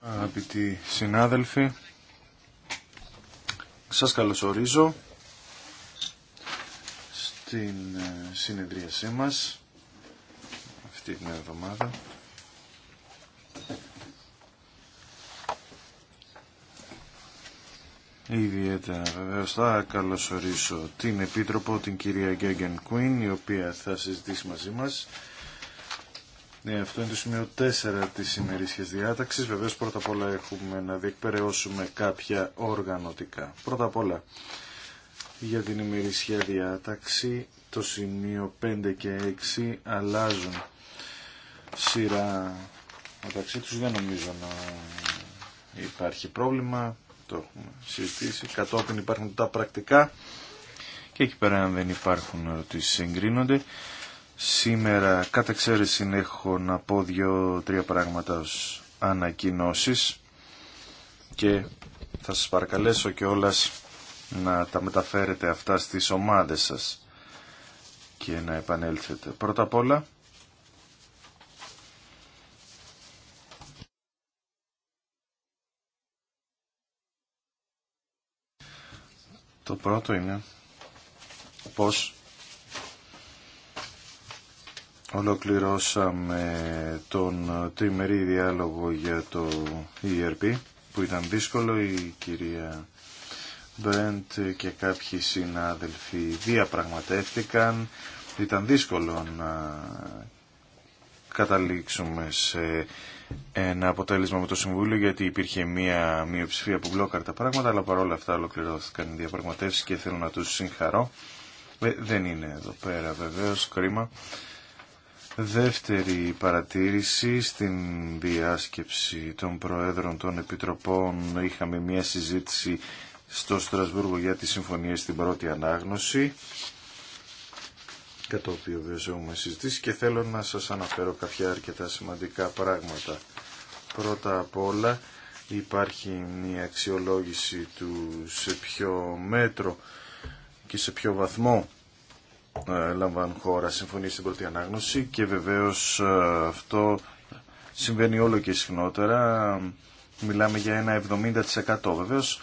Αγαπητοί συνάδελφοι, σας καλωσορίζω στην ε, συνεδρίασή μας αυτή την εβδομάδα. Ιδιαίτερα βεβαίω θα καλωσορίσω την Επίτροπο, την κυρία Γκέγγεν Κουίν, η οποία θα συζητήσει μαζί μας ναι, αυτό είναι το σημείο 4 της ημερήσιας διάταξης. Βεβαίως πρώτα απ' όλα έχουμε να διεκπαιρεώσουμε κάποια οργανωτικά. Πρώτα απ' όλα για την ημερήσια διάταξη το σημείο 5 και 6 αλλάζουν σειρά μεταξύ τους. Δεν νομίζω να υπάρχει πρόβλημα. Το έχουμε συζητήσει. Κατόπιν υπάρχουν τα πρακτικά και εκεί πέρα αν δεν υπάρχουν ερωτήσεις εγκρίνονται. Σήμερα, κατά εξαίρεση, έχω να πω δύο-τρία πράγματα ως ανακοινώσεις και θα σας παρακαλέσω και όλας να τα μεταφέρετε αυτά στις ομάδες σας και να επανέλθετε. Πρώτα απ' όλα, το πρώτο είναι πως Ολοκληρώσαμε τον τριμερή διάλογο για το ERP που ήταν δύσκολο. Η κυρία Μπρέντ και κάποιοι συνάδελφοι διαπραγματεύτηκαν. Ήταν δύσκολο να καταλήξουμε σε ένα αποτέλεσμα με το Συμβούλιο γιατί υπήρχε μία μειοψηφία που μπλόκαρε τα πράγματα αλλά παρόλα αυτά ολοκληρώθηκαν οι διαπραγματεύσεις και θέλω να τους συγχαρώ. Ε, δεν είναι εδώ πέρα βεβαίως κρίμα Δεύτερη παρατήρηση στην διάσκεψη των Προέδρων των Επιτροπών είχαμε μια συζήτηση στο Στρασβούργο για τις συμφωνίες στην πρώτη ανάγνωση κατά το οποίο και θέλω να σας αναφέρω κάποια αρκετά σημαντικά πράγματα. Πρώτα απ' όλα υπάρχει μια αξιολόγηση του σε ποιο μέτρο και σε ποιο βαθμό ε, Λαμβάν χώρα συμφωνεί στην πρώτη ανάγνωση και βεβαίως ε, αυτό συμβαίνει όλο και συχνότερα. Μιλάμε για ένα 70%. Βεβαίως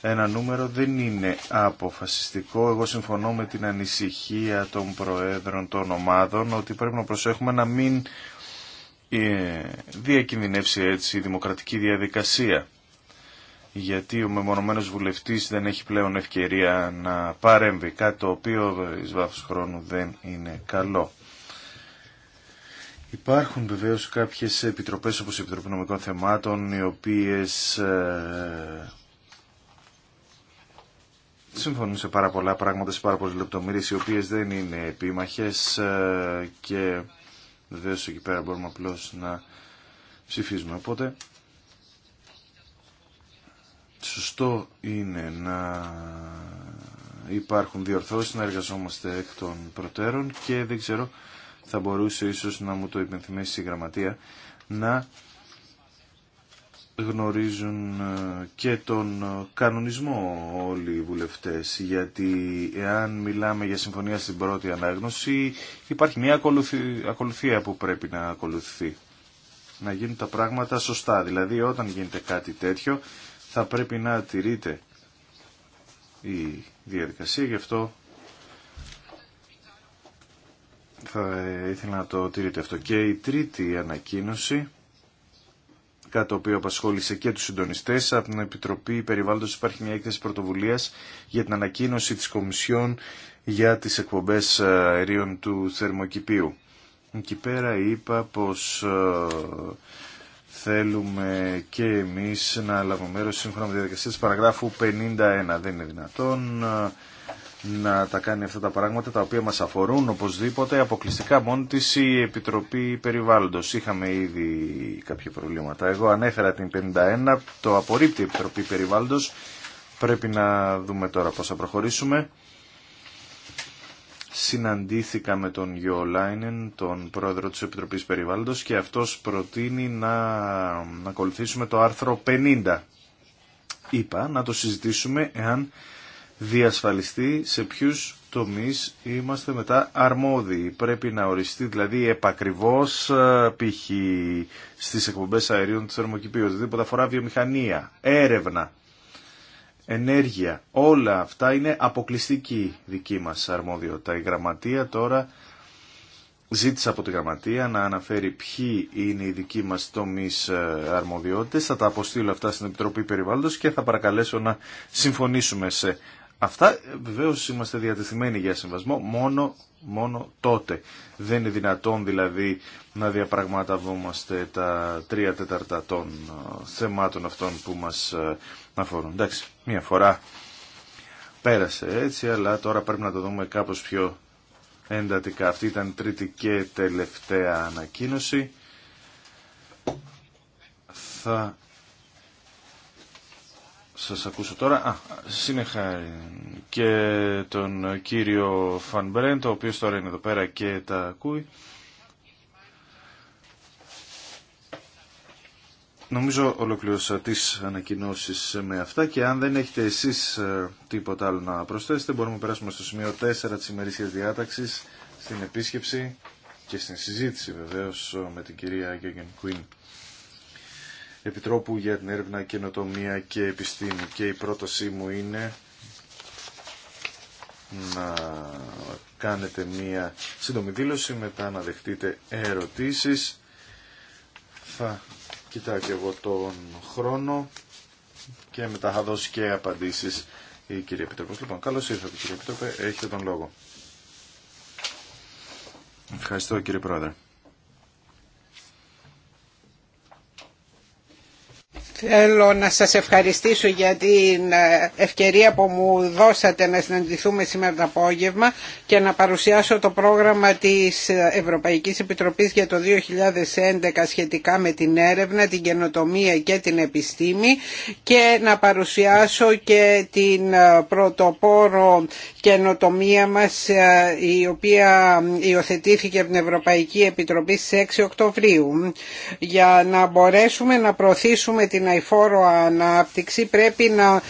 ένα νούμερο δεν είναι αποφασιστικό. Εγώ συμφωνώ με την ανησυχία των προέδρων των ομάδων ότι πρέπει να προσέχουμε να μην ε, διακινδυνεύσει έτσι η δημοκρατική διαδικασία γιατί ο μεμονωμένος βουλευτής δεν έχει πλέον ευκαιρία να παρέμβει, κάτι το οποίο εις βάθος χρόνου δεν είναι καλό. Υπάρχουν βεβαίως κάποιες επιτροπές όπως η Επιτροπή Νομικών Θεμάτων οι οποίες ε, συμφωνούν σε πάρα πολλά πράγματα, σε πάρα πολλές λεπτομέρειες οι οποίες δεν είναι επίμαχες ε, και βεβαίως εκεί πέρα μπορούμε απλώς να ψηφίζουμε. Οπότε σωστό είναι να υπάρχουν διορθώσεις, να εργαζόμαστε εκ των προτέρων και δεν ξέρω, θα μπορούσε ίσως να μου το υπενθυμίσει η γραμματεία, να γνωρίζουν ε, και τον ε, κανονισμό όλοι οι βουλευτές γιατί εάν μιλάμε για συμφωνία στην πρώτη ανάγνωση υπάρχει μια ακολουθία που πρέπει να ακολουθεί να γίνουν τα πράγματα σωστά δηλαδή όταν γίνεται κάτι τέτοιο θα πρέπει να τηρείται η διαδικασία. Γι' αυτό θα ήθελα να το τηρείτε αυτό. Και η τρίτη ανακοίνωση, κάτι το οποίο απασχόλησε και τους συντονιστές, από την Επιτροπή Περιβάλλοντος υπάρχει μια έκθεση πρωτοβουλίας για την ανακοίνωση της Κομισιόν για τις εκπομπές ε, αερίων του θερμοκηπίου. Εκεί πέρα είπα πως ε, θέλουμε και εμείς να λάβουμε μέρος σύμφωνα με τη διαδικασία της παραγράφου 51. Δεν είναι δυνατόν ε, να τα κάνει αυτά τα πράγματα τα οποία μας αφορούν οπωσδήποτε αποκλειστικά μόνη της η Επιτροπή Περιβάλλοντος. Είχαμε ήδη κάποια προβλήματα. Εγώ ανέφερα την 51, το απορρίπτει η Επιτροπή Περιβάλλοντος. Πρέπει να δούμε τώρα πώς θα προχωρήσουμε συναντήθηκα με τον Γιώ Λάινεν, τον πρόεδρο της Επιτροπής Περιβάλλοντος και αυτός προτείνει να, να ακολουθήσουμε το άρθρο 50. Είπα να το συζητήσουμε εάν διασφαλιστεί σε ποιους τομείς είμαστε μετά αρμόδιοι. Πρέπει να οριστεί δηλαδή επακριβώς ε, π.χ. στις εκπομπές αερίων του θερμοκηπίου, οτιδήποτε αφορά βιομηχανία, έρευνα ενέργεια. Όλα αυτά είναι αποκλειστική δική μας αρμοδιότητα. Η γραμματεία τώρα ζήτησε από τη γραμματεία να αναφέρει ποιοι είναι οι δικοί μας τομείς ε, αρμοδιότητες. Θα τα αποστείλω αυτά στην Επιτροπή Περιβάλλοντος και θα παρακαλέσω να συμφωνήσουμε σε αυτά. Ε, Βεβαίω είμαστε διατεθειμένοι για συμβασμό μόνο, μόνο τότε. Δεν είναι δυνατόν δηλαδή να διαπραγματευόμαστε τα τρία τέταρτα των ε, θεμάτων αυτών που μας να φορούν. Εντάξει, μία φορά πέρασε έτσι, αλλά τώρα πρέπει να το δούμε κάπως πιο εντατικά. Αυτή ήταν η τρίτη και τελευταία ανακοίνωση. Θα σας ακούσω τώρα. Α, συνεχά και τον κύριο Φανμπρέν, ο οποίος τώρα είναι εδώ πέρα και τα ακούει. Νομίζω ολοκληρώσα τι ανακοινώσει με αυτά και αν δεν έχετε εσείς ε, τίποτα άλλο να προσθέσετε μπορούμε να περάσουμε στο σημείο 4 τη ημερήσια διάταξη στην επίσκεψη και στην συζήτηση βεβαίως ε, με την κυρία Γιώργεν Κουίν. Επιτρόπου για την έρευνα, καινοτομία και επιστήμη και η πρότασή μου είναι να κάνετε μία σύντομη δήλωση, μετά να δεχτείτε ερωτήσεις. Θα κοιτάω και εγώ τον χρόνο και μετά θα δώσει και απαντήσεις η κυρία Επιτροπός. Λοιπόν, καλώς ήρθατε κύριε Επιτροπέ, έχετε τον λόγο. Ευχαριστώ κύριε Πρόεδρε. Θέλω να σας ευχαριστήσω για την ε, ευκαιρία που μου δώσατε να συναντηθούμε σήμερα το απόγευμα και να παρουσιάσω το πρόγραμμα της Ευρωπαϊκής Επιτροπής για το 2011 σχετικά με την έρευνα, την καινοτομία και την επιστήμη και να παρουσιάσω και την ε, πρωτοπόρο καινοτομία μας ε, η οποία υιοθετήθηκε από την Ευρωπαϊκή Επιτροπή στις 6 Οκτωβρίου για να μπορέσουμε να προωθήσουμε την φόρο ανάπτυξη πρέπει να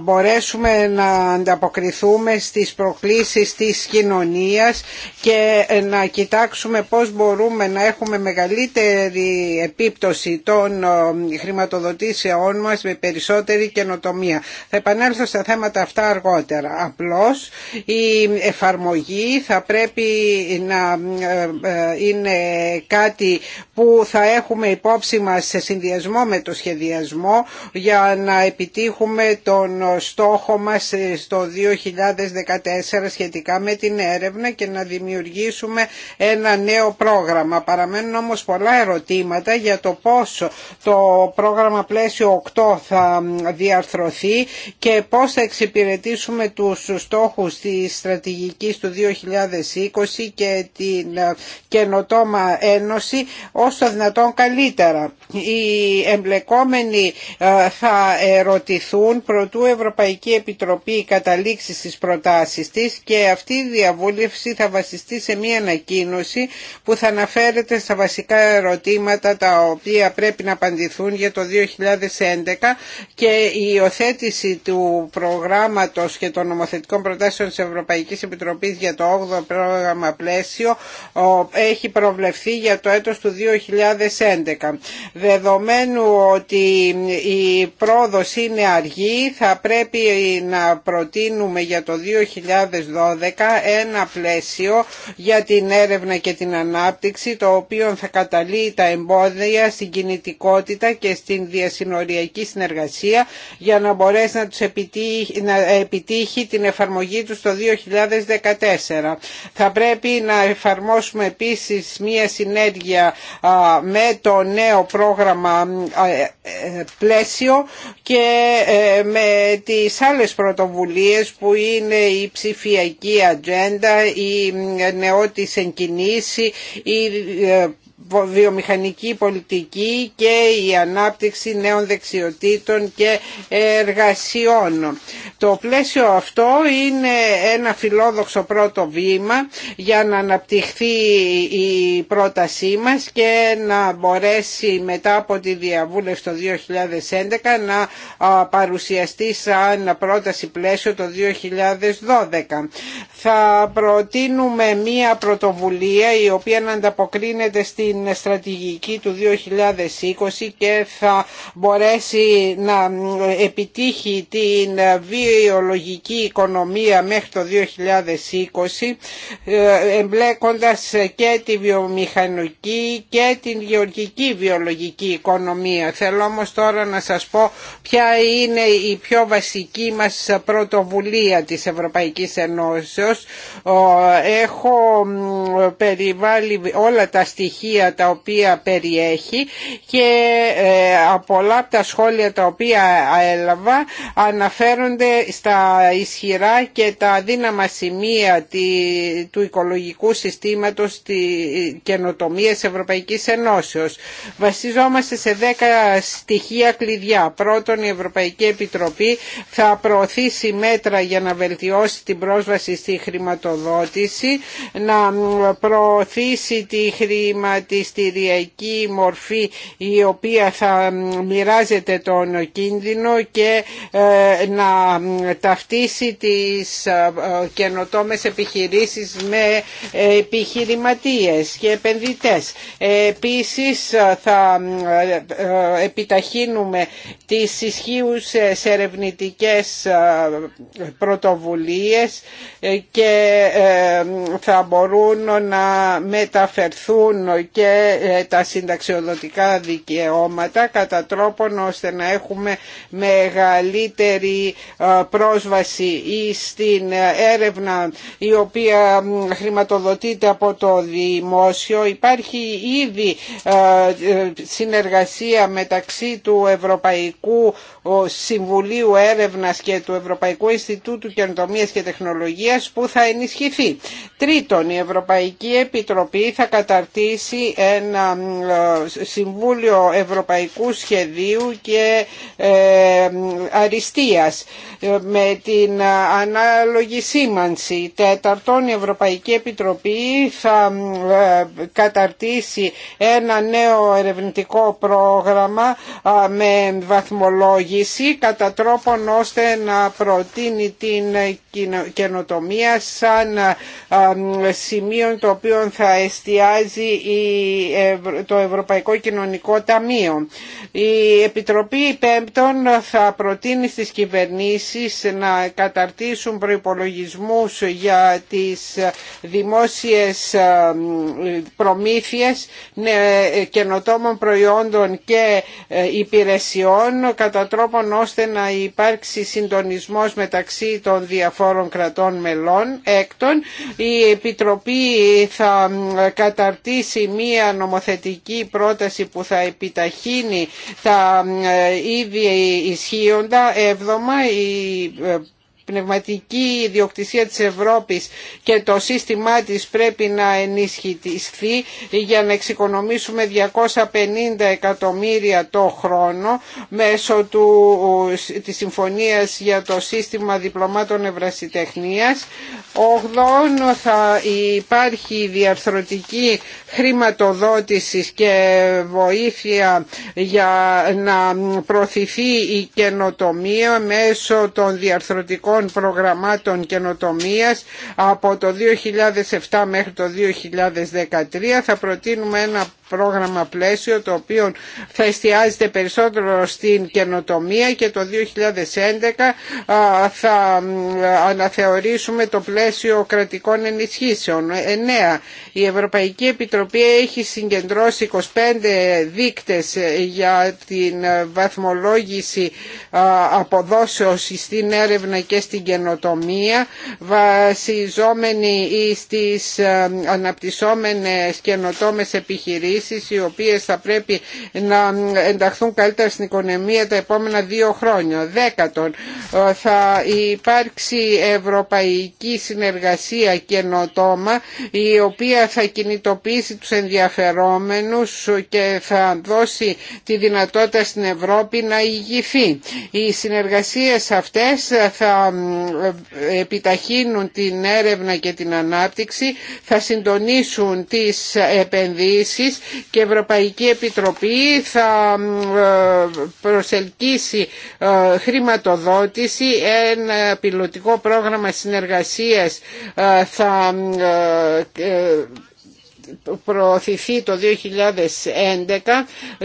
μπορέσουμε να ανταποκριθούμε στις προκλήσεις της κοινωνίας και ε, να κοιτάξουμε πώς μπορούμε να έχουμε μεγαλύτερη επίπτωση των ε, χρηματοδοτήσεών μας με περισσότερη καινοτομία. Θα επανέλθω στα θέματα αυτά αργότερα. Απλώς η εφαρμογή θα πρέπει να ε, είναι κάτι που θα έχουμε υπόψη μας σε συνδυασμό με το σχεδιασμό για να επιτύχουμε τον στόχο μας στο 2014 σχετικά με την έρευνα και να δημιουργήσουμε ένα νέο πρόγραμμα. Παραμένουν όμως πολλά ερωτήματα για το πώς το πρόγραμμα πλαίσιο 8 θα διαρθρωθεί και πώς θα εξυπηρετήσουμε τους στόχους της στρατηγικής του 2020 και την καινοτόμα ένωση όσο δυνατόν καλύτερα. Οι εμπλεκόμενοι επόμενοι ε, θα ερωτηθούν προτού Ευρωπαϊκή Επιτροπή καταλήξει στις προτάσεις της και αυτή η διαβούλευση θα βασιστεί σε μια ανακοίνωση που θα αναφέρεται στα βασικά ερωτήματα τα οποία πρέπει να απαντηθούν για το 2011 και η υιοθέτηση του προγράμματος και των νομοθετικών προτάσεων της Ευρωπαϊκής Επιτροπής για το 8ο πρόγραμμα πλαίσιο έχει προβλεφθεί για το έτος του 2011. Δεδομένου ότι η πρόοδος είναι αργή, θα πρέπει να προτείνουμε για το 2012 ένα πλαίσιο για την έρευνα και την ανάπτυξη το οποίο θα καταλύει τα εμπόδια στην κινητικότητα και στην διασυνοριακή συνεργασία για να μπορέσει να, τους επιτύχει, να την εφαρμογή του το 2014. Θα πρέπει να εφαρμόσουμε επίσης μία συνέργεια με το νέο πρόγραμμα πλαίσιο και ε, με τις άλλες πρωτοβουλίες που είναι η ψηφιακή ατζέντα, η ε, νεότης εγκινήση, η ε, βιομηχανική πολιτική και η ανάπτυξη νέων δεξιοτήτων και εργασιών. Το πλαίσιο αυτό είναι ένα φιλόδοξο πρώτο βήμα για να αναπτυχθεί η πρότασή μας και να μπορέσει μετά από τη διαβούλευση το 2011 να παρουσιαστεί σαν πρόταση πλαίσιο το 2012. Θα προτείνουμε μία πρωτοβουλία η οποία να ανταποκρίνεται στην την στρατηγική του 2020 και θα μπορέσει να επιτύχει την βιολογική οικονομία μέχρι το 2020 ε, εμπλέκοντας και τη βιομηχανική και την γεωργική βιολογική οικονομία. Θέλω όμως τώρα να σας πω ποια είναι η πιο βασική μας πρωτοβουλία της Ευρωπαϊκής Ενώσεως. Έχω περιβάλει όλα τα στοιχεία τα οποία περιέχει και ε, πολλά από τα σχόλια τα οποία έλαβα αναφέρονται στα ισχυρά και τα αδύναμα σημεία του οικολογικού συστήματος καινοτομίας Ευρωπαϊκής Ενώσεως. Βασιζόμαστε σε δέκα στοιχεία κλειδιά. Πρώτον, η Ευρωπαϊκή Επιτροπή θα προωθήσει μέτρα για να βελτιώσει την πρόσβαση στη χρηματοδότηση, να προωθήσει τη χρηματοδότηση στηριακή μορφή η οποία θα μοιράζεται τον κίνδυνο και ε, να ταυτίσει τις ε, καινοτόμες επιχειρήσεις με ε, επιχειρηματίες και επενδυτές. Επίσης θα επιταχύνουμε τις ισχύουσες ερευνητικές πρωτοβουλίες και θα μπορούν να μεταφερθούν και και ε, τα συνταξιοδοτικά δικαιώματα κατά τρόπον ώστε να έχουμε μεγαλύτερη ε, πρόσβαση ή στην έρευνα η οποία χρηματοδοτείται από το δημόσιο. Υπάρχει ήδη ε, συνεργασία μεταξύ του Ευρωπαϊκού Συμβουλίου Έρευνας και του Ευρωπαϊκού Ινστιτούτου Καινοτομίας και Τεχνολογίας που θα ενισχυθεί. Τρίτον, η Ευρωπαϊκή Επιτροπή θα καταρτήσει ένα ε, Συμβούλιο Ευρωπαϊκού Σχεδίου και ε, Αριστείας ε, με την ανάλογη σήμανση. Τέταρτον, η Ευρωπαϊκή Επιτροπή θα καταρτήσει ένα νέο ερευνητικό πρόγραμμα με βαθμολόγηση κατά τρόπον ώστε να προτείνει την καινοτομία σαν σημείο το οποίο θα εστιάζει το Ευρωπαϊκό Κοινωνικό Ταμείο. Η Επιτροπή Πέμπτων θα προτείνει στις κυβερνήσεις να καταρτήσουν προϋπολογισμούς για τις δημόσιες προμήθειες καινοτόμων προϊόντων και ε, υπηρεσιών κατά τρόπον ώστε να υπάρξει συντονισμός μεταξύ των διαφόρων διαφόρων κρατών μελών. Έκτον, η Επιτροπή θα καταρτήσει μία νομοθετική πρόταση που θα επιταχύνει τα ε, ήδη ισχύοντα. Έβδομα, η ε, πνευματική ιδιοκτησία της Ευρώπης και το σύστημά της πρέπει να ενισχυθεί για να εξοικονομήσουμε 250 εκατομμύρια το χρόνο μέσω του, της συμφωνίας για το σύστημα διπλωμάτων ευρασιτεχνίας. Ογδόν θα υπάρχει διαρθρωτική χρηματοδότηση και βοήθεια για να προωθηθεί η καινοτομία μέσω των διαρθρωτικών προγραμμάτων καινοτομίας από το 2007 μέχρι το 2013. Θα προτείνουμε ένα πρόγραμμα πλαίσιο το οποίο θα εστιάζεται περισσότερο στην καινοτομία και το 2011 θα αναθεωρήσουμε το πλαίσιο κρατικών ενισχύσεων. 9. Η Ευρωπαϊκή Επιτροπή έχει συγκεντρώσει 25 δείκτες για την βαθμολόγηση αποδόσεως στην έρευνα και στην καινοτομία βασιζόμενοι στις ε, αναπτυσσόμενες καινοτόμες επιχειρήσεις οι οποίες θα πρέπει να ενταχθούν καλύτερα στην οικονομία τα επόμενα δύο χρόνια. Δέκατον, ε, θα υπάρξει ευρωπαϊκή συνεργασία καινοτόμα η οποία θα κινητοποιήσει τους ενδιαφερόμενους και θα δώσει τη δυνατότητα στην Ευρώπη να ηγηθεί. Οι συνεργασίες αυτές θα ε, επιταχύνουν την έρευνα και την ανάπτυξη, θα συντονίσουν τις επενδύσεις και η Ευρωπαϊκή Επιτροπή θα ε, προσελκύσει ε, χρηματοδότηση, ένα πιλωτικό πρόγραμμα συνεργασίας θα προωθηθεί το 2011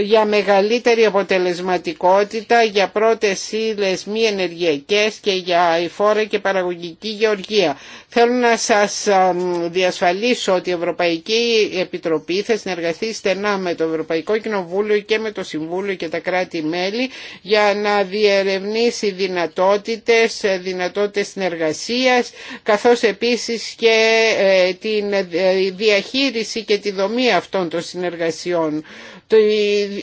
για μεγαλύτερη αποτελεσματικότητα για πρώτες ύλες μη ενεργειακές και για η φόρα και παραγωγική γεωργία. Θέλω να σας διασφαλίσω ότι η Ευρωπαϊκή Επιτροπή θα συνεργαστεί στενά με το Ευρωπαϊκό Κοινοβούλιο και με το Συμβούλιο και τα κράτη-μέλη για να διερευνήσει δυνατότητες, δυνατότητες συνεργασίας καθώς επίσης και ε, την ε, διαχείριση και τη δομή αυτών των συνεργασιών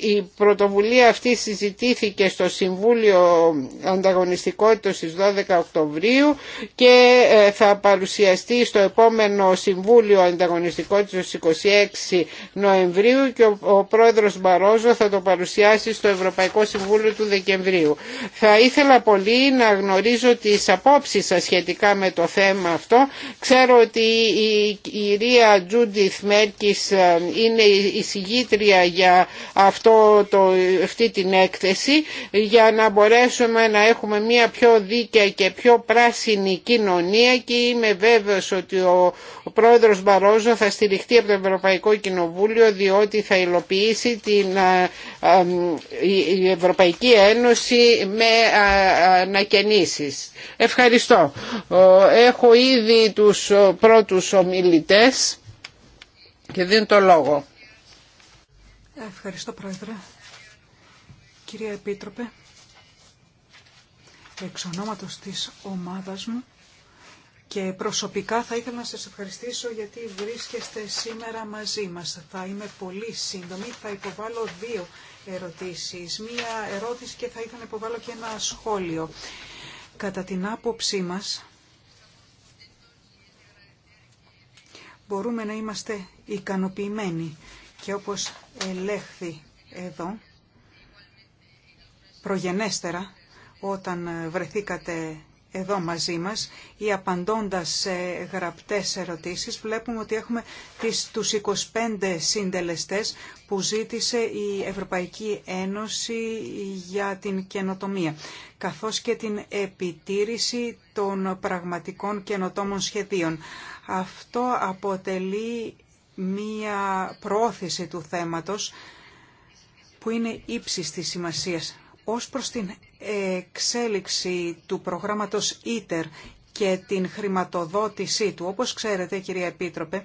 η πρωτοβουλία αυτή συζητήθηκε στο Συμβούλιο Ανταγωνιστικότητας στις 12 Οκτωβρίου και ε, θα παρουσιαστεί στο επόμενο Συμβούλιο Ανταγωνιστικότητας στις 26 Νοεμβρίου και ο πρόεδρος Μπαρόζο θα το παρουσιάσει στο Ευρωπαϊκό Συμβούλιο του Δεκεμβρίου. Θα ήθελα πολύ να γνωρίζω τις απόψεις σας σχετικά με το θέμα αυτό. Ξέρω ότι η κυρία Τζούντιθ Μέρκης ε, είναι η για αυτό το, αυτή την έκθεση για να μπορέσουμε να έχουμε μια πιο δίκαια και πιο πράσινη κοινωνία και είμαι βέβαιος ότι ο, πρόεδρος Μπαρόζο θα στηριχτεί από το Ευρωπαϊκό Κοινοβούλιο διότι θα υλοποιήσει την η Ευρωπαϊκή Ένωση με ανακαινήσεις. Ευχαριστώ. Έχω ήδη τους πρώτους ομιλητές και δίνω το λόγο. Ευχαριστώ, Πρόεδρε. Κυρία Επίτροπε, εξ ονόματος της ομάδας μου και προσωπικά θα ήθελα να σας ευχαριστήσω γιατί βρίσκεστε σήμερα μαζί μας. Θα είμαι πολύ σύντομη, θα υποβάλω δύο ερωτήσεις. Μία ερώτηση και θα ήθελα να υποβάλω και ένα σχόλιο. Κατά την άποψή μας, μπορούμε να είμαστε ικανοποιημένοι και όπως ελέγχθη εδώ, προγενέστερα, όταν βρεθήκατε εδώ μαζί μας ή απαντώντας σε γραπτές ερωτήσεις βλέπουμε ότι έχουμε τις, τους 25 συντελεστές που ζήτησε η Ευρωπαϊκή Ένωση για την καινοτομία καθώς και την επιτήρηση των πραγματικών καινοτόμων σχεδίων. Αυτό αποτελεί μία πρόθεση του θέματος που είναι ύψης της σημασίας. Ως προς την εξέλιξη του προγράμματος ITER και την χρηματοδότησή του, όπως ξέρετε κυρία Επίτροπε,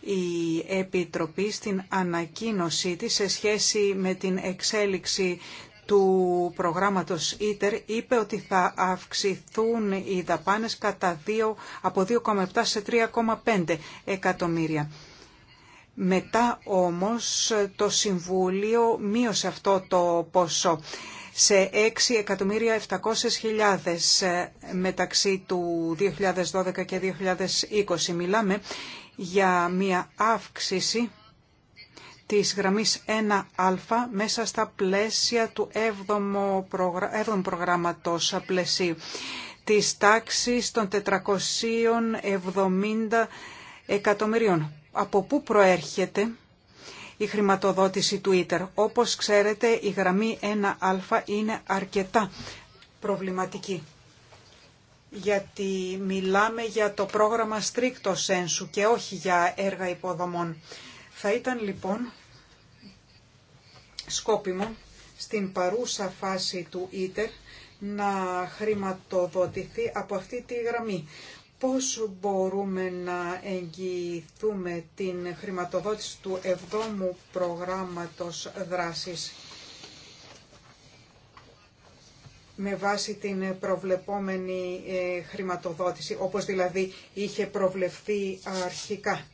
η Επιτροπή στην ανακοίνωσή της σε σχέση με την εξέλιξη του προγράμματος ITER είπε ότι θα αυξηθούν οι δαπάνες κατά 2, από 2,7 σε 3,5 εκατομμύρια. Μετά όμως το Συμβούλιο μείωσε αυτό το ποσό σε 6.700.000 ε, μεταξύ του 2012 και 2020. Μιλάμε για μια αύξηση της γραμμής 1α μέσα στα πλαίσια του 7ου προγρα... προγράμματος πλαισίου της τάξης των 470 εκατομμυρίων από πού προέρχεται η χρηματοδότηση του ΙΤΕΡ. Όπως ξέρετε η γραμμή 1α είναι αρκετά προβληματική γιατί μιλάμε για το πρόγραμμα στρίκτο σένσου και όχι για έργα υποδομών. Θα ήταν λοιπόν σκόπιμο στην παρούσα φάση του ίτερ να χρηματοδοτηθεί από αυτή τη γραμμή, πώς μπορούμε να εγγυηθούμε την χρηματοδότηση του 7ου προγράμματος δράσης με βάση την προβλεπόμενη ε, χρηματοδότηση, όπως δηλαδή είχε προβλεφθεί αρχικά.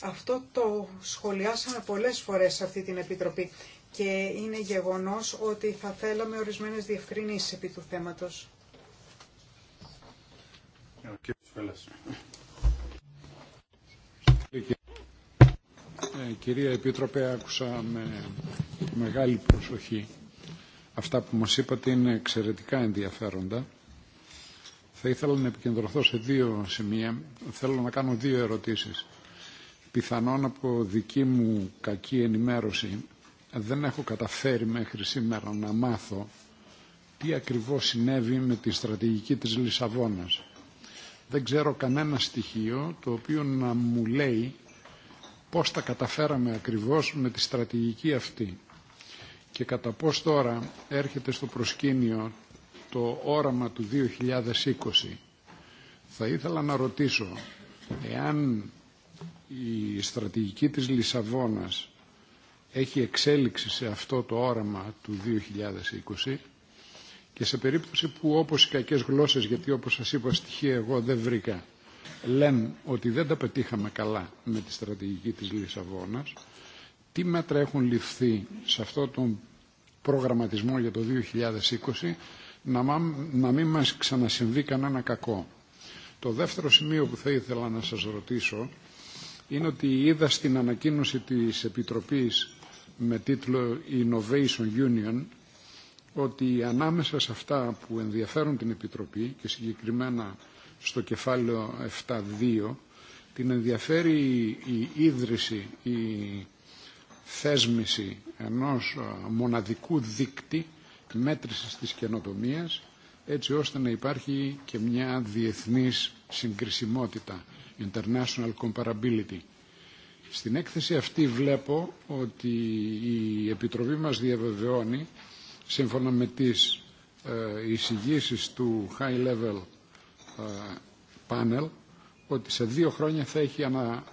Αυτό το σχολιάσαμε πολλές φορές σε αυτή την Επιτροπή και είναι γεγονός ότι θα θέλαμε ορισμένες διευκρινήσεις επί του θέματος. Ε, κυρία Επίτροπε, άκουσα με μεγάλη προσοχή. Αυτά που μας είπατε είναι εξαιρετικά ενδιαφέροντα. Θα ήθελα να επικεντρωθώ σε δύο σημεία. Θέλω να κάνω δύο ερωτήσεις. Πιθανόν από δική μου κακή ενημέρωση δεν έχω καταφέρει μέχρι σήμερα να μάθω τι ακριβώς συνέβη με τη στρατηγική της Λισαβόνας δεν ξέρω κανένα στοιχείο το οποίο να μου λέει πώς τα καταφέραμε ακριβώς με τη στρατηγική αυτή και κατά πώς τώρα έρχεται στο προσκήνιο το όραμα του 2020. Θα ήθελα να ρωτήσω εάν η στρατηγική της Λισαβόνας έχει εξέλιξη σε αυτό το όραμα του 2020 και σε περίπτωση που όπως οι κακές γλώσσες, γιατί όπως σας είπα στοιχεία εγώ δεν βρήκα, λένε ότι δεν τα πετύχαμε καλά με τη στρατηγική της Λισαβόνας, τι μέτρα έχουν ληφθεί σε αυτό τον προγραμματισμό για το 2020 να, να μην μας ξανασυμβεί κανένα κακό. Το δεύτερο σημείο που θα ήθελα να σας ρωτήσω είναι ότι είδα στην ανακοίνωση της Επιτροπής με τίτλο Innovation Union ότι ανάμεσα σε αυτά που ενδιαφέρουν την Επιτροπή και συγκεκριμένα στο κεφάλαιο 7.2 την ενδιαφέρει η ίδρυση, η θέσμηση ενός ε, μοναδικού δίκτυ μέτρησης της καινοτομίας έτσι ώστε να υπάρχει και μια διεθνής συγκρισιμότητα, international comparability. Στην έκθεση αυτή βλέπω ότι η Επιτροπή μας διαβεβαιώνει σύμφωνα με τις ε, εισηγήσει του High Level ε, Panel ότι σε δύο χρόνια θα έχει ανα,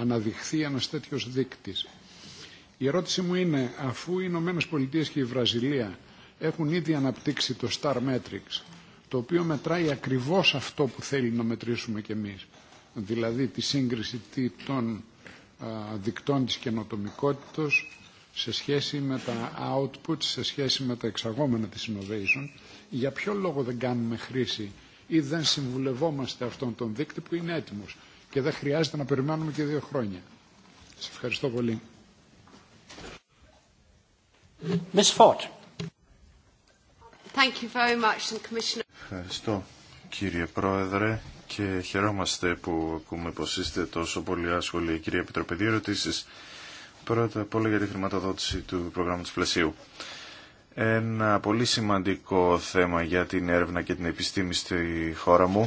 αναδειχθεί ένας τέτοιος δείκτης. Η ερώτηση μου είναι, αφού οι Ηνωμένε Πολιτείες και η Βραζιλία έχουν ήδη αναπτύξει το Star Matrix, το οποίο μετράει ακριβώς αυτό που θέλει να μετρήσουμε κι εμείς, δηλαδή τη σύγκριση των δικτών της καινοτομικότητας, σε σχέση με τα output, σε σχέση με τα εξαγόμενα της innovation, για ποιο λόγο δεν κάνουμε χρήση ή δεν συμβουλευόμαστε αυτόν τον δείκτη που είναι έτοιμος και δεν χρειάζεται να περιμένουμε και δύο χρόνια. Σε ευχαριστώ πολύ. Ford. Thank you very much, Commissioner. Ευχαριστώ κύριε Πρόεδρε και χαιρόμαστε που ακούμε πως είστε τόσο πολύ άσχολοι κύριε ερωτήσεις Πρώτα απ' όλα για τη χρηματοδότηση του προγράμματος πλαισίου. Ένα πολύ σημαντικό θέμα για την έρευνα και την επιστήμη στη χώρα μου,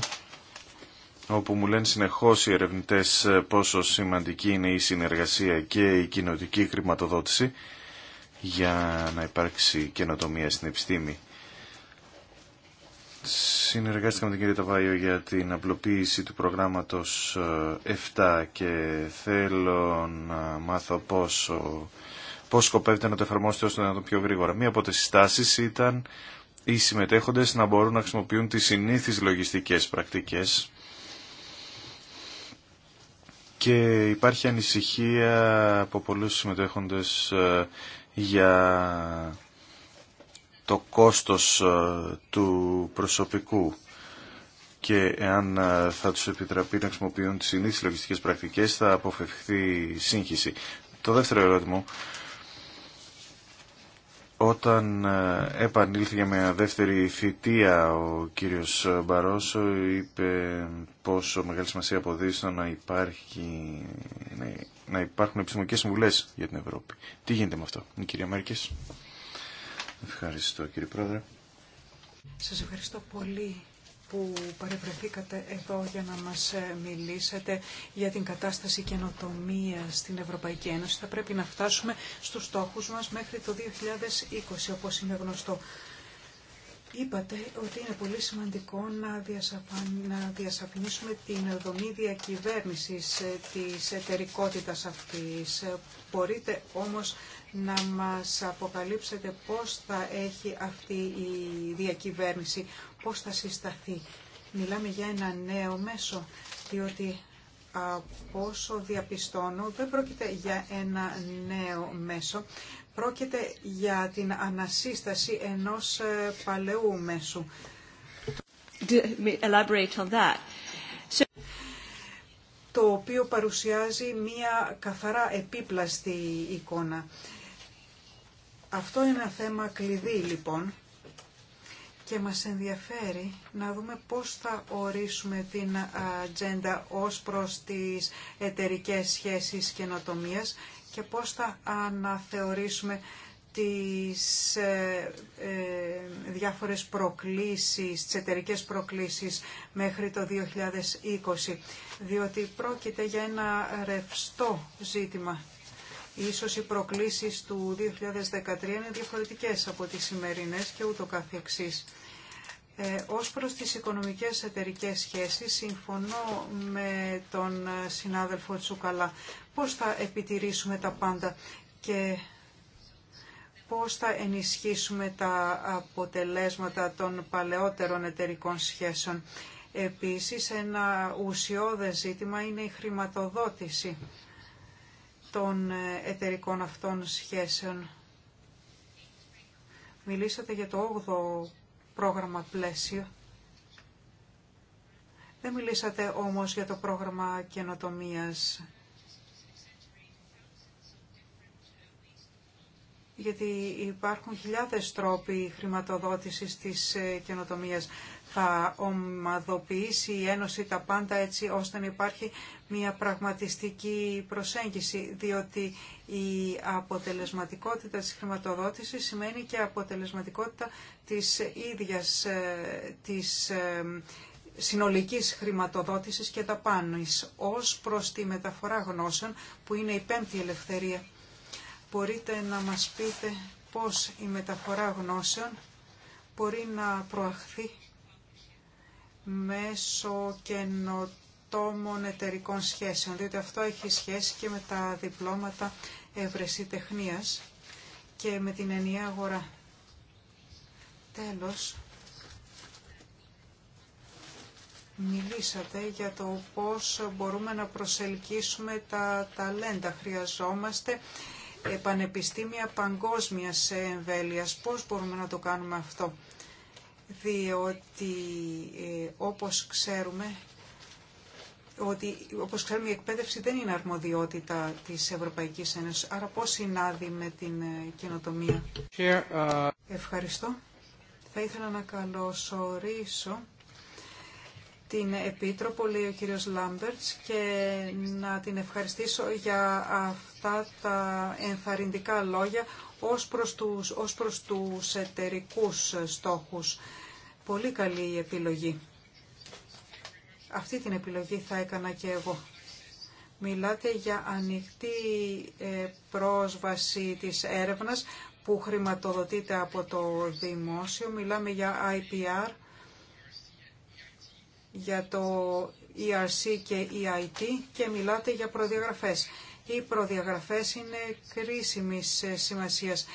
όπου μου λένε συνεχώς οι ερευνητές πόσο σημαντική είναι η συνεργασία και η κοινοτική χρηματοδότηση για να υπάρξει καινοτομία στην επιστήμη. Συνεργάστηκα με την κυρία Ταβάιο για την απλοποίηση του προγράμματος 7 ε, και θέλω να μάθω πως πώς σκοπεύετε να το εφαρμόσετε ώστε να το πιο γρήγορα. Μία από τις συστάσεις ήταν οι συμμετέχοντες να μπορούν να χρησιμοποιούν τις συνήθεις λογιστικές πρακτικές και υπάρχει ανησυχία από πολλούς συμμετέχοντες ε, για το κόστος ε, του προσωπικού και εάν ε, θα τους επιτραπεί να χρησιμοποιούν τις συνήθεις λογιστικές πρακτικές θα αποφευχθεί σύγχυση. Το δεύτερο ερώτημα όταν ε, επανήλθε για μια δεύτερη θητεία ο κύριος Μπαρόσο είπε πόσο μεγάλη σημασία αποδίδει να, υπάρχει, να υπάρχουν επιστημονικές συμβουλές για την Ευρώπη. Τι γίνεται με αυτό, η κυρία Μέρκες. Ευχαριστώ κύριε Πρόεδρε. Σας ευχαριστώ πολύ που παρευρεθήκατε εδώ για να μας ε, μιλήσετε για την κατάσταση καινοτομία στην Ευρωπαϊκή Ένωση. Θα πρέπει να φτάσουμε στους στόχους μας μέχρι το 2020, όπως είναι γνωστό. Είπατε ότι είναι πολύ σημαντικό να διασαφηνίσουμε την δομή διακυβέρνησης ε, της εταιρικότητας αυτής. Ε, μπορείτε όμως να μας αποκαλύψετε πώς θα έχει αυτή η διακυβέρνηση, πώς θα συσταθεί. Μιλάμε για ένα νέο μέσο, διότι από όσο διαπιστώνω δεν πρόκειται για ένα νέο μέσο, Πρόκειται για την ανασύσταση ενός ε, παλαιού μέσου. Το οποίο παρουσιάζει μία καθαρά επίπλαστη εικόνα. Αυτό είναι ένα θέμα κλειδί λοιπόν και μας ενδιαφέρει να δούμε πώς θα ορίσουμε την ατζέντα ως προς τις εταιρικές σχέσεις καινοτομίας και πώς θα αναθεωρήσουμε τις ε, ε διάφορες προκλήσεις, τις προκλήσεις μέχρι το 2020, διότι πρόκειται για ένα ρευστό ζήτημα. Ίσως οι προκλήσεις του 2013 είναι διαφορετικές από τις σημερινές και ούτω καθεξής. Ε, ως προς τις οικονομικές εταιρικές σχέσεις, συμφωνώ με τον συνάδελφο Τσουκαλά πώς θα επιτηρήσουμε τα πάντα και πώς θα ενισχύσουμε τα αποτελέσματα των παλαιότερων εταιρικών σχέσεων. Επίσης, ένα ουσιώδες ζήτημα είναι η χρηματοδότηση των εταιρικών αυτών σχέσεων. Μιλήσατε για το 8ο πρόγραμμα πλαίσιο. Δεν μιλήσατε όμως για το πρόγραμμα καινοτομίας γιατί υπάρχουν χιλιάδες τρόποι χρηματοδότησης της ε, καινοτομίας. Θα ομαδοποιήσει η Ένωση τα πάντα έτσι ώστε να υπάρχει μια πραγματιστική προσέγγιση, διότι η αποτελεσματικότητα της χρηματοδότησης σημαίνει και αποτελεσματικότητα της ίδιας ε, της ε, συνολικής χρηματοδότησης και τα πάνω ως προς τη μεταφορά γνώσεων που είναι η πέμπτη ελευθερία μπορείτε να μας πείτε πώς η μεταφορά γνώσεων μπορεί να προαχθεί μέσω καινοτόμων εταιρικών σχέσεων, διότι αυτό έχει σχέση και με τα διπλώματα τεχνίας και με την ενιαία αγορά. Τέλος, μιλήσατε για το πώς μπορούμε να προσελκύσουμε τα ταλέντα. Χρειαζόμαστε Επανεπιστήμια παγκόσμια σε εμβέλειας. Πώς μπορούμε να το κάνουμε αυτό. Διότι ε, όπως ξέρουμε ότι όπως ξέρουμε η εκπαίδευση δεν είναι αρμοδιότητα της Ευρωπαϊκής Ένωσης. Άρα πώς συνάδει με την ε, καινοτομία. Uh, Ευχαριστώ. Θα ήθελα να καλωσορίσω την Επίτροπο, λέει ο κύριος Λάμπερτς, και να την ευχαριστήσω για αυτά τα ενθαρρυντικά λόγια ως προς τους, ως προς τους εταιρικούς στόχους. Πολύ καλή η επιλογή. Αυτή την επιλογή θα έκανα και εγώ. Μιλάτε για ανοιχτή ε, πρόσβαση της έρευνας που χρηματοδοτείται από το δημόσιο. Μιλάμε για IPR για το ERC και EIT και μιλάτε για προδιαγραφές. Οι προδιαγραφές είναι κρίσιμης σημασίας.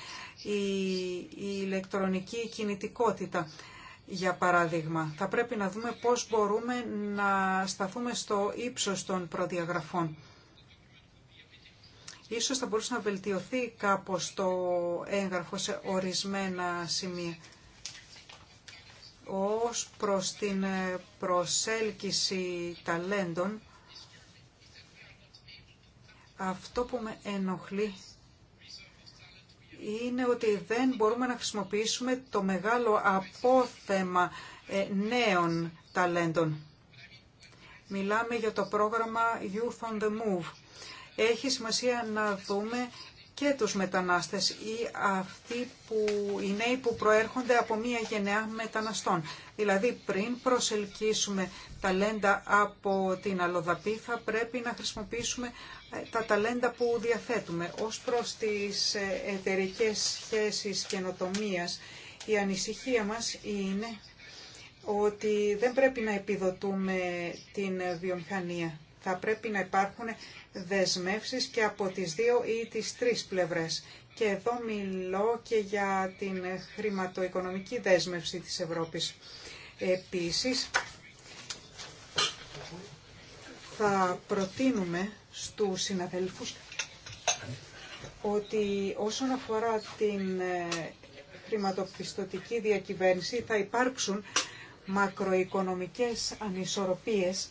Η, η ηλεκτρονική κινητικότητα, για παράδειγμα. Θα πρέπει να δούμε πώς μπορούμε να σταθούμε στο ύψος των προδιαγραφών. Ίσως θα μπορούσε να βελτιωθεί κάπως το έγγραφο σε ορισμένα σημεία ως προς την ε, προσέλκυση ταλέντων, αυτό που με ενοχλεί είναι ότι δεν μπορούμε να χρησιμοποιήσουμε το μεγάλο απόθεμα ε, νέων ταλέντων. Μιλάμε για το πρόγραμμα Youth on the Move. Έχει σημασία να δούμε και τους μετανάστες ή αυτοί που, οι νέοι που προέρχονται από μία γενεά μεταναστών. Δηλαδή πριν προσελκύσουμε ταλέντα από την αλλοδαπή θα πρέπει να χρησιμοποιήσουμε ε, τα ταλέντα που διαθέτουμε. Ως προς τις ε, εταιρικέ σχέσεις καινοτομία, η ανησυχία μας είναι ότι δεν πρέπει να επιδοτούμε την βιομηχανία θα πρέπει να υπάρχουν δεσμεύσεις και από τις δύο ή τις τρεις πλευρές. Και εδώ μιλώ και για την χρηματοοικονομική δέσμευση της Ευρώπης. Επίσης, θα προτείνουμε στους συναδέλφους ότι όσον αφορά την ε, χρηματοπιστωτική διακυβέρνηση θα υπάρξουν μακροοικονομικές ανισορροπίες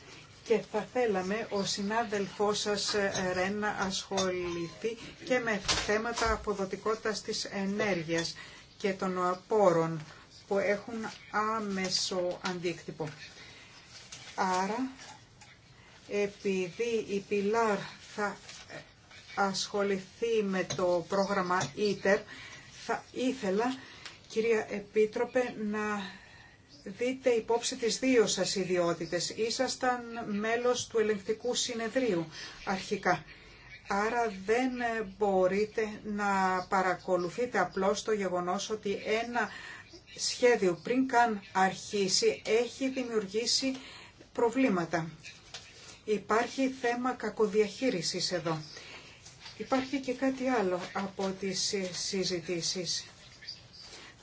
και θα θέλαμε ο συνάδελφός σας ε, Ρεν να ασχοληθεί και με θέματα αποδοτικότητας της ενέργειας και των πόρων που έχουν άμεσο αντίκτυπο. Άρα, επειδή η Πιλάρ θα ε, ασχοληθεί με το πρόγραμμα ITER, θα ήθελα, κυρία Επίτροπε, να δείτε υπόψη τις δύο σας ιδιότητες. Ήσασταν μέλος του ελεγκτικού συνεδρίου αρχικά. Άρα δεν μπορείτε να παρακολουθείτε απλώς το γεγονός ότι ένα σχέδιο πριν καν αρχίσει έχει δημιουργήσει προβλήματα. Υπάρχει θέμα κακοδιαχείρισης εδώ. Υπάρχει και κάτι άλλο από τις συζητήσεις.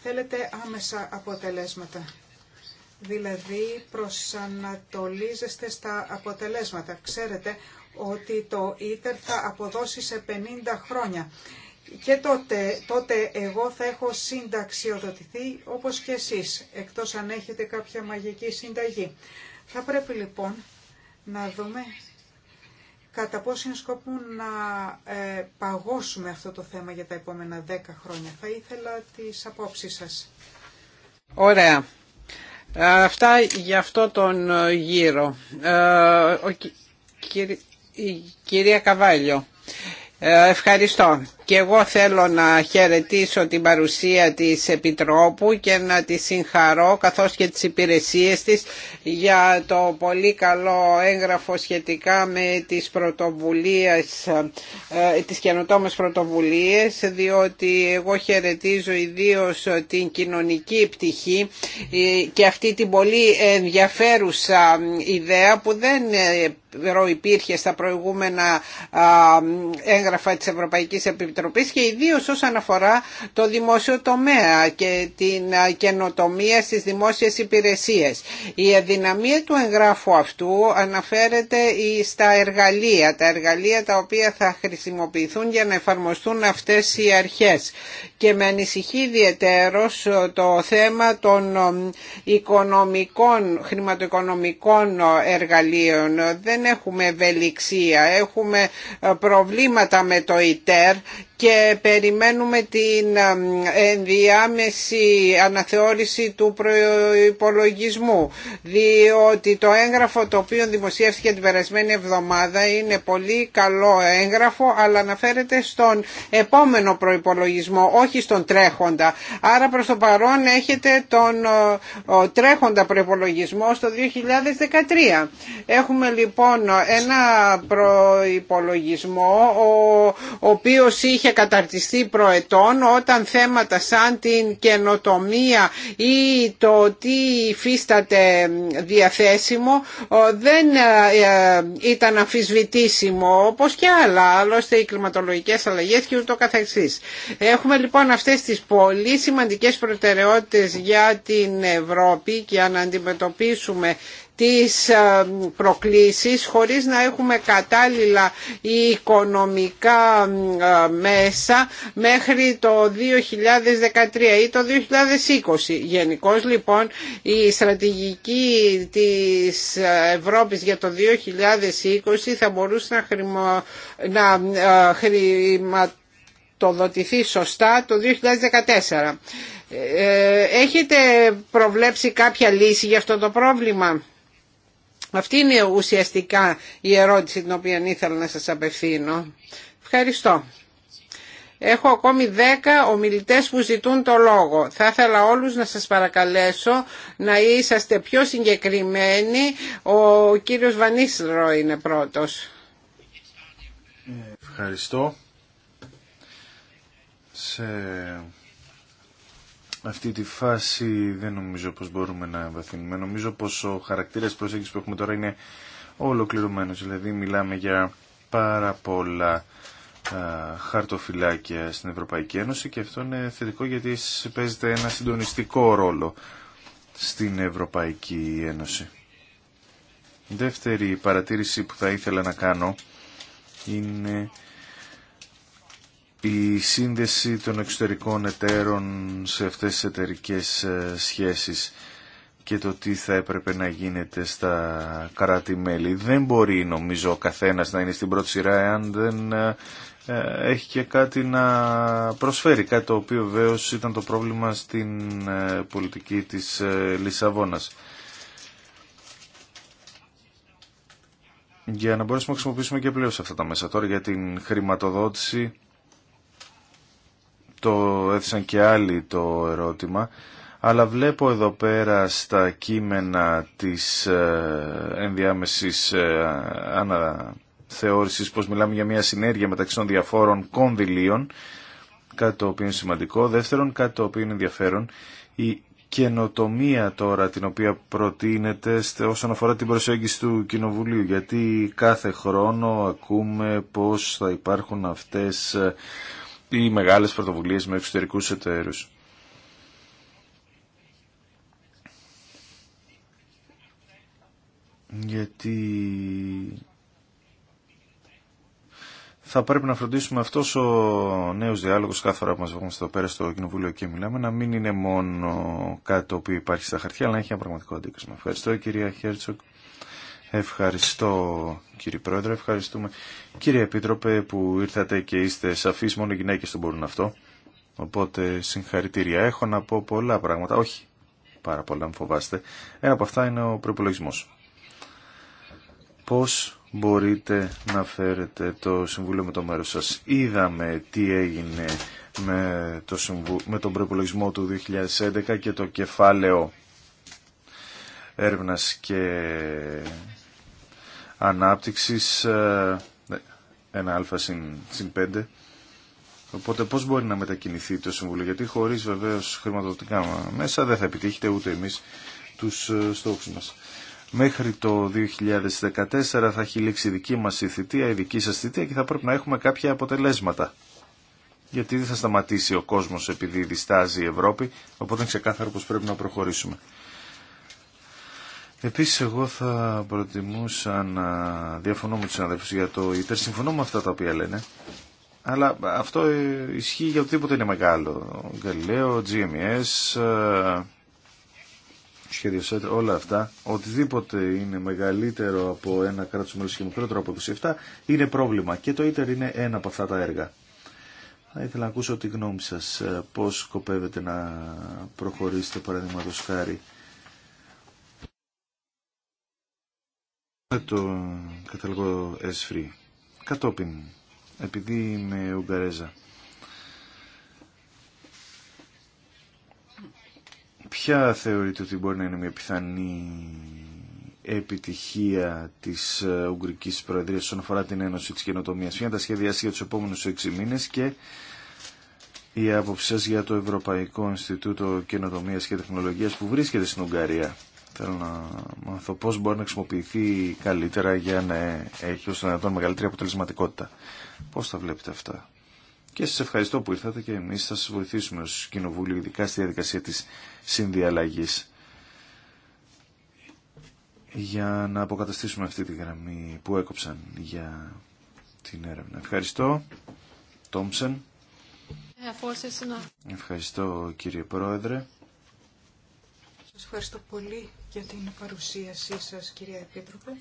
Θέλετε άμεσα αποτελέσματα δηλαδή προσανατολίζεστε στα αποτελέσματα. Ξέρετε ότι το ίτερ θα αποδώσει σε 50 χρόνια. Και τότε, εγώ θα έχω συνταξιοδοτηθεί όπως και εσείς, εκτός αν έχετε κάποια μαγική συνταγή. Θα πρέπει λοιπόν να δούμε κατά πόσο είναι σκόπο να ε, παγώσουμε αυτό το θέμα για τα επόμενα 10 χρόνια. Θα ήθελα τις απόψεις σας. Ωραία. Ε, αυτά για αυτό τον ε, γύρο. Ε, κυρία Καβάλιο. Ευχαριστώ και εγώ θέλω να χαιρετήσω την παρουσία της Επιτρόπου και να τη συγχαρώ καθώς και τις υπηρεσίες της για το πολύ καλό έγγραφο σχετικά με τις πρωτοβουλίες, ε, τις καινοτόμες πρωτοβουλίες διότι εγώ χαιρετίζω ιδίως την κοινωνική πτυχή ε, και αυτή την πολύ ενδιαφέρουσα ε, ιδέα που δεν υπήρχε στα προηγούμενα έγγραφα της Ευρωπαϊκής Επιτροπής και ιδίως όσον αφορά το δημόσιο τομέα και την καινοτομία στις δημόσιες υπηρεσίες. Η αδυναμία του εγγράφου αυτού αναφέρεται στα εργαλεία, τα εργαλεία τα οποία θα χρησιμοποιηθούν για να εφαρμοστούν αυτές οι αρχές. Και με ανησυχεί ιδιαιτέρως το θέμα των οικονομικών, χρηματοοικονομικών εργαλείων. Δεν έχουμε ευελιξία, έχουμε ε, προβλήματα με το ΙΤΕΡ και περιμένουμε την ενδιάμεση αναθεώρηση του προϋπολογισμού διότι το έγγραφο το οποίο δημοσιεύτηκε την περασμένη εβδομάδα είναι πολύ καλό έγγραφο αλλά αναφέρεται στον επόμενο προϋπολογισμό όχι στον τρέχοντα άρα προς το παρόν έχετε τον τρέχοντα προϋπολογισμό στο 2013 έχουμε λοιπόν ένα προϋπολογισμό ο οποίος είχε είχε καταρτιστεί προετών όταν θέματα σαν την καινοτομία ή το τι υφίσταται διαθέσιμο δεν ε, ε, ήταν αμφισβητήσιμο όπως και άλλα άλλωστε οι κλιματολογικές αλλαγές και ούτω καθεξής. Έχουμε λοιπόν αυτές τις πολύ σημαντικές προτεραιότητες για την Ευρώπη και αν αντιμετωπίσουμε τις ε, προκλήσεις χωρίς να έχουμε κατάλληλα οικονομικά ε, μέσα μέχρι το 2013 ή το 2020. Γενικώ λοιπόν η στρατηγική της Ευρώπης για το 2020 θα μπορούσε να, να ε, χρηματοδοτηθεί σωστά το 2014. Έχετε προβλέψει κάποια λύση για αυτό το πρόβλημα. Αυτή είναι ουσιαστικά η ερώτηση την οποία ήθελα να σας απευθύνω. Ευχαριστώ. Έχω ακόμη δέκα ομιλητές που ζητούν το λόγο. Θα ήθελα όλους να σας παρακαλέσω να είσαστε πιο συγκεκριμένοι. Ο κύριος Βανίστρο είναι πρώτος. Ευχαριστώ. Σε αυτή τη φάση δεν νομίζω πως μπορούμε να βαθύνουμε. Νομίζω πως ο χαρακτήρας προσέγγισης που έχουμε τώρα είναι ολοκληρωμένος. Δηλαδή μιλάμε για πάρα πολλά χαρτοφυλάκια στην Ευρωπαϊκή Ένωση και αυτό είναι θετικό γιατί παίζεται ένα συντονιστικό ρόλο στην Ευρωπαϊκή Ένωση. Δεύτερη παρατήρηση που θα ήθελα να κάνω είναι η σύνδεση των εξωτερικών εταίρων σε αυτές τις εταιρικές ε, σχέσεις και το τι θα έπρεπε να γίνεται στα κράτη-μέλη. Δεν μπορεί νομίζω ο καθένας να είναι στην πρώτη σειρά εάν δεν ε, ε, έχει και κάτι να προσφέρει. Κάτι το οποίο βεβαίω ήταν το πρόβλημα στην πολιτική της Λισαβόνας. Για να μπορέσουμε να χρησιμοποιήσουμε και πλέον αυτά τα μέσα τώρα για την χρηματοδότηση το έθεσαν και άλλοι το ερώτημα, αλλά βλέπω εδώ πέρα στα κείμενα της ε, ενδιάμεσης ε, αναθεώρησης πως μιλάμε για μια συνέργεια μεταξύ των διαφόρων κονδυλίων, κάτι το οποίο είναι σημαντικό. Δεύτερον, κάτι το οποίο είναι ενδιαφέρον, η καινοτομία τώρα την οποία προτείνεται όσον αφορά την προσέγγιση του Κοινοβουλίου γιατί κάθε χρόνο ακούμε πως θα υπάρχουν αυτές ε, ή μεγάλες πρωτοβουλίες με εξωτερικούς εταίρους. Γιατί θα πρέπει να φροντίσουμε αυτός ο νέος διάλογος κάθε φορά που μας βγούμε στο πέρα στο Κοινοβούλιο και μιλάμε να μην είναι μόνο κάτι το οποίο υπάρχει στα χαρτιά αλλά να έχει ένα πραγματικό αντίκρισμα. Ευχαριστώ κυρία Χέρτσοκ. Ευχαριστώ κύριε Πρόεδρε, ευχαριστούμε κύριε Επίτροπε που ήρθατε και είστε σαφείς, μόνο οι γυναίκες το μπορούν αυτό. Οπότε συγχαρητήρια. Έχω να πω πολλά πράγματα, όχι πάρα πολλά, αν φοβάστε. Ένα από αυτά είναι ο προπολογισμό. Πώς μπορείτε να φέρετε το Συμβούλιο με το μέρος σας. Είδαμε τι έγινε με, το με τον προπολογισμό του 2011 και το κεφάλαιο έρευνας και ανάπτυξης, ε, ένα α συν, συν 5. Οπότε πώς μπορεί να μετακινηθεί το Συμβούλιο, γιατί χωρίς βεβαίως χρηματοδοτικά μέσα δεν θα επιτύχετε ούτε εμείς τους ε, στόχους μας. Μέχρι το 2014 θα έχει λήξει η δική μας η θητεία, η δική σας θητεία και θα πρέπει να έχουμε κάποια αποτελέσματα. Γιατί δεν θα σταματήσει ο κόσμος επειδή διστάζει η Ευρώπη, οπότε είναι ξεκάθαρο πως πρέπει να προχωρήσουμε. Επίσης εγώ θα προτιμούσα να διαφωνώ με τους συναδέλφους για το ΙΤΕΡ. Συμφωνώ με αυτά τα οποία λένε. Αλλά αυτό ισχύει για οτιδήποτε είναι μεγάλο. Γαλιλαίο, GMS, ε, σχέδιο όλα αυτά. Οτιδήποτε είναι μεγαλύτερο από ένα κράτος μέλος και μικρότερο από 27 είναι πρόβλημα. Και το ΙΤΕΡ είναι ένα από αυτά τα έργα. Θα ήθελα να ακούσω τη γνώμη σας. Πώς σκοπεύετε να προχωρήσετε παραδείγματος χάρη το καταλογό S-Free. Κατόπιν, επειδή είμαι Ουγγαρέζα. Ποια θεωρείτε ότι μπορεί να είναι μια πιθανή επιτυχία της ε, Ουγγρικής Προεδρίας όσον αφορά την Ένωση της Καινοτομίας. Ποια είναι τα σχέδιά για τους επόμενους 6 μήνες και η άποψη για το Ευρωπαϊκό Ινστιτούτο Καινοτομίας και Τεχνολογίας που βρίσκεται στην Ουγγαρία. Θέλω να μάθω πώς μπορεί να χρησιμοποιηθεί καλύτερα για να έχει ως δυνατόν μεγαλύτερη αποτελεσματικότητα. Πώς τα βλέπετε αυτά. Και σα ευχαριστώ που ήρθατε και εμεί θα σας βοηθήσουμε ω Κοινοβούλιο, ειδικά στη διαδικασία της συνδιαλλαγή. για να αποκαταστήσουμε αυτή τη γραμμή που έκοψαν για την έρευνα. Ευχαριστώ, Τόμψεν. Ευχαριστώ, κύριε Πρόεδρε. Σας ευχαριστώ πολύ, για την παρουσίασή σας κυρία Επίτροπε.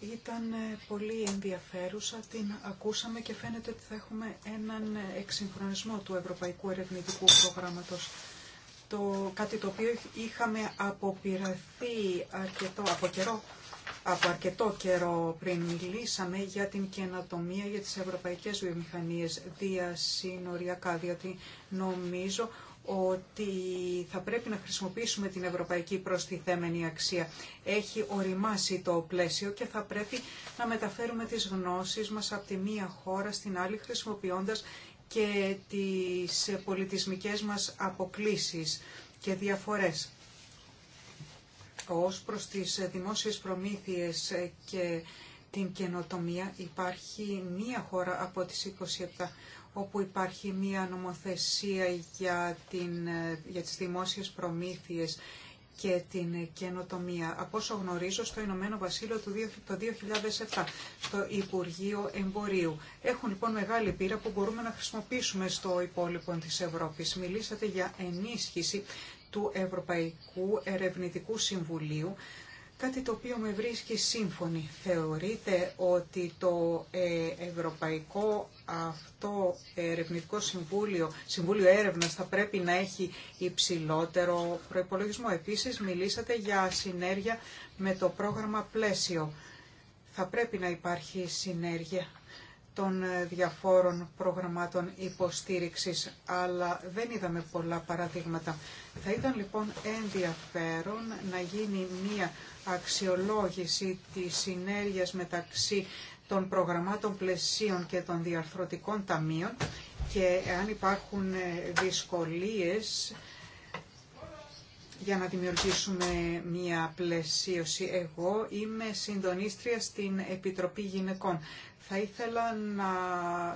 Ήταν ε, πολύ ενδιαφέρουσα, την ακούσαμε και φαίνεται ότι θα έχουμε έναν εξυγχρονισμό του Ευρωπαϊκού Ερευνητικού Προγράμματος. Το, κάτι το οποίο είχαμε αποπειραθεί αρκετό, από, καιρό, από αρκετό καιρό πριν μιλήσαμε για την καινοτομία για τις ευρωπαϊκές βιομηχανίες διασυνοριακά, διότι νομίζω ότι θα πρέπει να χρησιμοποιήσουμε την ευρωπαϊκή προστιθέμενη αξία. Έχει οριμάσει το πλαίσιο και θα πρέπει να μεταφέρουμε τις γνώσεις μας από τη μία χώρα στην άλλη χρησιμοποιώντας και τις πολιτισμικές μας αποκλίσεις και διαφορές. Ως προς τις δημόσιες προμήθειες και την καινοτομία υπάρχει μία χώρα από τις 27 όπου υπάρχει μία νομοθεσία για, την, για τις δημόσιες προμήθειες και την καινοτομία. Από όσο γνωρίζω, στο Ηνωμένο Βασίλειο το 2007, στο Υπουργείο Εμπορίου. Έχουν λοιπόν μεγάλη πείρα που μπορούμε να χρησιμοποιήσουμε στο υπόλοιπο της Ευρώπης. Μιλήσατε για ενίσχυση του Ευρωπαϊκού Ερευνητικού Συμβουλίου, κάτι το οποίο με βρίσκει σύμφωνη. Θεωρείτε ότι το ε, Ευρωπαϊκό αυτό ερευνητικό συμβούλιο, συμβούλιο έρευνας θα πρέπει να έχει υψηλότερο προϋπολογισμό. Επίσης μιλήσατε για συνέργεια με το πρόγραμμα πλαίσιο. Θα πρέπει να υπάρχει συνέργεια των διαφόρων προγραμμάτων υποστήριξης, αλλά δεν είδαμε πολλά παραδείγματα. Θα ήταν λοιπόν ενδιαφέρον να γίνει μία αξιολόγηση της συνέργειας μεταξύ των προγραμμάτων πλαισίων και των διαρθρωτικών ταμείων και αν υπάρχουν ε, δυσκολίες για να δημιουργήσουμε μία πλαισίωση. Εγώ είμαι συντονίστρια στην Επιτροπή Γυναικών. Θα ήθελα να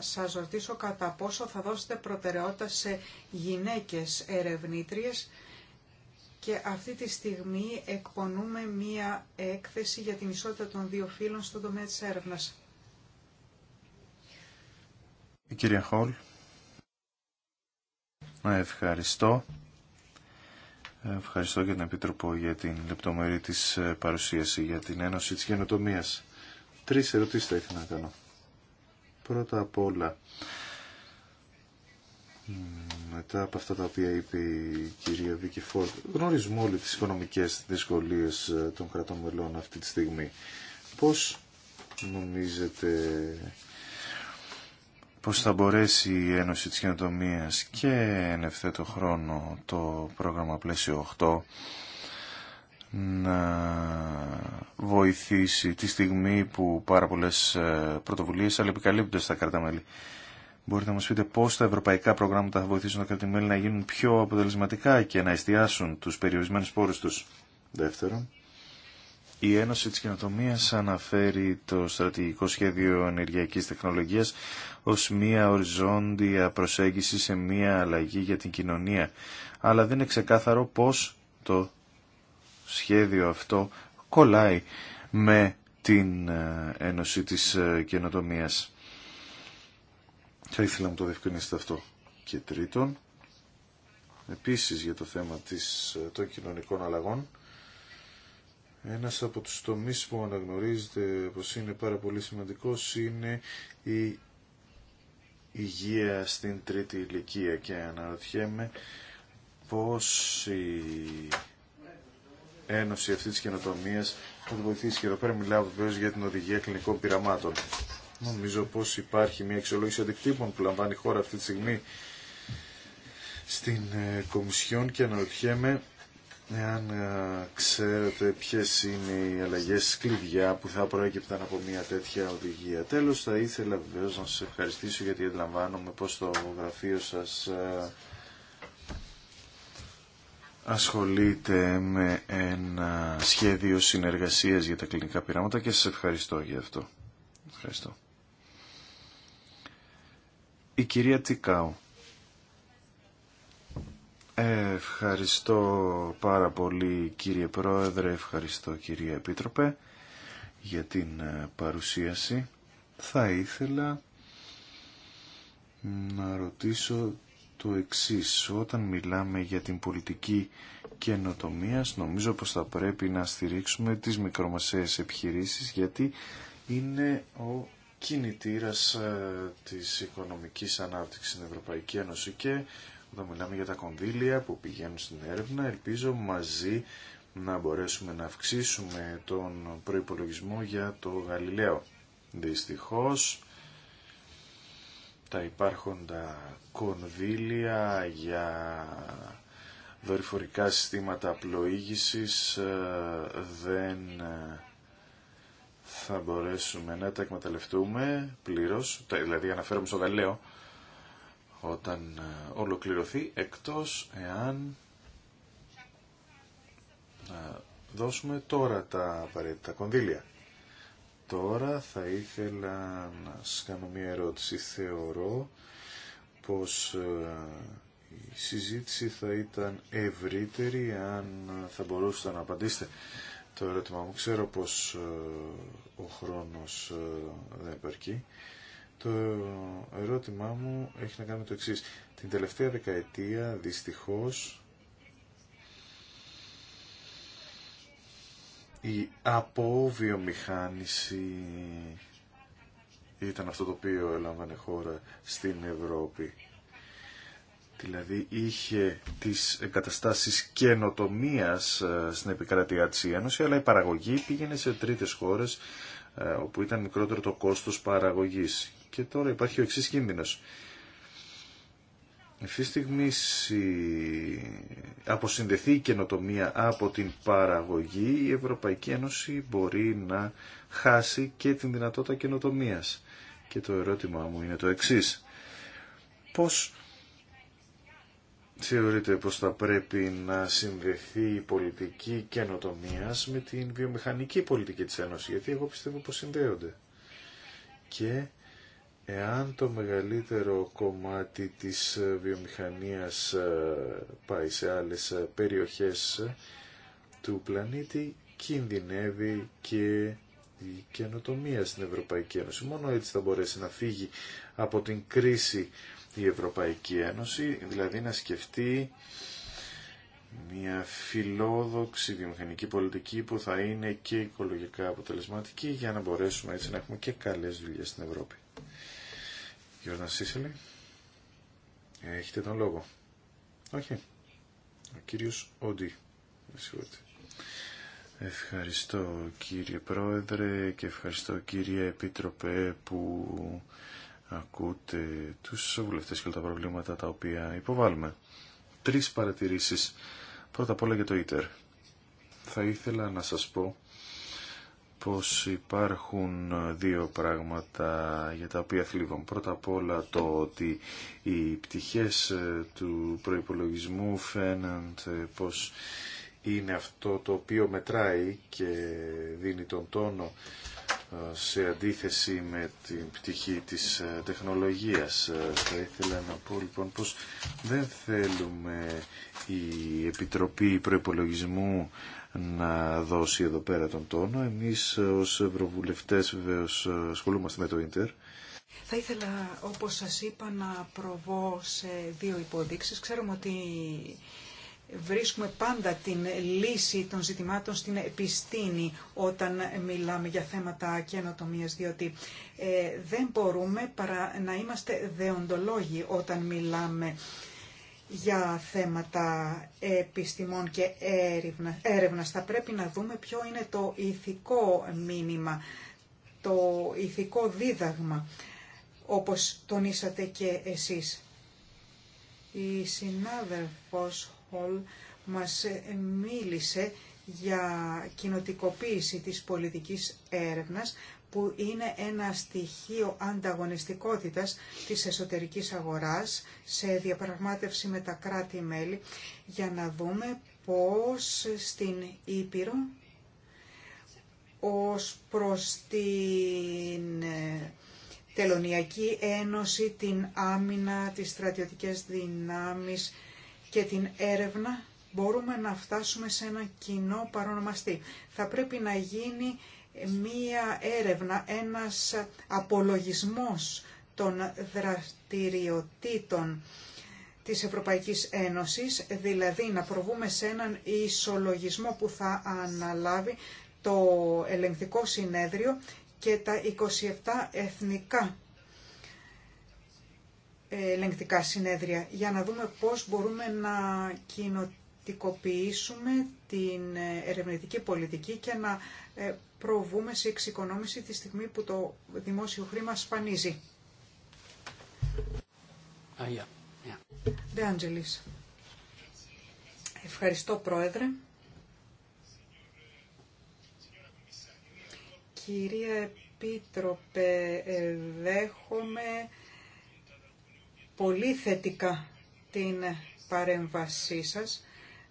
σας ρωτήσω κατά πόσο θα δώσετε προτεραιότητα σε γυναίκες ερευνήτριες και αυτή τη στιγμή εκπονούμε μία έκθεση για την ισότητα των δύο φύλων στον τομέα της έρευνας. Η κυρία Χόλ. Ευχαριστώ. Ευχαριστώ και την Επίτροπο για την λεπτομερή της ε, παρουσίαση για την Ένωση της Γενοτομίας. Τρεις ερωτήσεις θα ήθελα να κάνω. Πρώτα απ' όλα, μετά από αυτά τα οποία είπε η κυρία Βίκη Φόρτ, γνωρίζουμε όλοι τις οικονομικές δυσκολίες ε, των κρατών μελών αυτή τη στιγμή. Πώς νομίζετε πως θα μπορέσει η Ένωση της Καινοτομίας και εν ευθέτω χρόνο το πρόγραμμα πλαίσιο 8 να βοηθήσει τη στιγμή που πάρα πολλές ε, πρωτοβουλίες αλλά επικαλύπτονται στα μελη Μπορείτε να μας πείτε πώς τα ευρωπαϊκά προγράμματα θα βοηθήσουν τα κράτη-μέλη να γίνουν πιο αποτελεσματικά και να εστιάσουν τους περιορισμένους πόρους τους. Δεύτερον, η Ένωση της Κοινοτομίας αναφέρει το στρατηγικό σχέδιο ενεργειακής τεχνολογίας ως μία οριζόντια προσέγγιση σε μία αλλαγή για την κοινωνία. Αλλά δεν είναι ξεκάθαρο πώς το σχέδιο αυτό κολλάει με την ε, Ένωση της ε, Καινοτομίας. Θα ήθελα να το διευκρινίσετε αυτό. Και τρίτον, επίσης για το θέμα της, ε, των κοινωνικών αλλαγών, ένας από τους τομείς που αναγνωρίζετε πως είναι πάρα πολύ σημαντικός είναι η υγεία στην τρίτη ηλικία και αναρωτιέμαι πώς η ένωση αυτή της καινοτομίας θα βοηθήσει και εδώ πέρα μιλάω βεβαίως για την οδηγία κλινικών πειραμάτων. Νομίζω πως υπάρχει μια εξολόγηση αντικτύπων που λαμβάνει η χώρα αυτή τη στιγμή στην ε, Κομισιόν και αναρωτιέμαι εάν ε, ξέρετε ποιες είναι οι αλλαγές κλειδιά που θα προέκυπταν από μια τέτοια οδηγία. Τέλος, θα ήθελα βεβαίω να σας ευχαριστήσω γιατί αντιλαμβάνομαι πως το γραφείο σας ε, ασχολείται με ένα σχέδιο συνεργασίας για τα κλινικά πειράματα και σας ευχαριστώ για αυτό. Ευχαριστώ. Η κυρία Τικάου. Ευχαριστώ πάρα πολύ κύριε Πρόεδρε, ευχαριστώ κύριε Επίτροπε για την ε, παρουσίαση. Θα ήθελα να ρωτήσω το εξής. Όταν μιλάμε για την πολιτική καινοτομία, νομίζω πως θα πρέπει να στηρίξουμε τις μικρομεσαίες επιχειρήσεις γιατί είναι ο κινητήρας ε, της οικονομικής ανάπτυξης στην Ευρωπαϊκή Ένωση και εδώ μιλάμε για τα κονδύλια που πηγαίνουν στην έρευνα. Ελπίζω μαζί να μπορέσουμε να αυξήσουμε τον προϋπολογισμό για το Γαλιλαίο. Δυστυχώς τα υπάρχοντα κονδύλια για δορυφορικά συστήματα πλοήγησης ε, δεν ε, θα μπορέσουμε να τα εκμεταλλευτούμε πλήρως, δηλαδή αναφέρομαι στο Γαλιλαίο, όταν ε, ολοκληρωθεί, εκτός εάν ε, δώσουμε τώρα τα απαραίτητα κονδύλια. Τώρα θα ήθελα να σας κάνω μια ερώτηση. Θεωρώ πως ε, η συζήτηση θα ήταν ευρύτερη αν θα μπορούσατε να απαντήσετε το ερώτημα μου. Ξέρω πως ο χρόνος δεν επαρκεί. Το ερώτημά μου έχει να κάνει το εξής. Την τελευταία δεκαετία, δυστυχώς, η αποβιομηχάνηση ήταν αυτό το οποίο έλαμβανε χώρα στην Ευρώπη. Δηλαδή είχε τις εγκαταστάσεις καινοτομία ε, στην επικρατεία της Ένωση, αλλά η παραγωγή πήγαινε σε τρίτες χώρες ε, όπου ήταν μικρότερο το κόστος παραγωγής. Και τώρα υπάρχει ο εξής κίνδυνος. Αυτή τη στιγμή αποσυνδεθεί η καινοτομία από την παραγωγή, η Ευρωπαϊκή Ένωση μπορεί να χάσει και την δυνατότητα καινοτομίας. Και το ερώτημα μου είναι το εξής. Πώς θεωρείτε πως θα πρέπει να συνδεθεί η πολιτική καινοτομίας με την βιομηχανική πολιτική της Ένωσης, γιατί εγώ πιστεύω πως συνδέονται. Και Εάν το μεγαλύτερο κομμάτι της ε, βιομηχανίας ε, πάει σε άλλες ε, περιοχές του πλανήτη, κινδυνεύει και η καινοτομία στην Ευρωπαϊκή Ένωση. Μόνο έτσι θα μπορέσει να φύγει από την κρίση η Ευρωπαϊκή Ένωση, δηλαδή να σκεφτεί μια φιλόδοξη βιομηχανική πολιτική που θα είναι και οικολογικά αποτελεσματική για να μπορέσουμε έτσι να έχουμε και καλές δουλειές στην Ευρώπη. Γιώργα Σίσελη. Έχετε τον λόγο. Όχι. Ο κύριος Όντι. Ευχαριστώ κύριε Πρόεδρε και ευχαριστώ κύριε Επίτροπε που ακούτε τους βουλευτές και όλα τα προβλήματα τα οποία υποβάλλουμε. Τρεις παρατηρήσεις. Πρώτα απ' όλα για το ίτερ. Θα ήθελα να σας πω πως υπάρχουν δύο πράγματα για τα οποία θλίβομαι. Πρώτα απ' όλα το ότι οι πτυχές ε, του προϋπολογισμού φαίνονται πως είναι αυτό το οποίο μετράει και δίνει τον τόνο ε, σε αντίθεση με την πτυχή της ε, τεχνολογίας. Θα ήθελα να πω λοιπόν πως δεν θέλουμε η Επιτροπή Προϋπολογισμού να δώσει εδώ πέρα τον τόνο. Εμείς ως ευρωβουλευτές βεβαίως ασχολούμαστε με το Ίντερ. Θα ήθελα, όπως σας είπα, να προβώ σε δύο υποδείξεις. Ξέρουμε ότι βρίσκουμε πάντα την λύση των ζητημάτων στην επιστήμη όταν μιλάμε για θέματα καινοτομία, διότι ε, δεν μπορούμε παρά να είμαστε δεοντολόγοι όταν μιλάμε για θέματα επιστημών και έρευνα, έρευνας. Θα πρέπει να δούμε ποιο είναι το ηθικό μήνυμα, το ηθικό δίδαγμα, όπως τονίσατε και εσείς. Η συνάδελφος Χολ μας μίλησε για κοινοτικοποίηση της πολιτικής έρευνας που είναι ένα στοιχείο ανταγωνιστικότητας της εσωτερικής αγοράς σε διαπραγμάτευση με τα κράτη-μέλη για να δούμε πώς στην Ήπειρο ως προς την ε, Τελωνιακή Ένωση, την άμυνα, τις στρατιωτικές δυνάμεις και την έρευνα μπορούμε να φτάσουμε σε ένα κοινό παρονομαστή. Θα πρέπει να γίνει μία έρευνα, ένας απολογισμός των δραστηριοτήτων της Ευρωπαϊκής Ένωσης, δηλαδή να προβούμε σε έναν ισολογισμό που θα αναλάβει το ελεγκτικό συνέδριο και τα 27 εθνικά ελεγκτικά συνέδρια για να δούμε πώς μπορούμε να κοινοτικοποιήσουμε την ερευνητική πολιτική και να ε, προβούμε σε εξοικονόμηση τη στιγμή που το δημόσιο χρήμα σπανίζει. Ευχαριστώ Πρόεδρε. Κυρία Επίτροπε, δέχομαι πολύ θετικά την παρέμβασή σας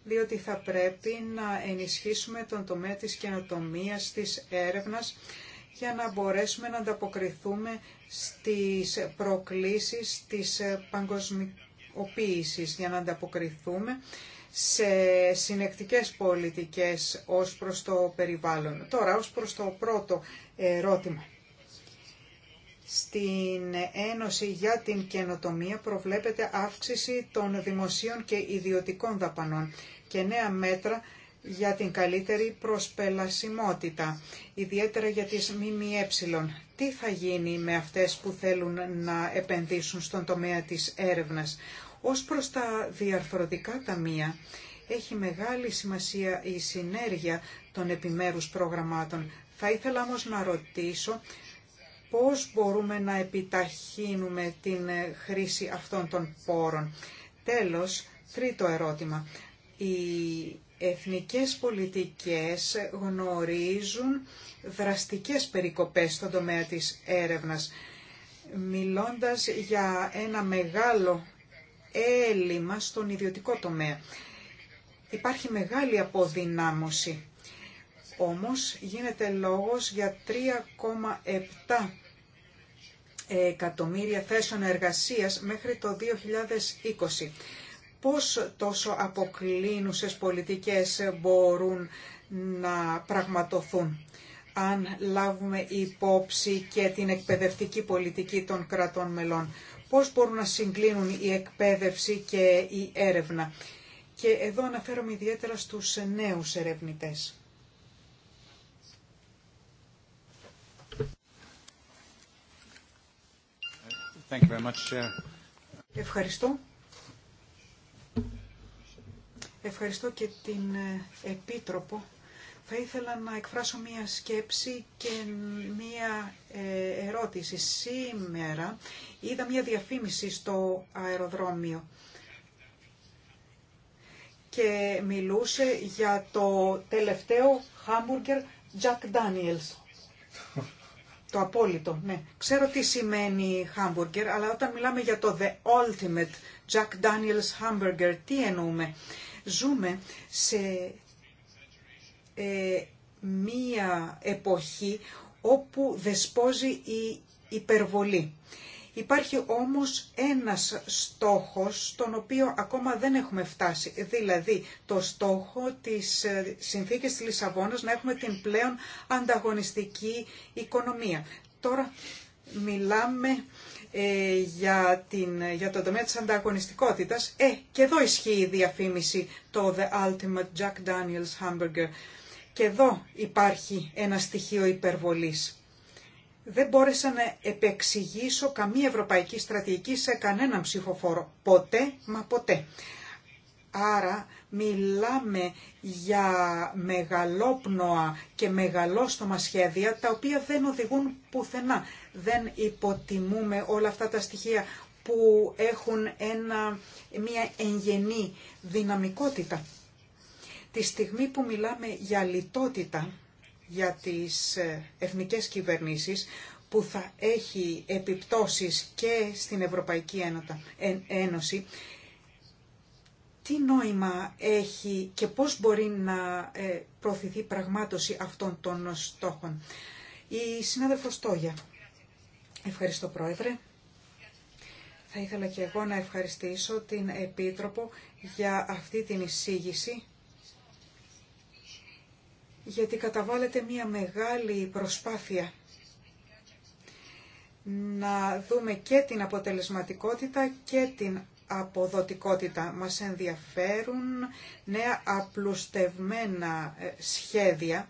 διότι θα πρέπει να ενισχύσουμε τον τομέα της καινοτομία της έρευνας, για να μπορέσουμε να ανταποκριθούμε στις προκλήσεις της παγκοσμιοποίησης, για να ανταποκριθούμε σε συνεκτικές πολιτικές ως προς το περιβάλλον. Τώρα, ως προς το πρώτο ερώτημα στην Ένωση για την Καινοτομία προβλέπεται αύξηση των δημοσίων και ιδιωτικών δαπανών και νέα μέτρα για την καλύτερη προσπελασιμότητα, ιδιαίτερα για τις ΜΜΕ. Τι θα γίνει με αυτές που θέλουν να επενδύσουν στον τομέα της έρευνας. Ως προς τα διαρθρωτικά ταμεία, έχει μεγάλη σημασία η συνέργεια των επιμέρους προγραμμάτων. Θα ήθελα όμως να ρωτήσω πώς μπορούμε να επιταχύνουμε την ε, χρήση αυτών των πόρων. Τέλος, τρίτο ερώτημα. Οι εθνικές πολιτικές γνωρίζουν δραστικές περικοπές στον τομέα της έρευνας, μιλώντας για ένα μεγάλο έλλειμμα στον ιδιωτικό τομέα. Υπάρχει μεγάλη αποδυνάμωση. Όμως γίνεται λόγος για 3,7 εκατομμύρια θέσεων εργασίας μέχρι το 2020. Πώς τόσο αποκλίνουσες πολιτικές μπορούν να πραγματοθούν αν λάβουμε υπόψη και την εκπαιδευτική πολιτική των κρατών μελών. Πώς μπορούν να συγκλίνουν η εκπαίδευση και η έρευνα. Και εδώ αναφέρομαι ιδιαίτερα στους νέους ερευνητές. Ευχαριστώ. Ευχαριστώ και την ε, Επίτροπο. Θα ήθελα να εκφράσω μία σκέψη και μία ε, ερώτηση. Σήμερα είδα μία διαφήμιση στο αεροδρόμιο και μιλούσε για το τελευταίο χάμπουργκερ Jack Daniels. Το απόλυτο, ναι. Ξέρω τι σημαίνει hamburger, αλλά όταν μιλάμε για το the ultimate Jack Daniels hamburger, τι εννοούμε. Ζούμε σε ε, μία εποχή όπου δεσπόζει η υπερβολή. Υπάρχει όμως ένας στόχος, τον οποίο ακόμα δεν έχουμε φτάσει, δηλαδή το στόχο της ε, συνθήκης της Λισαβόνας να έχουμε την πλέον ανταγωνιστική οικονομία. Τώρα μιλάμε ε, για, την, για το τομέα της ανταγωνιστικότητας. Ε, και εδώ ισχύει η διαφήμιση το The Ultimate Jack Daniels Hamburger. Και εδώ υπάρχει ένα στοιχείο υπερβολής δεν μπόρεσα να επεξηγήσω καμία ευρωπαϊκή στρατηγική σε κανέναν ψηφοφόρο. Ποτέ, μα ποτέ. Άρα μιλάμε για μεγαλόπνοα και μεγαλόστομα σχέδια τα οποία δεν οδηγούν πουθενά. Δεν υποτιμούμε όλα αυτά τα στοιχεία που έχουν ένα, μια εγγενή δυναμικότητα. Τη στιγμή που μιλάμε για λιτότητα για τις ε, εθνικές κυβερνήσεις που θα έχει επιπτώσεις και στην Ευρωπαϊκή Ένωση, τι νόημα έχει και πώς μπορεί να ε, προωθηθεί πραγμάτωση αυτών των στόχων. Η συνάδελφος Τόγια. Ευχαριστώ Πρόεδρε. Θα ήθελα και εγώ να ευχαριστήσω την Επίτροπο για αυτή την εισήγηση γιατί καταβάλετε μια μεγάλη προσπάθεια να δούμε και την αποτελεσματικότητα και την αποδοτικότητα. Μας ενδιαφέρουν νέα απλουστευμένα ε, σχέδια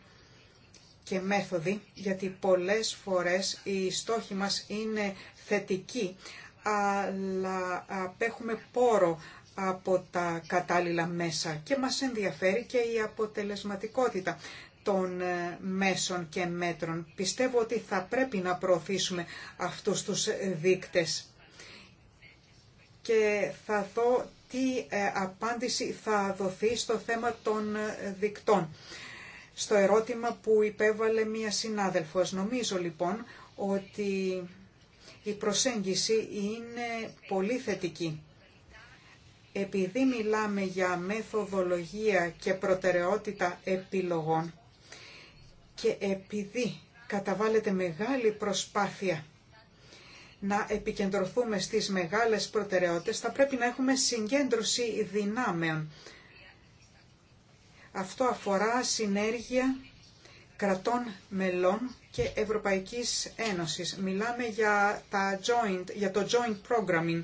και μέθοδοι, γιατί πολλές φορές οι στόχοι μας είναι θετικοί, αλλά απέχουμε πόρο από τα κατάλληλα μέσα και μας ενδιαφέρει και η αποτελεσματικότητα των ε, μέσων και μέτρων. Πιστεύω ότι θα πρέπει να προωθήσουμε αυτούς τους δείκτες και θα δω τι ε, απάντηση θα δοθεί στο θέμα των ε, δικτών. Στο ερώτημα που υπέβαλε μία συνάδελφος. Νομίζω λοιπόν ότι η προσέγγιση είναι πολύ θετική επειδή μιλάμε για μεθοδολογία και προτεραιότητα επιλογών και επειδή καταβάλλεται μεγάλη προσπάθεια να επικεντρωθούμε στις μεγάλες προτεραιότητες, θα πρέπει να έχουμε συγκέντρωση δυνάμεων. Αυτό αφορά συνέργεια κρατών μελών και Ευρωπαϊκής Ένωσης. Μιλάμε για, τα joint, για το joint programming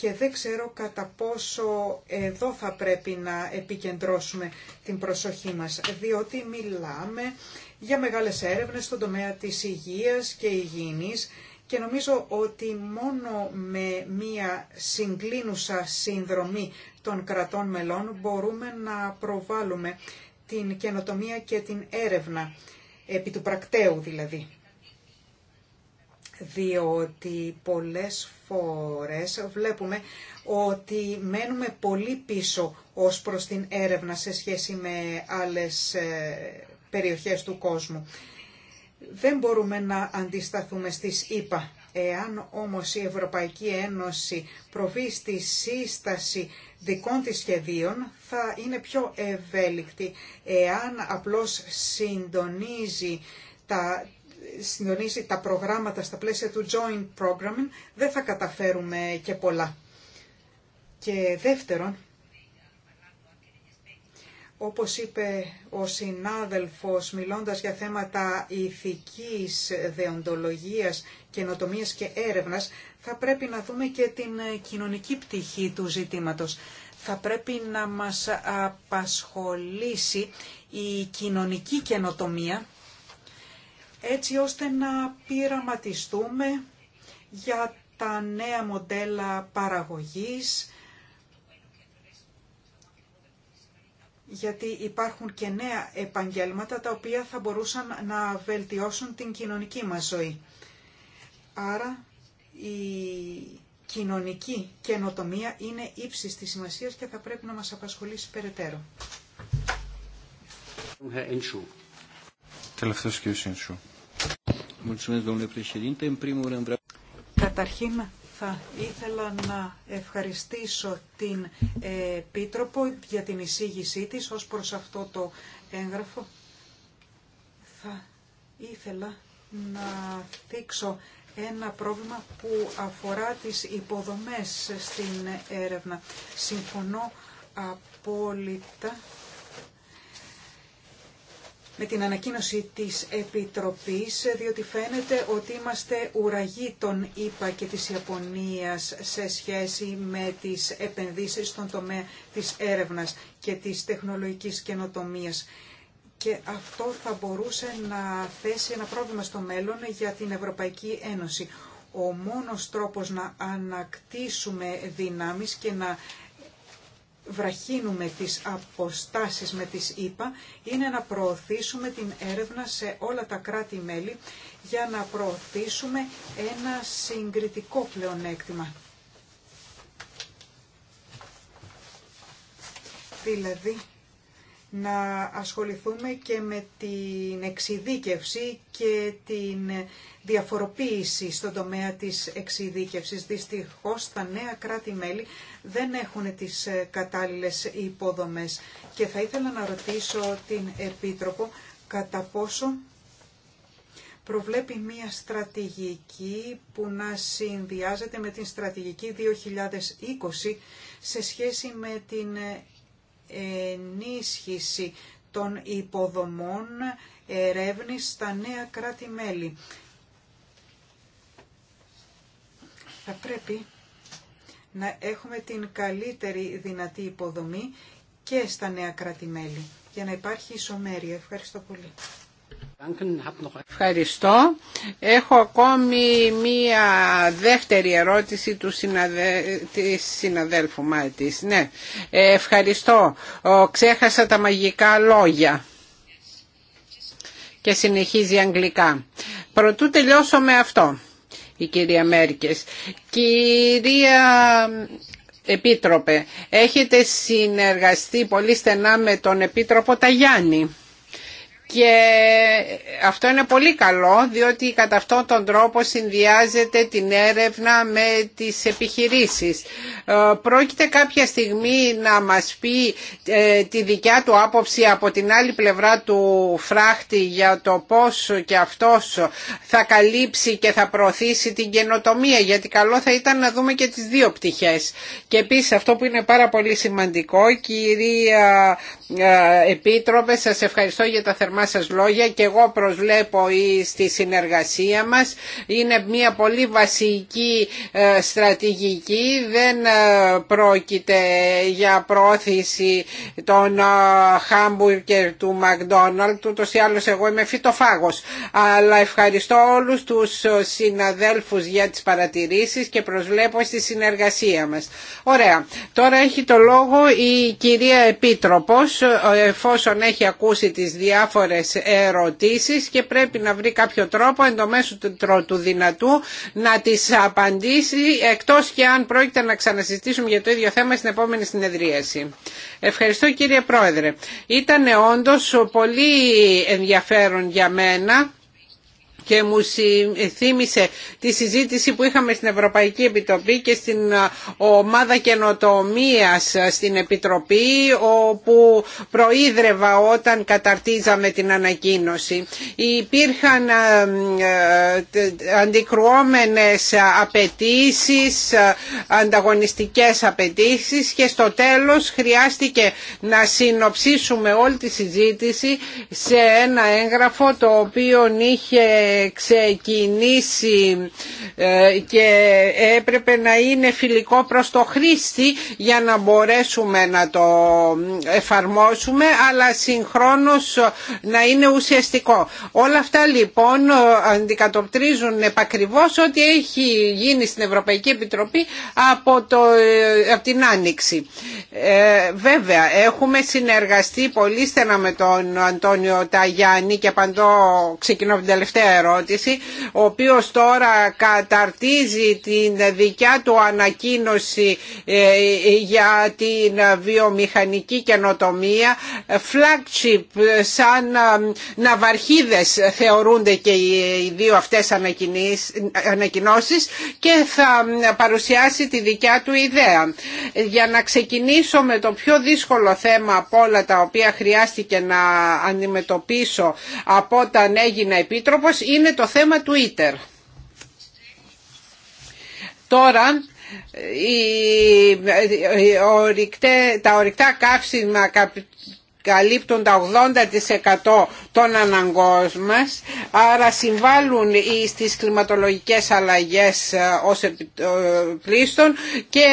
και δεν ξέρω κατά πόσο εδώ θα πρέπει να επικεντρώσουμε την προσοχή μας, διότι μιλάμε για μεγάλες έρευνες στον τομέα της υγείας και υγιεινής και νομίζω ότι μόνο με μία συγκλίνουσα συνδρομή των κρατών μελών μπορούμε να προβάλλουμε την καινοτομία και την έρευνα, επί του πρακτέου δηλαδή διότι πολλές φορές βλέπουμε ότι μένουμε πολύ πίσω ως προς την έρευνα σε σχέση με άλλες ε, περιοχές του κόσμου. Δεν μπορούμε να αντισταθούμε στις ΗΠΑ. Εάν όμως η Ευρωπαϊκή Ένωση προβεί στη σύσταση δικών της σχεδίων, θα είναι πιο ευέλικτη. Εάν απλώς συντονίζει τα, συντονίσει τα προγράμματα στα πλαίσια του joint programming, δεν θα καταφέρουμε και πολλά. Και δεύτερον, όπως είπε ο συνάδελφος μιλώντας για θέματα ηθικής δεοντολογίας, καινοτομίας και έρευνας, θα πρέπει να δούμε και την κοινωνική πτυχή του ζητήματος. Θα πρέπει να μας απασχολήσει η κοινωνική καινοτομία έτσι ώστε να πειραματιστούμε για τα νέα μοντέλα παραγωγής, γιατί υπάρχουν και νέα επαγγέλματα τα οποία θα μπορούσαν να βελτιώσουν την κοινωνική μας ζωή. Άρα η κοινωνική καινοτομία είναι ύψης της σημασίας και θα πρέπει να μας απασχολήσει περαιτέρω. Τελευταίος κύριος Καταρχήν θα ήθελα να ευχαριστήσω την Επίτροπο για την εισήγησή της ως προς αυτό το έγγραφο. Θα ήθελα να δείξω ένα πρόβλημα που αφορά τις υποδομές στην έρευνα. Συμφωνώ απόλυτα με την ανακοίνωση της Επιτροπής, διότι φαίνεται ότι είμαστε ουραγοί των ΙΠΑ και της Ιαπωνίας σε σχέση με τις επενδύσεις στον τομέα της έρευνας και της τεχνολογικής καινοτομίας. Και αυτό θα μπορούσε να θέσει ένα πρόβλημα στο μέλλον για την Ευρωπαϊκή Ένωση. Ο μόνος τρόπος να ανακτήσουμε δυνάμεις και να βραχύνουμε τις αποστάσεις με τις ΙΠΑ είναι να προωθήσουμε την έρευνα σε όλα τα κράτη-μέλη για να προωθήσουμε ένα συγκριτικό πλεονέκτημα. Δηλαδή, να ασχοληθούμε και με την εξειδίκευση και την διαφοροποίηση στον τομέα της εξειδίκευσης. Δυστυχώς, τα νέα κράτη-μέλη δεν έχουν τις ε, κατάλληλες υποδομές. Και θα ήθελα να ρωτήσω την Επίτροπο κατά πόσο προβλέπει μία στρατηγική που να συνδυάζεται με την στρατηγική 2020 σε σχέση με την ε, ενίσχυση των υποδομών ερεύνης στα νέα κράτη-μέλη. Θα πρέπει να έχουμε την καλύτερη δυνατή υποδομή και στα νέα για να υπάρχει ισομέρεια. Ευχαριστώ πολύ. Ευχαριστώ. Έχω ακόμη μία δεύτερη ερώτηση του συναδε... της συναδέλφου Ναι, ε, ευχαριστώ. Ξέχασα τα μαγικά λόγια και συνεχίζει αγγλικά. Προτού τελειώσω με αυτό η κυρία Μέρκες. Κυρία Επίτροπε, έχετε συνεργαστεί πολύ στενά με τον Επίτροπο Ταγιάννη και αυτό είναι πολύ καλό διότι κατά αυτόν τον τρόπο συνδυάζεται την έρευνα με τις επιχειρήσεις. Ε, πρόκειται κάποια στιγμή να μας πει ε, τη δικιά του άποψη από την άλλη πλευρά του φράχτη για το πώς και αυτός θα καλύψει και θα προωθήσει την καινοτομία γιατί καλό θα ήταν να δούμε και τις δύο πτυχές. Και επίσης αυτό που είναι πάρα πολύ σημαντικό κυρία ε, Επίτροπε σας ευχαριστώ για τα θερμά σας λόγια και εγώ προσβλέπω στη συνεργασία μας. Είναι μια πολύ βασική ε, στρατηγική, δεν ε, πρόκειται για πρόθεση των ε, και του Μακδόναλτ, ούτως ή άλλως εγώ είμαι φυτοφάγος. Αλλά ευχαριστώ όλους τους συναδέλφους για τις παρατηρήσεις και προσβλέπω στη συνεργασία μας. Ωραία. Τώρα έχει το λόγο η κυρία Επίτροπος, εφόσον έχει ακούσει τις διάφορες ερωτήσεις και πρέπει να βρει κάποιο τρόπο εν το του δυνατού να τις απαντήσει εκτός και αν πρόκειται να ξανασυζητήσουμε για το ίδιο θέμα στην επόμενη συνεδρίαση. Ευχαριστώ κύριε Πρόεδρε. Ήταν όντως πολύ ενδιαφέρον για μένα και μου θύμισε τη συζήτηση που είχαμε στην Ευρωπαϊκή Επιτροπή και στην ομάδα καινοτομία στην Επιτροπή όπου προείδρευα όταν καταρτίζαμε την ανακοίνωση. Υπήρχαν αντικρουόμενες απαιτήσει, ανταγωνιστικές απαιτήσει και στο τέλος χρειάστηκε να συνοψίσουμε όλη τη συζήτηση σε ένα έγγραφο το οποίο είχε ξεκινήσει ε, και έπρεπε να είναι φιλικό προς το χρήστη για να μπορέσουμε να το εφαρμόσουμε αλλά συγχρόνως να είναι ουσιαστικό. Όλα αυτά λοιπόν αντικατοπτρίζουν επακριβώς ότι έχει γίνει στην Ευρωπαϊκή Επιτροπή από, το, την Άνοιξη. Ε, βέβαια έχουμε συνεργαστεί πολύ στενά με τον Αντώνιο Ταγιάννη και απαντώ ξεκινώ από την τελευταία ερώτηση, ο οποίος τώρα καταρτίζει την δικιά του ανακοίνωση ε, για την βιομηχανική καινοτομία. Flagship σαν ε, ναυαρχίδες θεωρούνται και οι δύο αυτές ανακοινώσεις και θα ε, παρουσιάσει τη δικιά του ιδέα. Για να ξεκινήσω με το πιο δύσκολο θέμα από όλα τα οποία χρειάστηκε να αντιμετωπίσω από όταν έγινα επίτροπος είναι το θέμα του Twitter. Τώρα οι, τα ορυκτά καύσιμα καλύπτουν τα 80% των αναγκών μας, άρα συμβάλλουν στις κλιματολογικές αλλαγές ε, ως πλήστων και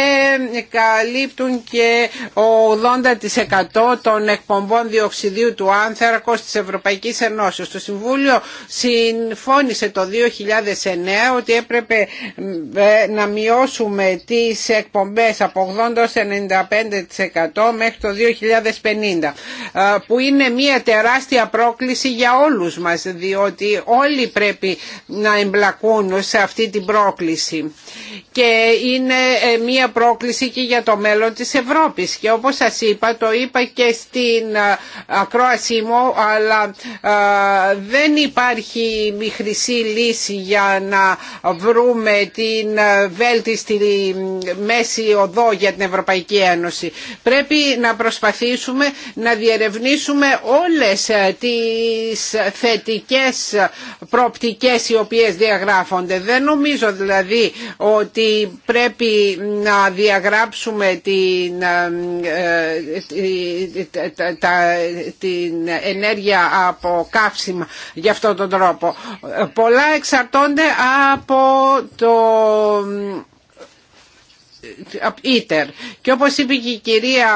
καλύπτουν και 80% των εκπομπών διοξιδίου του άνθρακος της Ευρωπαϊκής Ενώσεως. Το Συμβούλιο συμφώνησε το 2009 ότι έπρεπε ε, να μειώσουμε τις εκπομπές από 80% 95% μέχρι το 2050 που είναι μια τεράστια πρόκληση για όλους μας διότι όλοι πρέπει να εμπλακούν σε αυτή την πρόκληση και είναι ε, μια πρόκληση και για το μέλλον της Ευρώπης και όπως σας είπα το είπα και στην ακρόασή μου αλλά δεν υπάρχει μη χρυσή λύση για να βρούμε την βέλτιστη μέση οδό για την Ευρωπαϊκή Ένωση πρέπει να προσπαθήσουμε να διερευνήσουμε όλες ε, τις θετικές προοπτικές οι οποίες διαγράφονται. Δεν νομίζω δηλαδή ότι πρέπει να διαγράψουμε την, ε, ε, την ενέργεια από καύσιμα για αυτόν τον τρόπο. Πολλά εξαρτώνται από το και όπως είπε και η κυρία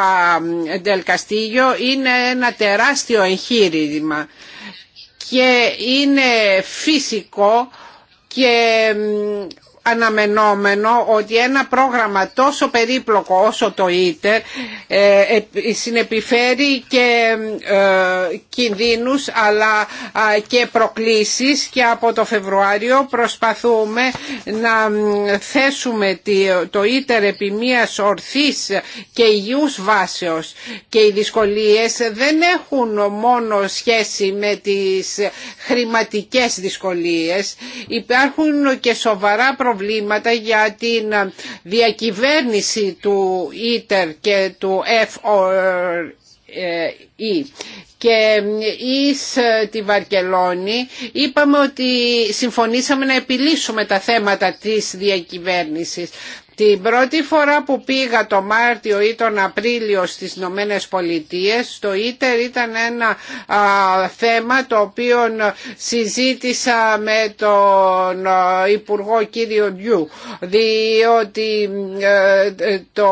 Ντελκαστίγιο είναι ένα τεράστιο εγχείρημα και είναι φυσικό και αναμενόμενο ότι ένα πρόγραμμα τόσο περίπλοκο όσο το ΙΤΕΡ ε, συνεπιφέρει και ε, κινδύνους αλλά και προκλήσεις και από το Φεβρουάριο προσπαθούμε να θέσουμε το ΙΤΕΡ επί μίας ορθής και υγιούς βάσεως και οι δυσκολίες δεν έχουν μόνο σχέση με τις χρηματικές δυσκολίες υπάρχουν και σοβαρά προβλήματα προβλήματα για την διακυβέρνηση του ΙΤΕΡ και του ΕΦΟΡΙ ε ε. και εις ε, τη Βαρκελόνη είπαμε ότι συμφωνήσαμε να επιλύσουμε τα θέματα της διακυβέρνησης. Την πρώτη φορά που πήγα το Μάρτιο ή τον Απρίλιο στις Ηνωμένε Πολιτείε, το ίτερ ήταν ένα θέμα το οποίο ε, συζήτησα με τον ε, Υπουργό κύριο Ντιού διότι ε, το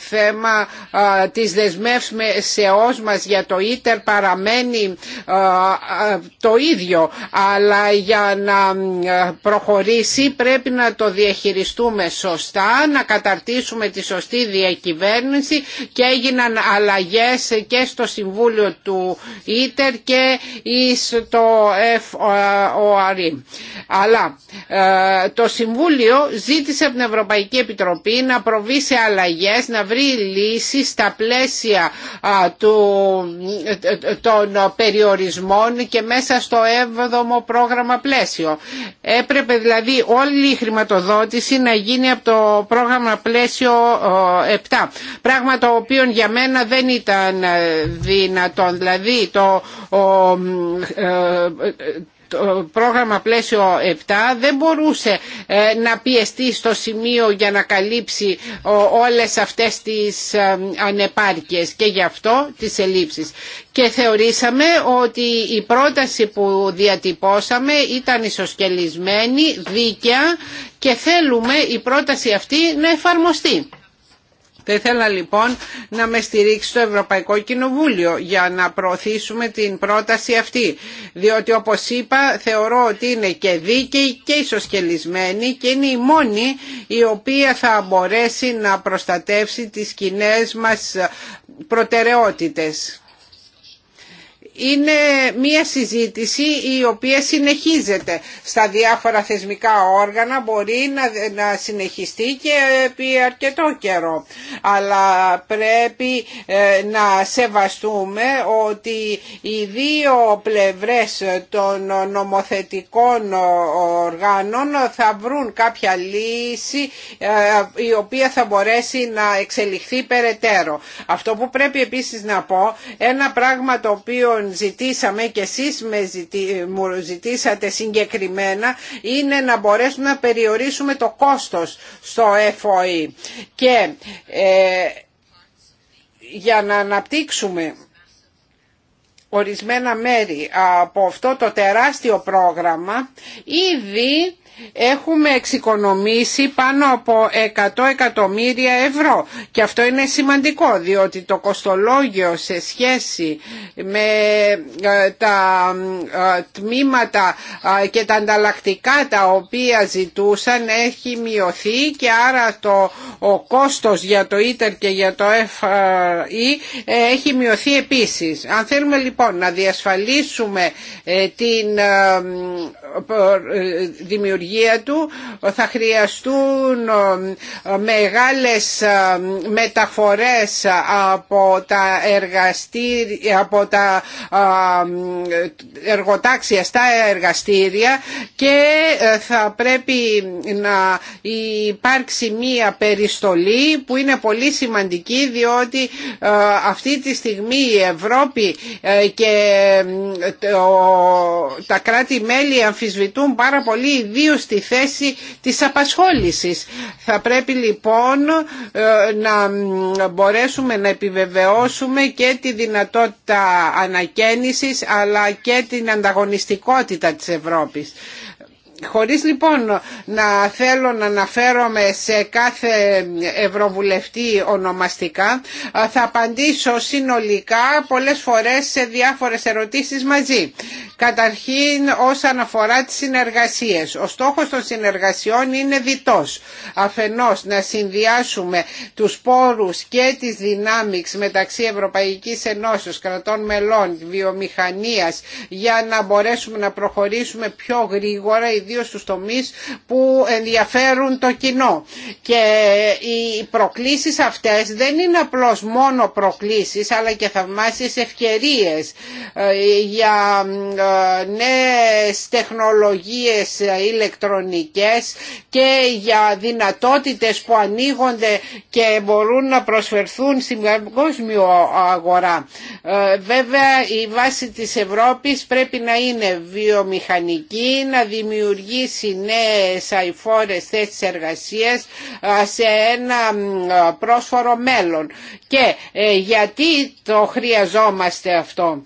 θέμα α, της δεσμεύσεώς μας για το ίτερ παραμένει το ίδιο αλλά για να προχωρήσει πρέπει να το διαχειριστούμε σωστά να καταρτήσουμε τη σωστή διακυβέρνηση και έγιναν αλλαγές και στο Συμβούλιο του Ίτερ και στο ΕΦΟΑΡΗ. Αλλά ε, το Συμβούλιο ζήτησε από την Ευρωπαϊκή Επιτροπή να προβεί σε αλλαγές, να βρει λύσεις στα πλαίσια του, ε, των περιορισμών και μέσα στο 7ο πρόγραμμα πλαίσιο. Έπρεπε δηλαδή όλη η χρηματοδότηση να γίνει από το το πρόγραμμα πλαίσιο 7. Πράγμα το οποίο για μένα δεν ήταν ε, δυνατόν. Δηλαδή το, ε, το πρόγραμμα πλαίσιο 7 δεν μπορούσε ε, να πιεστεί στο σημείο για να καλύψει όλες αυτές τις ε, ανεπάρκειες και γι' αυτό τις ελλείψεις. Και θεωρήσαμε ότι η πρόταση που διατυπώσαμε ήταν ισοσκελισμένη, δίκαια και θέλουμε η πρόταση αυτή να εφαρμοστεί. Θα ήθελα λοιπόν να με στηρίξει το Ευρωπαϊκό Κοινοβούλιο για να προωθήσουμε την πρόταση αυτή. Διότι όπως είπα θεωρώ ότι είναι και δίκαιη και ισοσκελισμένη και είναι η μόνη η οποία θα μπορέσει να προστατεύσει τις κοινέ μας προτεραιότητες είναι μία συζήτηση η οποία συνεχίζεται στα διάφορα θεσμικά όργανα, μπορεί να, να συνεχιστεί και επί αρκετό καιρό. Αλλά πρέπει ε, να σεβαστούμε ότι οι δύο πλευρές των νομοθετικών οργάνων θα βρουν κάποια λύση ε, η οποία θα μπορέσει να εξελιχθεί περαιτέρω. Αυτό που πρέπει επίσης να πω, ένα πράγμα το οποίο Λοιπόν ζητήσαμε και εσείς μου ζητήσατε συγκεκριμένα είναι να μπορέσουμε να περιορίσουμε το κόστος στο FOE και ε, για να αναπτύξουμε ορισμένα μέρη από αυτό το τεράστιο πρόγραμμα ήδη έχουμε εξοικονομήσει πάνω από 100 εκατομμύρια ευρώ και αυτό είναι σημαντικό διότι το κοστολόγιο σε σχέση με ε, τα ε, τμήματα ε, και τα ανταλλακτικά τα οποία ζητούσαν έχει μειωθεί και άρα το ο κόστος για το ίτερ και για το ΕΦΑΗ e έχει μειωθεί επίσης. Αν θέλουμε λοιπόν να διασφαλίσουμε την δημιουργία του θα χρειαστούν ε, μεγάλες ε, μεταφορές από τα εργαστήρια, από τα ε, εργοτάξια στα εργαστήρια και θα πρέπει να υπάρξει μία περιστολή που είναι πολύ σημαντική διότι αυτή τη στιγμή η Ευρώπη και τα κράτη-μέλη αμφισβητούν πάρα πολύ στη θέση της απασχόλησης. Θα πρέπει λοιπόν ε, να μπορέσουμε να επιβεβαιώσουμε και τη δυνατότητα ανακαίνησης αλλά και την ανταγωνιστικότητα της Ευρώπης. Χωρίς λοιπόν να θέλω να αναφέρομαι σε κάθε ευρωβουλευτή ονομαστικά, θα απαντήσω συνολικά πολλές φορές σε διάφορες ερωτήσεις μαζί. Καταρχήν όσον αφορά τις συνεργασίες. Ο στόχος των συνεργασιών είναι διτός. Αφενός να συνδυάσουμε τους πόρους και τις δυνάμεις μεταξύ Ευρωπαϊκής Ενώσεως, κρατών μελών, βιομηχανίας για να μπορέσουμε να προχωρήσουμε πιο γρήγορα ιδίως στους τομείς που ενδιαφέρουν το κοινό. Και οι προκλήσεις αυτές δεν είναι απλώς μόνο προκλήσεις αλλά και θαυμάσιες ευκαιρίες ε, για ε, νέες τεχνολογίες ηλεκτρονικές και για δυνατότητες που ανοίγονται και μπορούν να προσφερθούν στην παγκόσμιο αγορά. Ε, βέβαια η βάση της Ευρώπης πρέπει να είναι βιομηχανική, να δημιουργήσει δημιουργήσει νέες αηφόρες θέσεις εργασίας σε ένα πρόσφορο μέλλον. Και ε, γιατί το χρειαζόμαστε αυτό.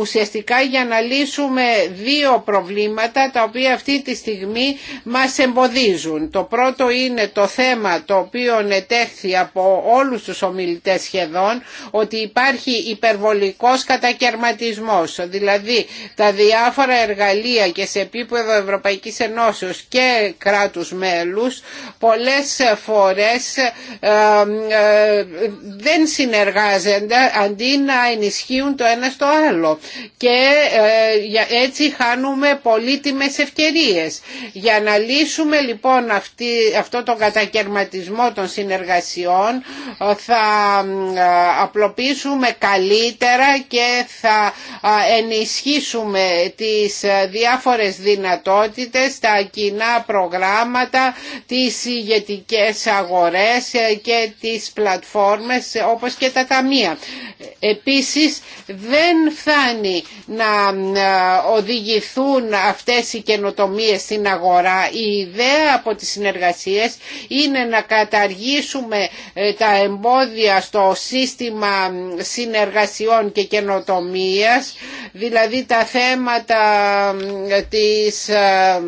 Ουσιαστικά για να λύσουμε δύο προβλήματα τα οποία αυτή τη στιγμή μας εμποδίζουν. Το πρώτο είναι το θέμα το οποίο ετέχθη από όλους τους ομιλητές σχεδόν ότι υπάρχει υπερβολικός κατακαιρματισμός. Δηλαδή τα διάφορα εργαλεία και σε επίπεδο ευρωπαϊκή Ευρωπαϊκής Ενώσεως και κράτους μέλους πολλές φορές ε, ε, δεν συνεργάζονται αντί να ενισχύουν το ένα στο άλλο και ε, έτσι χάνουμε πολύτιμες ευκαιρίες. Για να λύσουμε λοιπόν αυτό το κατακαιρματισμό των συνεργασιών θα απλοποιήσουμε καλύτερα και θα ενισχύσουμε τις διάφορες δυνατότητες τα κοινά προγράμματα, τις ηγετικέ αγορές ε, και τις πλατφόρμες ε, όπως και τα ταμεία. Επίσης δεν φτάνει να ε, οδηγηθούν αυτές οι καινοτομίες στην αγορά. Η ιδέα από τις συνεργασίες είναι να καταργήσουμε τα εμπόδια στο σύστημα συνεργασιών και καινοτομίας, δηλαδή τα θέματα της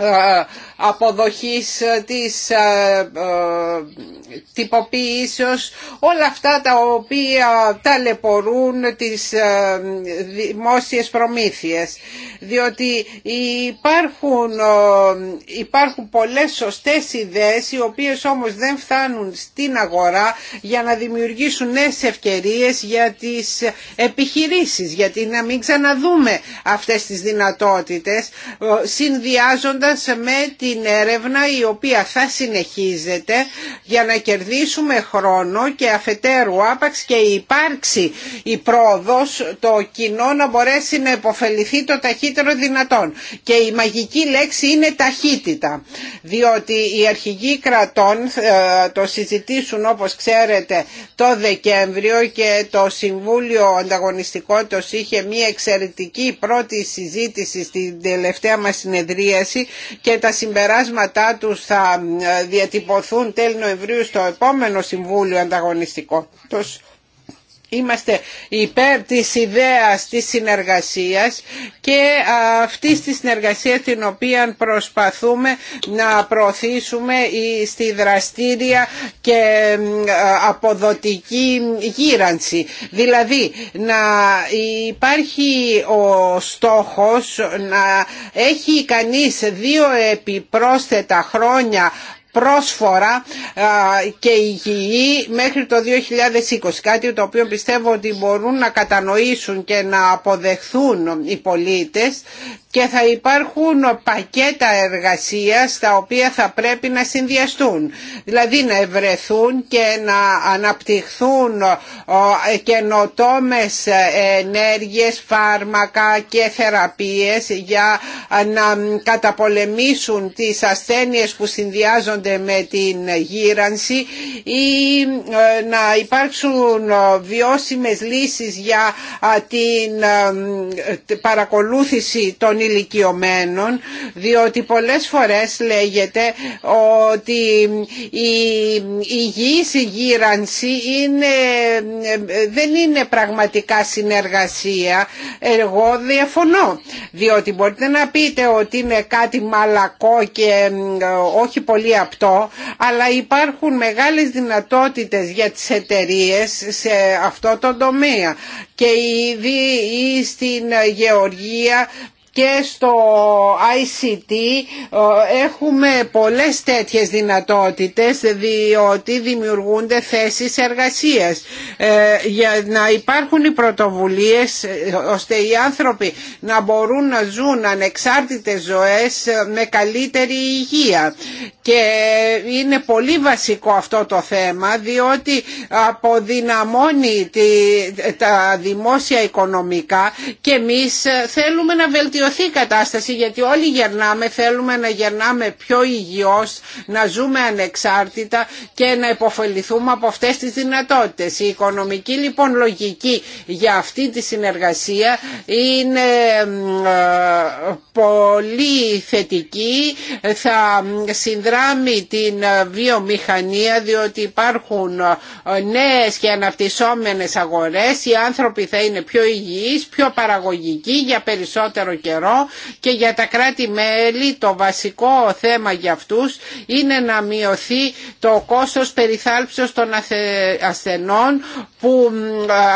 Ε, αποδοχής ε, της ε, τυποποίησεως όλα αυτά τα οποία ταλαιπωρούν τις δημόσιες προμήθειες διότι υπάρχουν, υπάρχουν πολλές σωστές ιδέες οι οποίες όμως δεν φτάνουν στην αγορά για να δημιουργήσουν νέες ευκαιρίες για τις επιχειρήσεις γιατί να μην ξαναδούμε αυτές τις δυνατότητες συνδυάζοντας με την έρευνα η οποία θα συνεχίζεται για να κερδίσουμε χρόνο και αφετέρου άπαξ και υπάρξει η πρόοδος το κοινό να μπορέσει να υποφεληθεί το ταχύτερο δυνατόν. Και η μαγική λέξη είναι ταχύτητα, διότι οι αρχηγοί κρατών ε, το συζητήσουν όπως ξέρετε το Δεκέμβριο και το Συμβούλιο Ανταγωνιστικότητος είχε μια εξαιρετική πρώτη συζήτηση στην τελευταία μας συνεδρίαση και τα συμπεράσματά του θα ε, διατυπωθούν τέλη Νοεμβρίου στο επόμενο Συμβούλιο Ανταγωνιστικό. Είμαστε υπέρ της ιδέας της συνεργασίας και αυτή τη συνεργασία την οποία προσπαθούμε να προωθήσουμε στη δραστήρια και αποδοτική γύρανση. Δηλαδή να υπάρχει ο στόχος να έχει κανείς δύο επιπρόσθετα χρόνια πρόσφορα και υγιή μέχρι το 2020. Κάτι το οποίο πιστεύω ότι μπορούν να κατανοήσουν και να αποδεχθούν οι πολίτες και θα υπάρχουν πακέτα εργασίας τα οποία θα πρέπει να συνδυαστούν. Δηλαδή να ευρεθούν και να αναπτυχθούν καινοτόμες ε, ενέργειες, φάρμακα και θεραπείες για ε, να καταπολεμήσουν τις ασθένειες που συνδυάζονται με την γύρανση ή ε, να υπάρξουν βιώσιμες λύσεις για την παρακολούθηση των ηλικιωμένων διότι πολλές φορές λέγεται ότι η υγιής γύρανση είναι, δεν είναι πραγματικά συνεργασία εγώ διαφωνώ διότι μπορείτε να πείτε ότι είναι κάτι μαλακό και ε, όχι πολύ απτό αλλά υπάρχουν μεγάλες δυνατότητες για τις εταιρείε σε αυτό το τομέα και ήδη στην γεωργία και στο ICT ε, έχουμε πολλές τέτοιες δυνατότητες διότι δημιουργούνται θέσεις εργασίας ε, για να υπάρχουν οι πρωτοβουλίες ε, ώστε οι άνθρωποι να μπορούν να ζουν ανεξάρτητες ζωές με καλύτερη υγεία και είναι πολύ βασικό αυτό το θέμα διότι αποδυναμώνει τα δημόσια οικονομικά και εμείς θέλουμε να βελτιωθούμε βελτιωθεί η κατάσταση γιατί όλοι γερνάμε, θέλουμε να γερνάμε πιο υγιώς, να ζούμε ανεξάρτητα και να υποφεληθούμε από αυτές τις δυνατότητες. Η οικονομική λοιπόν λογική για αυτή τη συνεργασία είναι ε, πολύ θετική, θα συνδράμει την βιομηχανία διότι υπάρχουν ε, νέες και αναπτυσσόμενες αγορές, οι άνθρωποι θα είναι πιο υγιείς, πιο παραγωγικοί για περισσότερο καιρό και για τα κράτη-μέλη το βασικό θέμα για αυτούς είναι να μειωθεί το κόστος περιθάλψεως των ασθενών που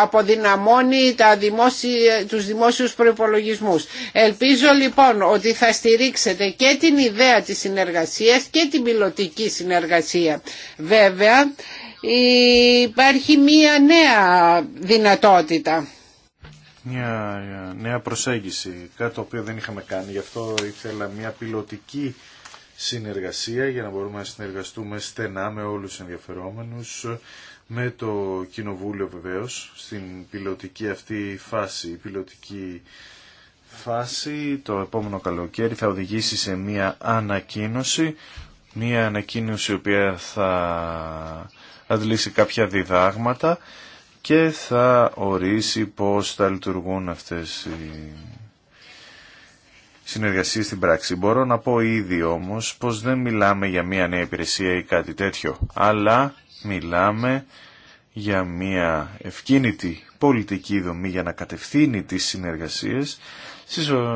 αποδυναμώνει τα δημόσια, τους δημόσιους προϋπολογισμούς. Ελπίζω λοιπόν ότι θα στηρίξετε και την ιδέα της συνεργασίας και την πιλωτική συνεργασία. Βέβαια υπάρχει μία νέα δυνατότητα μια νέα προσέγγιση, κάτι το οποίο δεν είχαμε κάνει. Γι' αυτό ήθελα μια πιλωτική συνεργασία για να μπορούμε να συνεργαστούμε στενά με όλους τους ενδιαφερόμενους, με το Κοινοβούλιο βεβαίως, στην πιλωτική αυτή φάση. Η πιλωτική φάση το επόμενο καλοκαίρι θα οδηγήσει σε μια ανακοίνωση, μια ανακοίνωση η οποία θα αντλήσει κάποια διδάγματα και θα ορίσει πώς θα λειτουργούν αυτές οι συνεργασίες στην πράξη. Μπορώ να πω ήδη όμως πως δεν μιλάμε για μία νέα υπηρεσία ή κάτι τέτοιο, αλλά μιλάμε για μία ευκίνητη πολιτική δομή για να κατευθύνει τις συνεργασίες,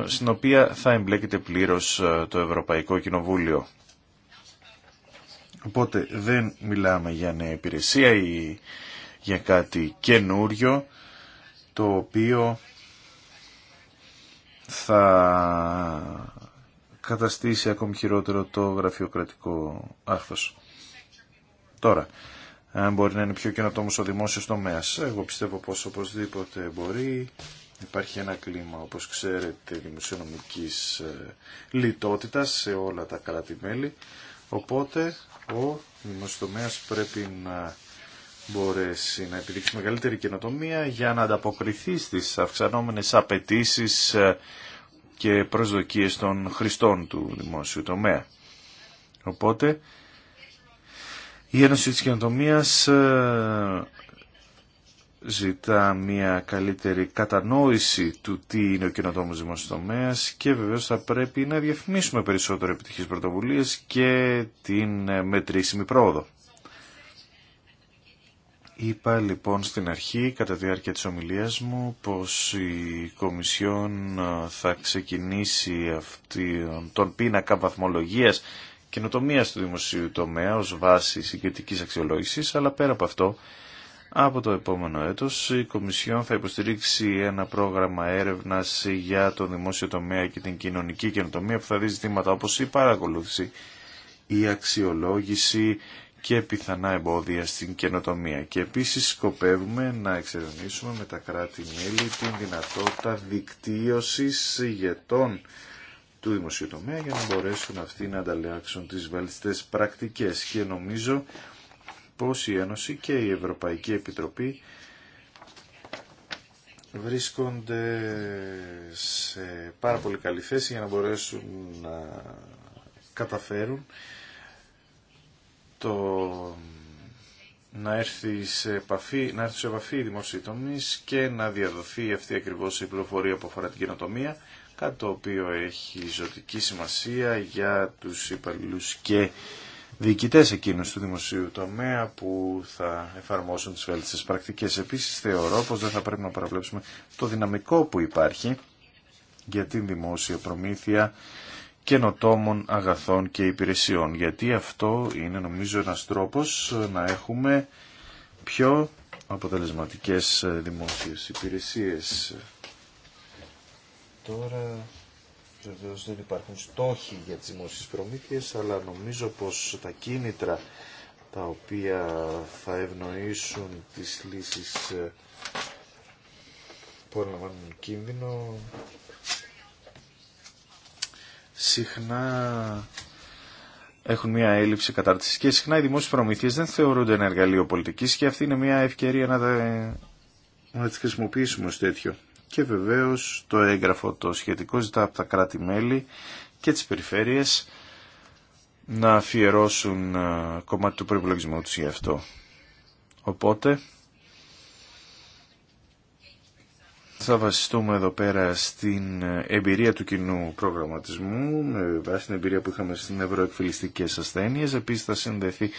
στην οποία θα εμπλέκεται πλήρως ε, το Ευρωπαϊκό Κοινοβούλιο. Οπότε δεν μιλάμε για νέα υπηρεσία ή για κάτι καινούριο το οποίο θα καταστήσει ακόμη χειρότερο το γραφειοκρατικό άρθος. Τώρα, αν μπορεί να είναι πιο καινοτόμο ο δημόσιο τομέα. Εγώ πιστεύω πω οπωσδήποτε μπορεί. Υπάρχει ένα κλίμα, όπως ξέρετε, δημοσιονομικής ε, λιτότητας σε όλα τα κράτη-μέλη. Οπότε ο δημοσιοτομέας πρέπει να μπορέσει να επιδείξει μεγαλύτερη καινοτομία για να ανταποκριθεί στις αυξανόμενες απαιτήσει ε, και προσδοκίες των χρηστών του δημόσιου τομέα. Οπότε, η Ένωση της Καινοτομίας ε, ζητά μια καλύτερη κατανόηση του τι είναι ο καινοτόμος δημόσιου τομέας και βεβαίως θα πρέπει να διαφημίσουμε περισσότερο επιτυχείς πρωτοβουλίες και την ε, μετρήσιμη πρόοδο. Είπα λοιπόν στην αρχή, κατά τη διάρκεια της ομιλίας μου, πως η Κομισιόν ε, θα ξεκινήσει αυτή, ε, τον πίνακα βαθμολογίας καινοτομία του δημοσίου τομέα ως βάση συγκριτικής αξιολόγησης, αλλά πέρα από αυτό, από το επόμενο έτος, η Κομισιόν θα υποστηρίξει ένα πρόγραμμα έρευνας για το δημόσιο τομέα και την κοινωνική καινοτομία που θα δει ζητήματα όπως η παρακολούθηση, η αξιολόγηση, και πιθανά εμπόδια στην καινοτομία. Και επίσης σκοπεύουμε να εξερευνήσουμε με τα κράτη-μέλη την δυνατότητα δικτύωσης ηγετών του δημοσίου τομέα για να μπορέσουν αυτοί να ανταλλάξουν τις βαλιστές πρακτικές. Και νομίζω πως η Ένωση και η Ευρωπαϊκή Επιτροπή βρίσκονται σε πάρα πολύ καλή θέση για να μπορέσουν να καταφέρουν να έρθει σε επαφή, να έρθει σε επαφή η και να διαδοθεί αυτή ακριβώ η πληροφορία που αφορά την καινοτομία, κάτι το οποίο έχει ζωτική σημασία για τους υπαλληλού και διοικητέ εκείνους του δημοσίου τομέα που θα εφαρμόσουν τις βέλτιστες πρακτικές. Επίση θεωρώ πω δεν θα πρέπει να παραβλέψουμε το δυναμικό που υπάρχει για την δημόσια προμήθεια καινοτόμων αγαθών και υπηρεσιών. Γιατί αυτό είναι νομίζω ένας τρόπος να έχουμε πιο αποτελεσματικές δημόσιες υπηρεσίες. Τώρα βεβαίως δεν υπάρχουν στόχοι για τις δημόσιες προμήθειες, αλλά νομίζω πως τα κίνητρα τα οποία θα ευνοήσουν τις λύσεις ε, που αναλαμβάνουν κίνδυνο συχνά έχουν μια έλλειψη κατάρτιση και συχνά οι δημόσιες προμηθείες δεν θεωρούνται ένα εργαλείο πολιτικής και αυτή είναι μια ευκαιρία να, τα... να χρησιμοποιήσουμε ω τέτοιο. Και βεβαίω το έγγραφο το σχετικό ζητά από τα κράτη-μέλη και τις περιφέρειες να αφιερώσουν ε, κομμάτι του προπολογισμού του γι' αυτό. Οπότε θα βασιστούμε εδώ πέρα στην εμπειρία του κοινού προγραμματισμού, με βάση την εμπειρία που είχαμε στην ευρωεκφυλιστικές ασθένειες. Επίσης θα συνδεθεί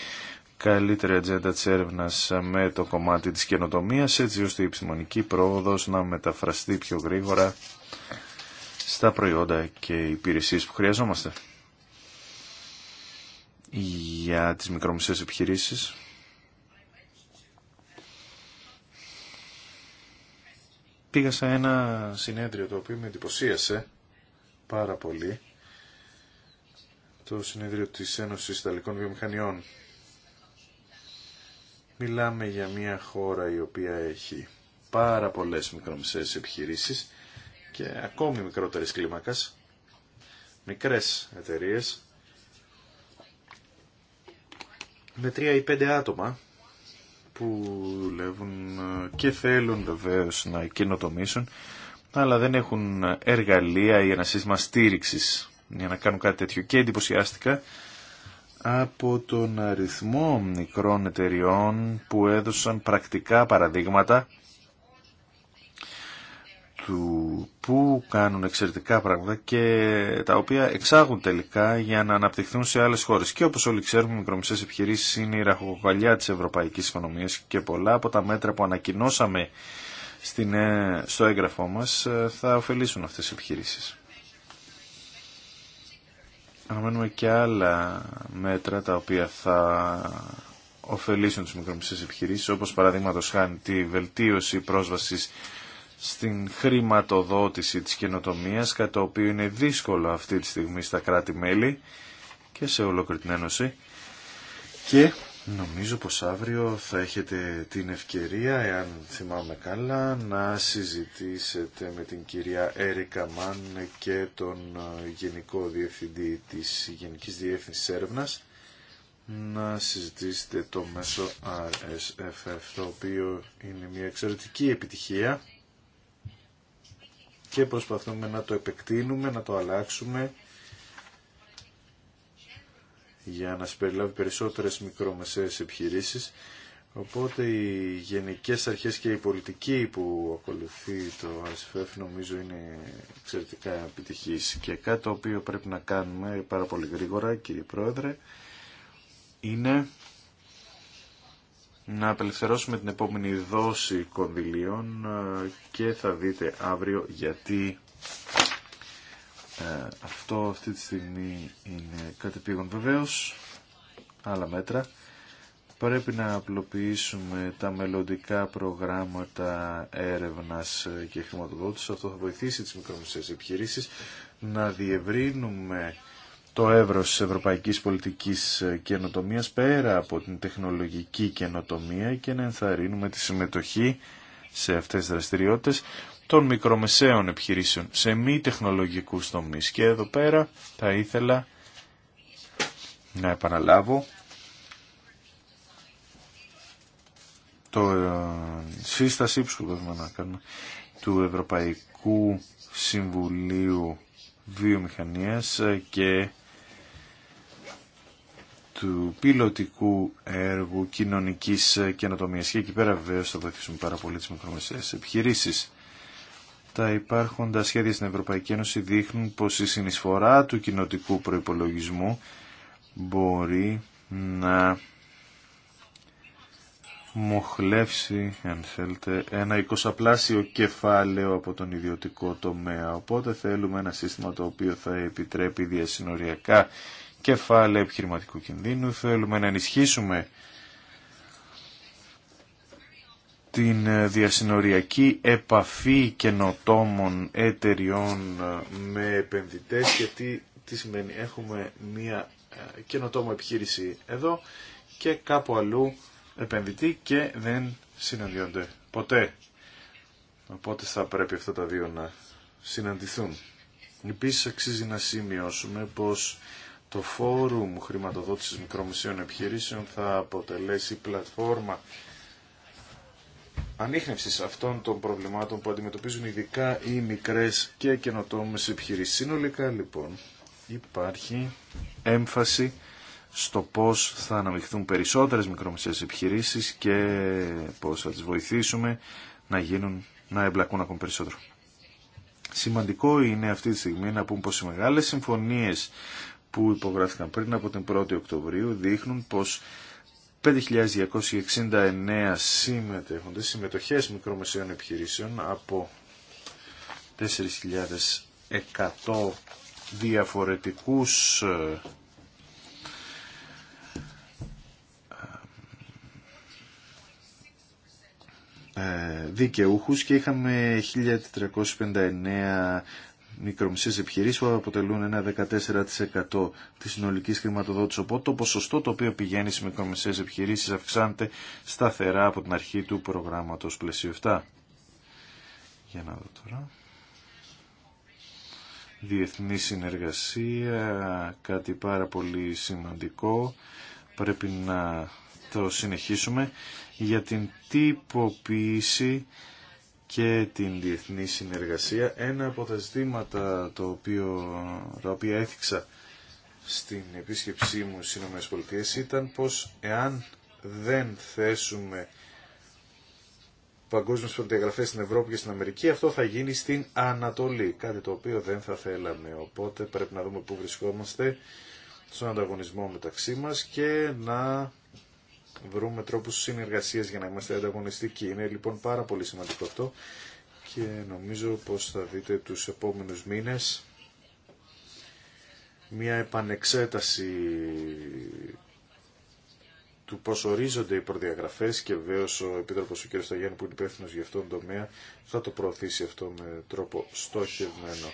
καλύτερη ατζέντα της έρευνα με το κομμάτι της καινοτομίας, έτσι ώστε η επιστημονική πρόοδος να μεταφραστεί πιο γρήγορα στα προϊόντα και υπηρεσίες που χρειαζόμαστε. Για τις μικρομεσαίες επιχειρήσεις πήγα σε ένα συνέδριο το οποίο με εντυπωσίασε πάρα πολύ. Το συνέδριο της Ένωσης Ιταλικών Βιομηχανιών. Μιλάμε για μια χώρα η οποία έχει πάρα πολλές μικρομεσαίες επιχειρήσεις και ακόμη μικρότερες κλίμακας, μικρές εταιρείες, με τρία ή πέντε άτομα που δουλεύουν ε, και θέλουν βεβαίω να καινοτομήσουν, αλλά δεν έχουν εργαλεία ή ένα σύστημα στήριξη για να κάνουν κάτι τέτοιο. Και εντυπωσιάστηκα από τον αριθμό μικρών εταιριών που έδωσαν πρακτικά παραδείγματα του που κάνουν εξαιρετικά πράγματα και τα οποία εξάγουν τελικά για να αναπτυχθούν σε άλλες χώρες. Και όπως όλοι ξέρουμε, οι μικρομεσαίες επιχειρήσεις είναι η ραχοκοκαλιά της ευρωπαϊκής οικονομίας και πολλά από τα μέτρα που ανακοινώσαμε στην, ε, στο έγγραφό μας ε, θα ωφελήσουν αυτές τις επιχειρήσεις. Αναμένουμε και άλλα μέτρα τα οποία θα ωφελήσουν τις μικρομισές επιχειρήσεις, όπως παραδείγματος χάνει τη βελτίωση πρόσβασης στην χρηματοδότηση της καινοτομίας, κατά το οποίο είναι δύσκολο αυτή τη στιγμή στα κράτη-μέλη και σε ολόκληρη την Ένωση. Και νομίζω πως αύριο θα έχετε την ευκαιρία, εάν θυμάμαι καλά, να συζητήσετε με την κυρία Έρικα Μάν και τον Γενικό Διευθυντή της Γενικής Διεύθυνσης Έρευνα. να συζητήσετε το μέσο RSFF, το οποίο είναι μια εξαιρετική επιτυχία και προσπαθούμε να το επεκτείνουμε, να το αλλάξουμε για να συμπεριλάβει περισσότερες μικρομεσαίες επιχειρήσεις. Οπότε οι γενικές αρχές και η πολιτική που ακολουθεί το ΑΣΦΕΦ νομίζω είναι εξαιρετικά επιτυχής και κάτι το οποίο πρέπει να κάνουμε πάρα πολύ γρήγορα κύριε Πρόεδρε είναι να απελευθερώσουμε την επόμενη δόση κονδυλίων ε, και θα δείτε αύριο γιατί ε, αυτό αυτή τη στιγμή είναι κατεπήγον βεβαίως άλλα μέτρα πρέπει να απλοποιήσουμε τα μελλοντικά προγράμματα έρευνας και χρηματοδότηση. αυτό θα βοηθήσει τις μικρομεσαίες επιχειρήσεις να διευρύνουμε το εύρος της ευρωπαϊκής πολιτικής καινοτομίας πέρα από την τεχνολογική καινοτομία και να ενθαρρύνουμε τη συμμετοχή σε αυτές τις δραστηριότητες των μικρομεσαίων επιχειρήσεων σε μη τεχνολογικούς τομείς. Και εδώ πέρα θα ήθελα να επαναλάβω το ε, σύσταση να του Ευρωπαϊκού Συμβουλίου Βιομηχανίας ε, και του πιλωτικού έργου κοινωνικής καινοτομία και εκεί πέρα βεβαίω θα βοηθήσουμε πάρα πολύ τις μικρομεσαίες επιχειρήσεις. Τα υπάρχοντα σχέδια στην Ευρωπαϊκή Ένωση δείχνουν πως η συνεισφορά του κοινοτικού προϋπολογισμού μπορεί να μοχλεύσει, αν θέλετε, ένα εικοσαπλάσιο κεφάλαιο από τον ιδιωτικό τομέα. Οπότε θέλουμε ένα σύστημα το οποίο θα επιτρέπει διασυνοριακά Κεφάλαιο επιχειρηματικού κινδύνου, θέλουμε να ενισχύσουμε την διασυνοριακή επαφή καινοτόμων εταιριών με επενδυτές γιατί τι σημαίνει έχουμε μια ε, καινοτόμο επιχείρηση εδώ και κάπου αλλού επενδυτή και δεν συναντιόνται ποτέ. Οπότε θα πρέπει αυτά τα δύο να συναντηθούν. Επίσης αξίζει να σημειώσουμε πως το Φόρουμ Χρηματοδότησης Μικρομεσαίων Επιχειρήσεων θα αποτελέσει πλατφόρμα ανείχνευσης αυτών των προβλημάτων που αντιμετωπίζουν ειδικά οι μικρές και καινοτόμες επιχειρήσεις. Συνολικά λοιπόν υπάρχει έμφαση στο πώς θα αναμειχθούν περισσότερες μικρομεσαίες επιχειρήσεις και πώς θα τις βοηθήσουμε να γίνουν, να εμπλακούν ακόμη περισσότερο. Σημαντικό είναι αυτή τη στιγμή να πούμε πως οι μεγάλες συμφωνίες που υπογράφηκαν πριν από την 1η Οκτωβρίου δείχνουν πως 5.269 συμμετέχονται συμμετοχές μικρομεσαίων επιχειρήσεων από 4.100 διαφορετικούς ε, ε, δικαιούχους και είχαμε 1.459 Μικρομισέ επιχειρήσει που αποτελούν ένα 14% τη συνολικής χρηματοδότηση. Οπότε το ποσοστό το οποίο πηγαίνει στις μικρομεσαίες επιχειρήσεις αυξάνεται σταθερά από την αρχή του προγράμματος πλαισίου 7. Για να δω τώρα. Διεθνή συνεργασία, κάτι πάρα πολύ σημαντικό. Πρέπει να το συνεχίσουμε για την τυποποίηση και την διεθνή συνεργασία. Ένα από τα ζητήματα το οποίο, τα οποία έθιξα στην επίσκεψή μου στις ΗΠΑ ήταν πως εάν δεν θέσουμε παγκόσμιες προδιαγραφές στην Ευρώπη και στην Αμερική, αυτό θα γίνει στην Ανατολή, κάτι το οποίο δεν θα θέλαμε. Οπότε πρέπει να δούμε πού βρισκόμαστε στον ανταγωνισμό μεταξύ μας και να βρούμε τρόπους συνεργασίας για να είμαστε ανταγωνιστικοί. Είναι λοιπόν πάρα πολύ σημαντικό αυτό και νομίζω πως θα δείτε τους επόμενους μήνες μια επανεξέταση του πώ ορίζονται οι προδιαγραφέ και βεβαίω ο Επίτροπο ο κ. Σταγιάννη που είναι υπεύθυνο για αυτόν τον τομέα θα το προωθήσει αυτό με τρόπο στοχευμένο.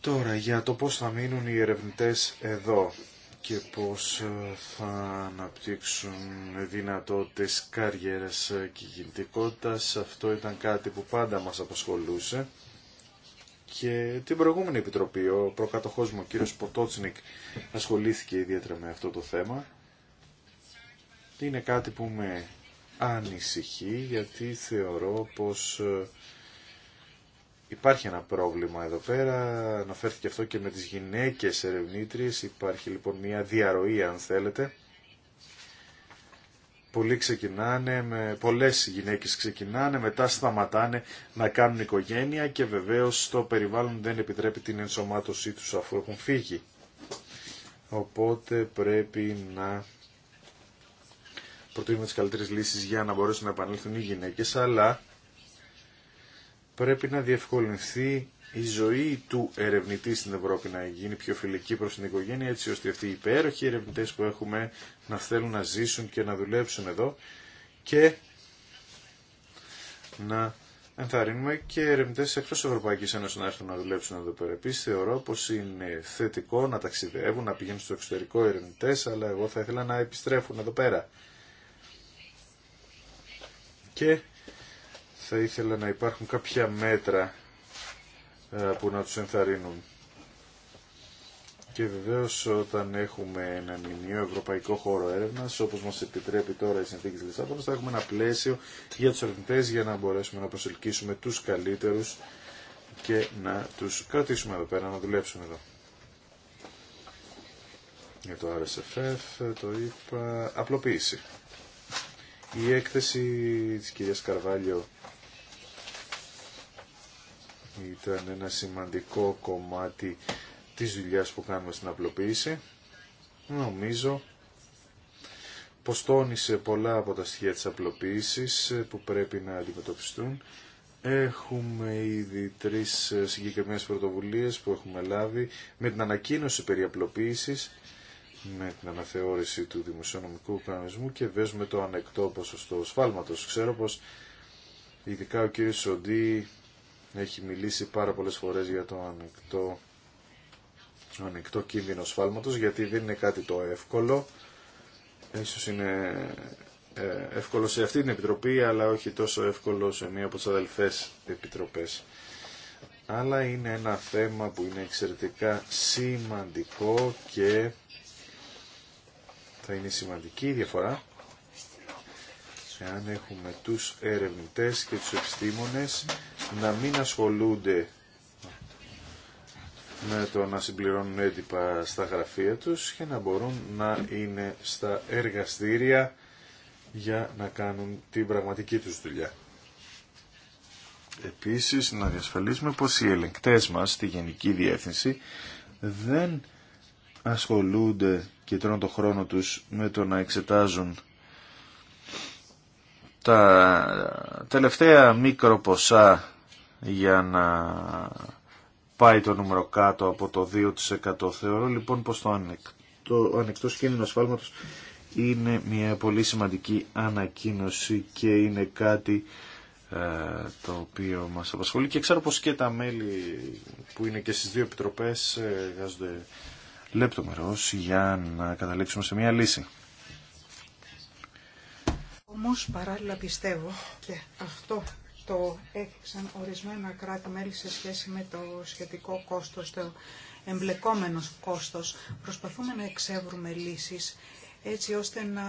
Τώρα για το πώς θα μείνουν οι ερευνητές εδώ και πώς ε, θα αναπτύξουν δυνατότητες καριέρας και γενικότητας. Αυτό ήταν κάτι που πάντα μας απασχολούσε. Και την προηγούμενη επιτροπή, ο προκατοχός μου, ο κύριος Ποτότσνικ, ασχολήθηκε ιδιαίτερα με αυτό το θέμα. Είναι κάτι που με ανησυχεί γιατί θεωρώ πως ε, Υπάρχει ένα πρόβλημα εδώ πέρα, αναφέρθηκε αυτό και με τις γυναίκες ερευνήτριες, υπάρχει λοιπόν μια διαρροή αν θέλετε. Πολλοί ξεκινάνε, με, πολλές γυναίκες ξεκινάνε, μετά σταματάνε να κάνουν οικογένεια και βεβαίως το περιβάλλον δεν επιτρέπει την ενσωμάτωσή τους αφού έχουν φύγει. Οπότε πρέπει να προτείνουμε τις καλύτερες λύσεις για να μπορέσουν να επανέλθουν οι γυναίκες, αλλά πρέπει να διευκολυνθεί η ζωή του ερευνητή στην Ευρώπη να γίνει πιο φιλική προς την οικογένεια έτσι ώστε αυτοί οι υπέροχοι ερευνητές που έχουμε να θέλουν να ζήσουν και να δουλέψουν εδώ και να ενθαρρύνουμε και ερευνητές εκτός Ευρωπαϊκής Ένωσης να έρθουν να δουλέψουν εδώ πέρα. Επίσης θεωρώ πως είναι θετικό να ταξιδεύουν, να πηγαίνουν στο εξωτερικό ερευνητέ, αλλά εγώ θα ήθελα να επιστρέφουν εδώ πέρα. Και θα ήθελα να υπάρχουν κάποια μέτρα ε, που να τους ενθαρρύνουν. Και βεβαίως όταν έχουμε ένα ενιαίο ευρωπαϊκό χώρο έρευνας, όπως μας επιτρέπει τώρα η συνθήκη της Λισάβονας, θα έχουμε ένα πλαίσιο για τους ερευνητές για να μπορέσουμε να προσελκύσουμε τους καλύτερους και να τους κρατήσουμε εδώ πέρα, να δουλέψουμε εδώ. Για το RSFF το είπα απλοποίηση. Η έκθεση της κυρίας Καρβάλιο ήταν ένα σημαντικό κομμάτι της δουλειάς που κάνουμε στην απλοποίηση. Νομίζω πως τόνισε πολλά από τα στοιχεία της απλοποίησης που πρέπει να αντιμετωπιστούν. Έχουμε ήδη τρεις συγκεκριμένες πρωτοβουλίες που έχουμε λάβει με την ανακοίνωση περί απλοποίησης, με την αναθεώρηση του δημοσιονομικού κανονισμού και βέβαια το ανεκτό ποσοστό σφάλματος. Ξέρω πως ειδικά ο κύριος Σοντή έχει μιλήσει πάρα πολλές φορές για το ανοιχτό, ανοιχτό κίνδυνο σφάλματος, γιατί δεν είναι κάτι το εύκολο. Ίσως είναι ε, εύκολο σε αυτή την επιτροπή, αλλά όχι τόσο εύκολο σε μία από τις αδελφές επιτροπές. Αλλά είναι ένα θέμα που είναι εξαιρετικά σημαντικό και θα είναι σημαντική η διαφορά εάν έχουμε τους ερευνητές και τους επιστήμονες να μην ασχολούνται με το να συμπληρώνουν έντυπα στα γραφεία τους και να μπορούν να είναι στα εργαστήρια για να κάνουν την πραγματική τους δουλειά. Επίσης, να διασφαλίσουμε πως οι ελεγκτές μας στη Γενική Διεύθυνση δεν ασχολούνται και τρώνε το χρόνο τους με το να εξετάζουν τα τελευταία μικροποσά για να πάει το νούμερο κάτω από το 2%. Θεωρώ λοιπόν πως το, ανεκτό, ο ανεκτός κίνδυνο ασφάλματος είναι μια πολύ σημαντική ανακοίνωση και είναι κάτι ε, το οποίο μας απασχολεί και ξέρω πως και τα μέλη που είναι και στις δύο επιτροπές ε, εργάζονται λεπτομερώς για να καταλήξουμε σε μια λύση. Όμως παράλληλα πιστεύω και αυτό το εθιξαν έθιξαν ορισμένα κράτη-μέλη σε σχέση με το σχετικό κόστος, το εμπλεκόμενο κόστος. Προσπαθούμε να εξεύρουμε λύσεις έτσι ώστε να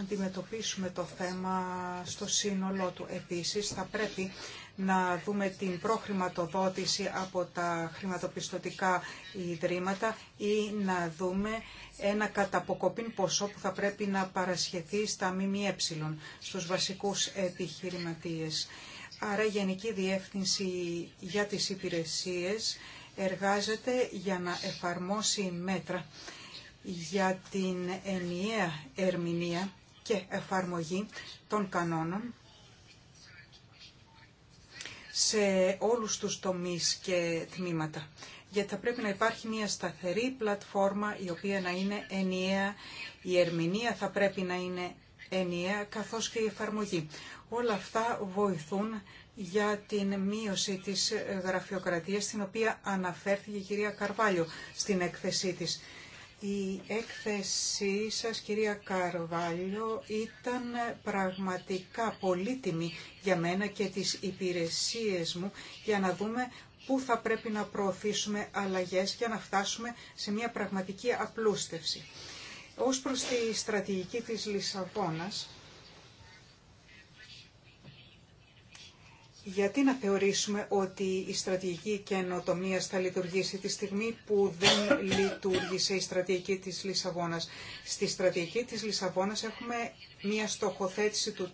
αντιμετωπίσουμε το θέμα στο σύνολό του. Επίσης, θα πρέπει να δούμε την προχρηματοδότηση από τα χρηματοπιστωτικά ιδρύματα ή να δούμε ένα καταποκοπήν ποσό που θα πρέπει να παρασχεθεί στα ΜΜΕ, στους βασικούς επιχειρηματίες. Άρα η Γενική Διεύθυνση για τις Υπηρεσίες εργάζεται για να εφαρμόσει μέτρα για την ενιαία ερμηνεία και εφαρμογή των κανόνων σε όλους τους τομείς και τμήματα. Γιατί θα πρέπει να υπάρχει μια σταθερή πλατφόρμα η οποία να είναι ενιαία, η ερμηνεία θα πρέπει να είναι ενιαία καθώς και η εφαρμογή. Όλα αυτά βοηθούν για την μείωση της γραφειοκρατίας, στην οποία αναφέρθηκε η κυρία Καρβάλιο στην έκθεσή της. Η έκθεσή σας, κυρία Καρβάλιο, ήταν πραγματικά πολύτιμη για μένα και τις υπηρεσίες μου για να δούμε πού θα πρέπει να προωθήσουμε αλλαγές για να φτάσουμε σε μια πραγματική απλούστευση. Ως προς τη στρατηγική της Λισαβόνας, γιατί να θεωρήσουμε ότι η στρατηγική καινοτομία θα λειτουργήσει τη στιγμή που δεν λειτουργήσε η στρατηγική της Λισαβόνας. Στη στρατηγική της Λισαβόνας έχουμε μία στοχοθέτηση του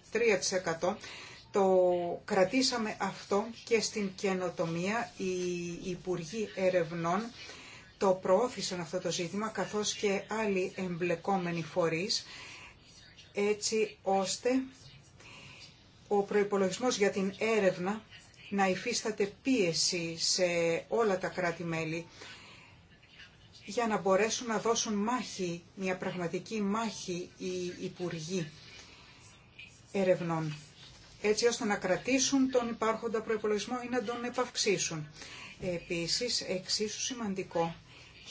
3%. Το κρατήσαμε αυτό και στην καινοτομία οι Υπουργοί Ερευνών το προώθησαν αυτό το ζήτημα καθώς και άλλοι εμπλεκόμενοι φορείς έτσι ώστε ο προϋπολογισμός για την έρευνα να υφίσταται πίεση σε όλα τα κράτη-μέλη για να μπορέσουν να δώσουν μάχη, μια πραγματική μάχη οι Υπουργοί Ερευνών έτσι ώστε να κρατήσουν τον υπάρχοντα προϋπολογισμό ή να τον επαυξήσουν. Επίσης, εξίσου σημαντικό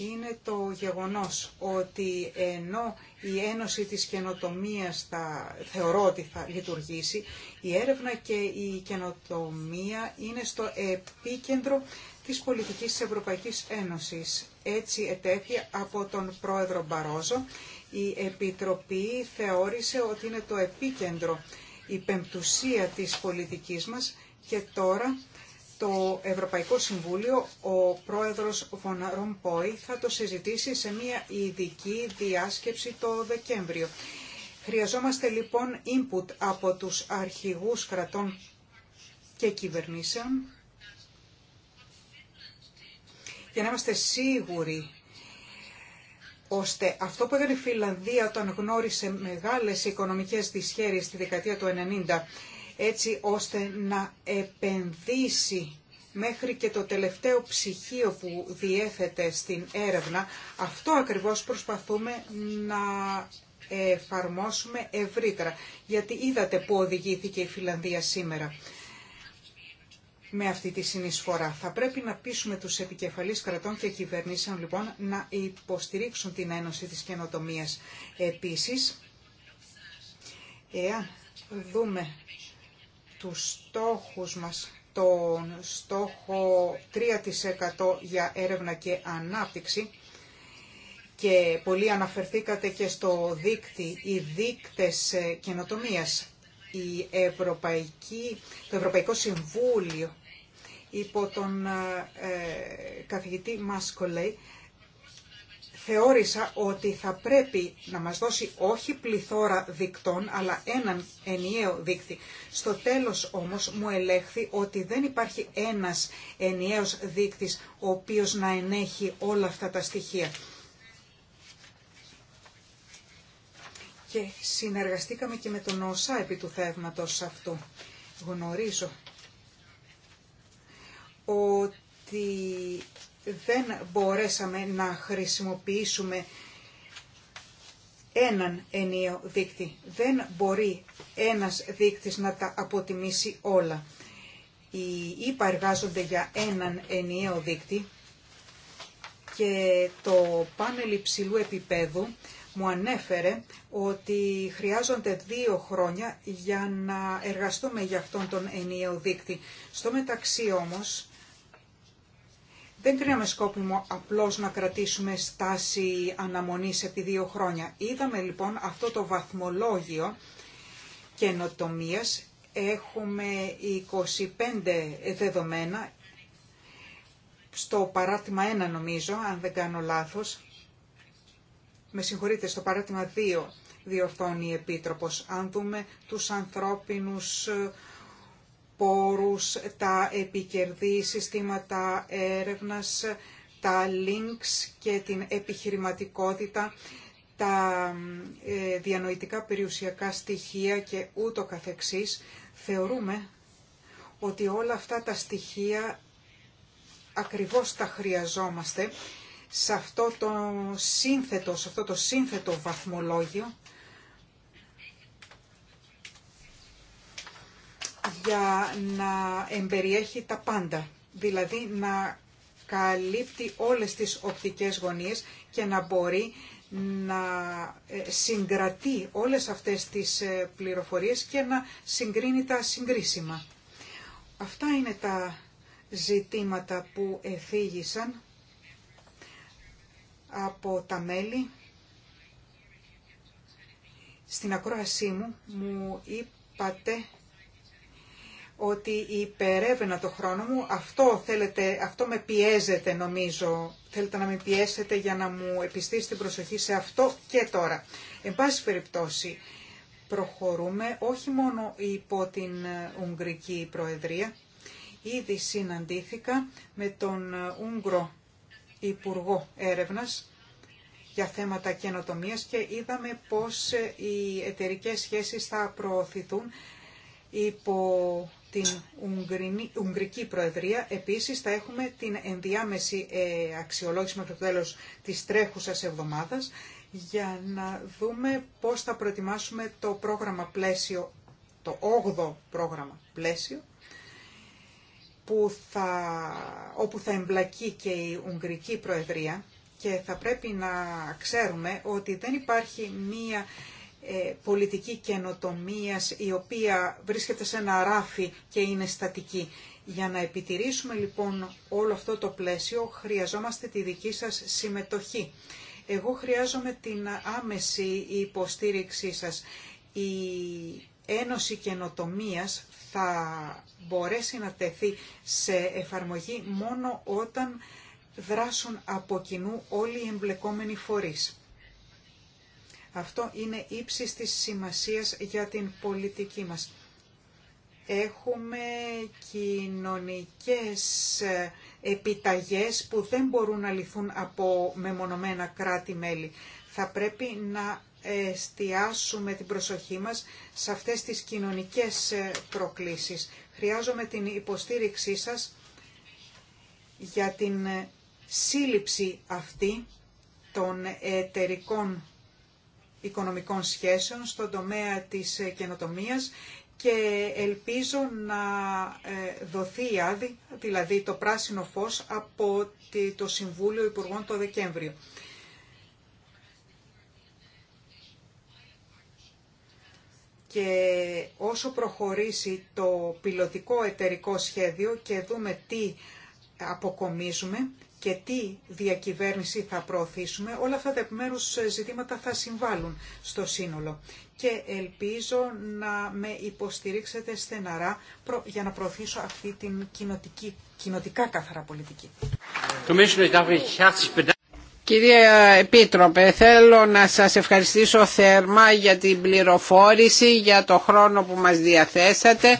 είναι το γεγονός ότι ενώ η Ένωση της Καινοτομίας θα, θεωρώ ότι θα λειτουργήσει, η έρευνα και η καινοτομία είναι στο επίκεντρο της πολιτικής της Ευρωπαϊκής Ένωσης. Έτσι ετέθη από τον πρόεδρο Μπαρόζο. Η Επιτροπή θεώρησε ότι είναι το επίκεντρο η πεμπτουσία της πολιτικής μας και τώρα το Ευρωπαϊκό Συμβούλιο ο πρόεδρος Βον Ρομπόη θα το συζητήσει σε μια ειδική διάσκεψη το Δεκέμβριο. Χρειαζόμαστε λοιπόν input από τους αρχηγούς κρατών και κυβερνήσεων για να είμαστε σίγουροι ώστε αυτό που έκανε η Φιλανδία όταν γνώρισε μεγάλες οικονομικές δυσχέρειες στη δεκαετία του 90 έτσι ώστε να επενδύσει μέχρι και το τελευταίο ψυχείο που διέθετε στην έρευνα. Αυτό ακριβώς προσπαθούμε να εφαρμόσουμε ευρύτερα, γιατί είδατε που οδηγήθηκε η Φιλανδία σήμερα με αυτή τη συνεισφορά. Θα πρέπει να πείσουμε τους επικεφαλείς κρατών και κυβερνήσεων λοιπόν να υποστηρίξουν την Ένωση της Καινοτομίας. Επίσης, εάν δούμε τους στόχους μας, τον στόχο 3% για έρευνα και ανάπτυξη και πολύ αναφερθήκατε και στο δίκτυ, οι δίκτες ε, καινοτομίας. Η Ευρωπαϊκή, το Ευρωπαϊκό Συμβούλιο υπό τον ε, ε, καθηγητή Μάσκολει θεώρησα ότι θα πρέπει να μας δώσει όχι πληθώρα δικτών, αλλά έναν ενιαίο δίκτυ. Στο τέλος όμως μου ελέγχθη ότι δεν υπάρχει ένας ενιαίος δίκτυς ο οποίος να ενέχει όλα αυτά τα στοιχεία. Και συνεργαστήκαμε και με τον ΩΣΑ επί του θέματος αυτού. Γνωρίζω ότι δεν μπορέσαμε να χρησιμοποιήσουμε έναν ενίο δείκτη. Δεν μπορεί ένας δείκτης να τα αποτιμήσει όλα. Οι ΙΠΑ εργάζονται για έναν ενιαίο δείκτη και το πάνελ υψηλού επίπεδου μου ανέφερε ότι χρειάζονται δύο χρόνια για να εργαστούμε για αυτόν τον ενιαίο δείκτη. Στο μεταξύ όμως δεν κρίναμε σκόπιμο απλώς να κρατήσουμε στάση αναμονής επί δύο χρόνια. Είδαμε λοιπόν αυτό το βαθμολόγιο καινοτομία. Έχουμε 25 δεδομένα, στο παράτημα 1 νομίζω, αν δεν κάνω λάθος. Με συγχωρείτε, στο παράτημα 2 διορθώνει η Επίτροπος. Αν δούμε τους ανθρώπινους πόρους, τα επικερδή συστήματα έρευνας, τα links και την επιχειρηματικότητα, τα ε, διανοητικά περιουσιακά στοιχεία και ούτω καθεξής, θεωρούμε ότι όλα αυτά τα στοιχεία ακριβώς τα χρειαζόμαστε σε αυτό το σύνθετο, σε αυτό το σύνθετο βαθμολόγιο για να εμπεριέχει τα πάντα, δηλαδή να καλύπτει όλες τις οπτικές γωνίες και να μπορεί να ε, συγκρατεί όλες αυτές τις ε, πληροφορίες και να συγκρίνει τα συγκρίσιμα. Αυτά είναι τα ζητήματα που εφήγησαν από τα μέλη. Στην ακρόασή μου μου είπατε ότι υπερεύαινα το χρόνο μου. Αυτό, θέλετε, αυτό με πιέζετε νομίζω. Θέλετε να με πιέσετε για να μου επιστήσει την προσοχή σε αυτό και τώρα. Εν πάση περιπτώσει, προχωρούμε όχι μόνο υπό την ε, Ουγγρική Προεδρία. Ήδη συναντήθηκα με τον ε, Ούγγρο Υπουργό Έρευνας για θέματα καινοτομίας και είδαμε πώς ε, οι εταιρικές σχέσεις θα προωθηθούν υπό την Ουγγρική Προεδρία. Επίσης θα έχουμε την ενδιάμεση ε, αξιολόγηση μέχρι το τέλος της τρέχουσας εβδομάδας για να δούμε πώς θα προετοιμάσουμε το πρόγραμμα πλαίσιο, το 8ο πρόγραμμα πλαίσιο, που θα, όπου θα εμπλακεί και η Ουγγρική Προεδρία και θα πρέπει να ξέρουμε ότι δεν υπάρχει μία ε, πολιτική καινοτομίας η οποία βρίσκεται σε ένα ράφι και είναι στατική. Για να επιτηρήσουμε λοιπόν όλο αυτό το πλαίσιο χρειαζόμαστε τη δική σας συμμετοχή. Εγώ χρειάζομαι την άμεση υποστήριξή σας. Η Ένωση Καινοτομίας θα μπορέσει να τεθεί σε εφαρμογή μόνο όταν δράσουν από κοινού όλοι οι εμπλεκόμενοι φορείς. Αυτό είναι ύψης της σημασίας για την πολιτική μας. Έχουμε κοινωνικές ε, επιταγές που δεν μπορούν να λυθούν από μεμονωμένα κράτη-μέλη. Θα πρέπει να εστιάσουμε την προσοχή μας σε αυτές τις κοινωνικές ε, προκλήσεις. Χρειάζομαι την υποστήριξή σας για την ε, σύλληψη αυτή των εταιρικών οικονομικών σχέσεων στον τομέα της ε, καινοτομίας και ελπίζω να ε, δοθεί η άδη, δηλαδή το πράσινο φως, από το Συμβούλιο Υπουργών το Δεκέμβριο. Και όσο προχωρήσει το πιλωτικό εταιρικό σχέδιο και δούμε τι αποκομίζουμε, και τι διακυβέρνηση θα προωθήσουμε, όλα αυτά τα επιμέρους ε, ζητήματα θα συμβάλλουν στο σύνολο. Και ελπίζω να με υποστηρίξετε στεναρά για να προωθήσω αυτή την κοινοτική, κοινοτικά καθαρά πολιτική. Κυρία Επίτροπε, θέλω να σας ευχαριστήσω θερμά για την πληροφόρηση, για το χρόνο που μας διαθέσατε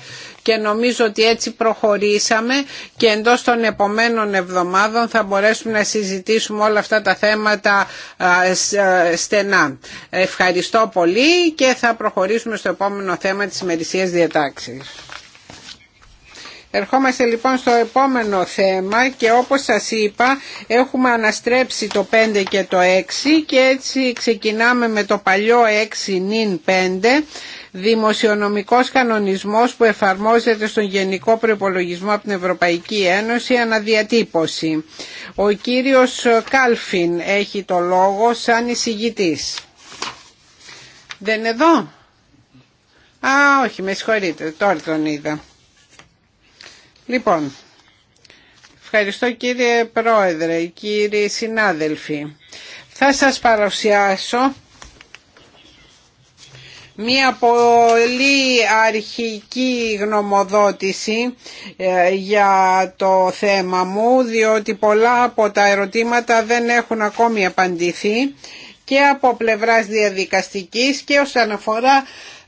και νομίζω ότι έτσι προχωρήσαμε και εντός των επομένων εβδομάδων θα μπορέσουμε να συζητήσουμε όλα αυτά τα θέματα στενά. Ευχαριστώ πολύ και θα προχωρήσουμε στο επόμενο θέμα της ημερησίας διατάξης. Ερχόμαστε λοιπόν στο επόμενο θέμα και όπως σας είπα έχουμε αναστρέψει το 5 και το 6 και έτσι ξεκινάμε με το παλιό 6 νυν 5 δημοσιονομικός κανονισμός που εφαρμόζεται στον Γενικό Προπολογισμό από την Ευρωπαϊκή Ένωση αναδιατύπωση. Ο κύριος Κάλφιν έχει το λόγο σαν εισηγητής. Δεν είναι εδώ. Α, όχι, με συγχωρείτε, τώρα τον είδα. Λοιπόν, ευχαριστώ κύριε Πρόεδρε, κύριοι συνάδελφοι. Θα σας παρουσιάσω μία πολύ αρχική γνωμοδότηση ε, για το θέμα μου διότι πολλά από τα ερωτήματα δεν έχουν ακόμη απαντηθεί και από πλευράς διαδικαστικής και όσον αφορά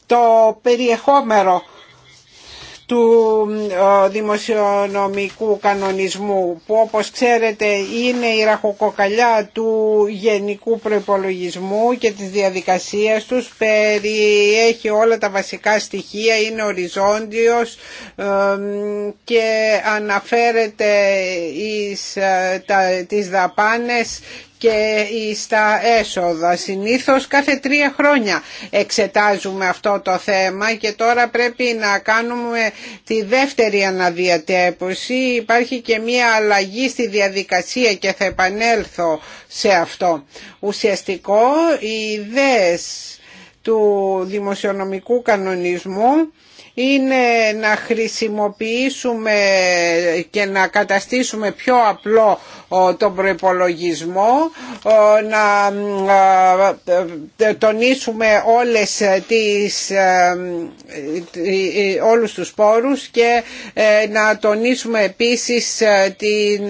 το περιεχόμενο του ε, δημοσιονομικού κανονισμού που όπως ξέρετε είναι η ραχοκοκαλιά του γενικού προϋπολογισμού και της διαδικασίας τους περιέχει όλα τα βασικά στοιχεία, είναι οριζόντιος ε, και αναφέρεται εις, ε, τα, τις δαπάνες και στα έσοδα. Συνήθως κάθε τρία χρόνια εξετάζουμε αυτό το θέμα και τώρα πρέπει να κάνουμε τη δεύτερη αναδιατέπωση. Υπάρχει και μία αλλαγή στη διαδικασία και θα επανέλθω σε αυτό. Ουσιαστικό οι ιδέες του δημοσιονομικού κανονισμού είναι να χρησιμοποιήσουμε και να καταστήσουμε πιο απλό τον προϋπολογισμό, να τονίσουμε όλες τις, ε, ε, όλους τους πόρους και ε, να τονίσουμε επίσης την,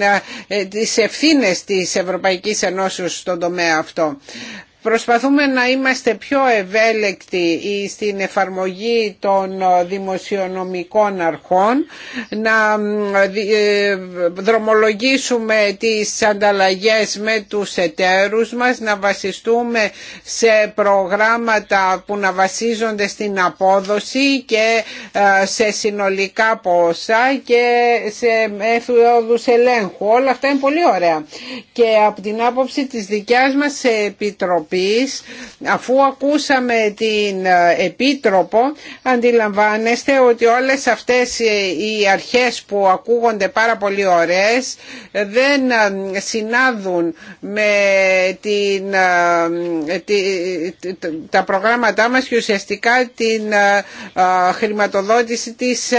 τις ευθύνες της Ευρωπαϊκής Ενώσεως στον τομέα αυτό. Προσπαθούμε να είμαστε πιο ευέλικτοι στην εφαρμογή των δημοσιονομικών αρχών, να ε, δρομολογήσουμε τις ανταλλαγές με τους εταίρους μας, να βασιστούμε σε προγράμματα που να βασίζονται στην απόδοση και ε, σε συνολικά ποσά και σε μέθοδους ελέγχου. Όλα αυτά είναι πολύ ωραία. Και από την άποψη της δικιάς μας Επιτροπής, αφού ακούσαμε την ε, Επίτροπο αντιλαμβάνεστε ότι όλες αυτές ε, οι αρχές που ακούγονται πάρα πολύ ωραίες δεν ε, συνάδουν με τα προγράμματά μας και ουσιαστικά την χρηματοδότηση της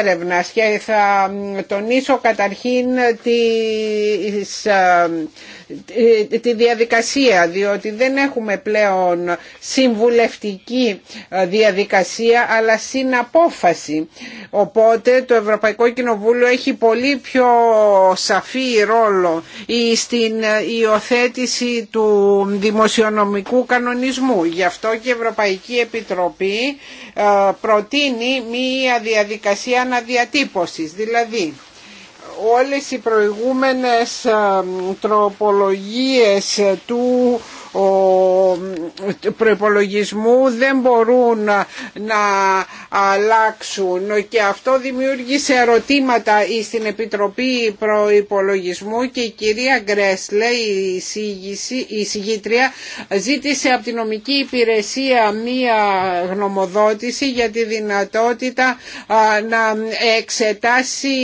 έρευνας και θα τονίσω καταρχήν τις ε, τη διαδικασία διότι δεν έχουμε πλέον συμβουλευτική ε, διαδικασία αλλά συναπόφαση. Οπότε το Ευρωπαϊκό Κοινοβούλιο έχει πολύ πιο σαφή ρόλο στην ε, υιοθέτηση του δημοσιονομικού κανονισμού. Γι' αυτό και η Ευρωπαϊκή Επιτροπή προτείνει μία διαδικασία αναδιατύπωσης. Δηλαδή όλες οι προηγούμενες ε, τροπολογίες του ο προϋπολογισμού δεν μπορούν να αλλάξουν και αυτό δημιούργησε ερωτήματα στην Επιτροπή Προϋπολογισμού και η κυρία Γκρέσλε, η συγγήτρια, ζήτησε από την νομική υπηρεσία μία γνωμοδότηση για τη δυνατότητα να εξετάσει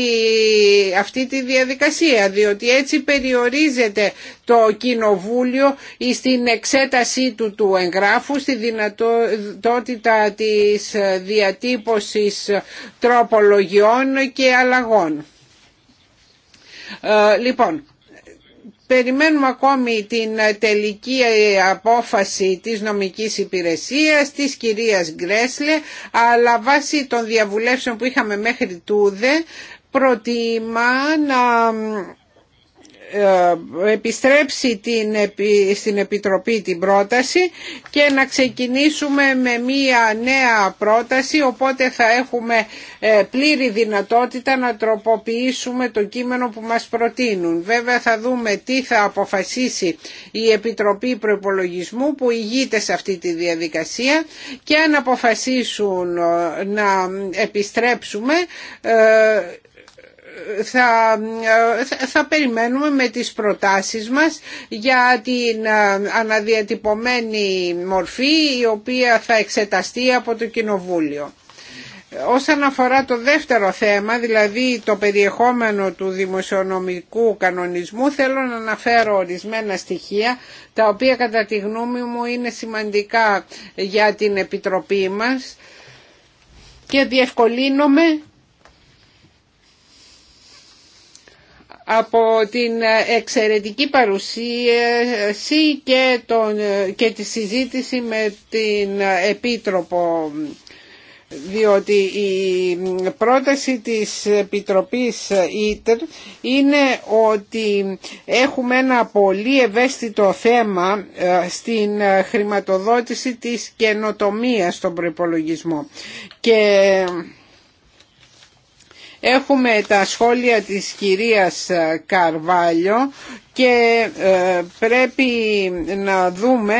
αυτή τη διαδικασία διότι έτσι περιορίζεται το Κοινοβούλιο ή στην εξέτασή του του εγγράφου, στη δυνατότητα της διατύπωσης τροπολογιών και αλλαγών. Ε, λοιπόν, Περιμένουμε ακόμη την τελική απόφαση της νομικής υπηρεσίας της κυρίας Γκρέσλε αλλά βάσει των διαβουλεύσεων που είχαμε μέχρι τούδε προτιμά να ε, επιστρέψει την, στην Επιτροπή την πρόταση και να ξεκινήσουμε με μία νέα πρόταση οπότε θα έχουμε ε, πλήρη δυνατότητα να τροποποιήσουμε το κείμενο που μας προτείνουν. Βέβαια θα δούμε τι θα αποφασίσει η Επιτροπή Προϋπολογισμού που ηγείται σε αυτή τη διαδικασία και αν αποφασίσουν ε, να επιστρέψουμε θα, θα περιμένουμε με τις προτάσεις μας για την ε, αναδιατυπωμένη μορφή η οποία θα εξεταστεί από το Κοινοβούλιο. Όσον αφορά το δεύτερο θέμα, δηλαδή το περιεχόμενο του δημοσιονομικού κανονισμού, θέλω να αναφέρω ορισμένα στοιχεία, τα οποία κατά τη γνώμη μου είναι σημαντικά για την Επιτροπή μας και διευκολύνομαι από την εξαιρετική παρουσίαση και, τον, και τη συζήτηση με την Επίτροπο διότι η πρόταση της Επιτροπής ΙΤΡ είναι ότι έχουμε ένα πολύ ευαίσθητο θέμα ε, στην χρηματοδότηση της καινοτομίας στον προϋπολογισμό και Έχουμε τα σχόλια της κυρίας Καρβάλιο και ε, πρέπει να δούμε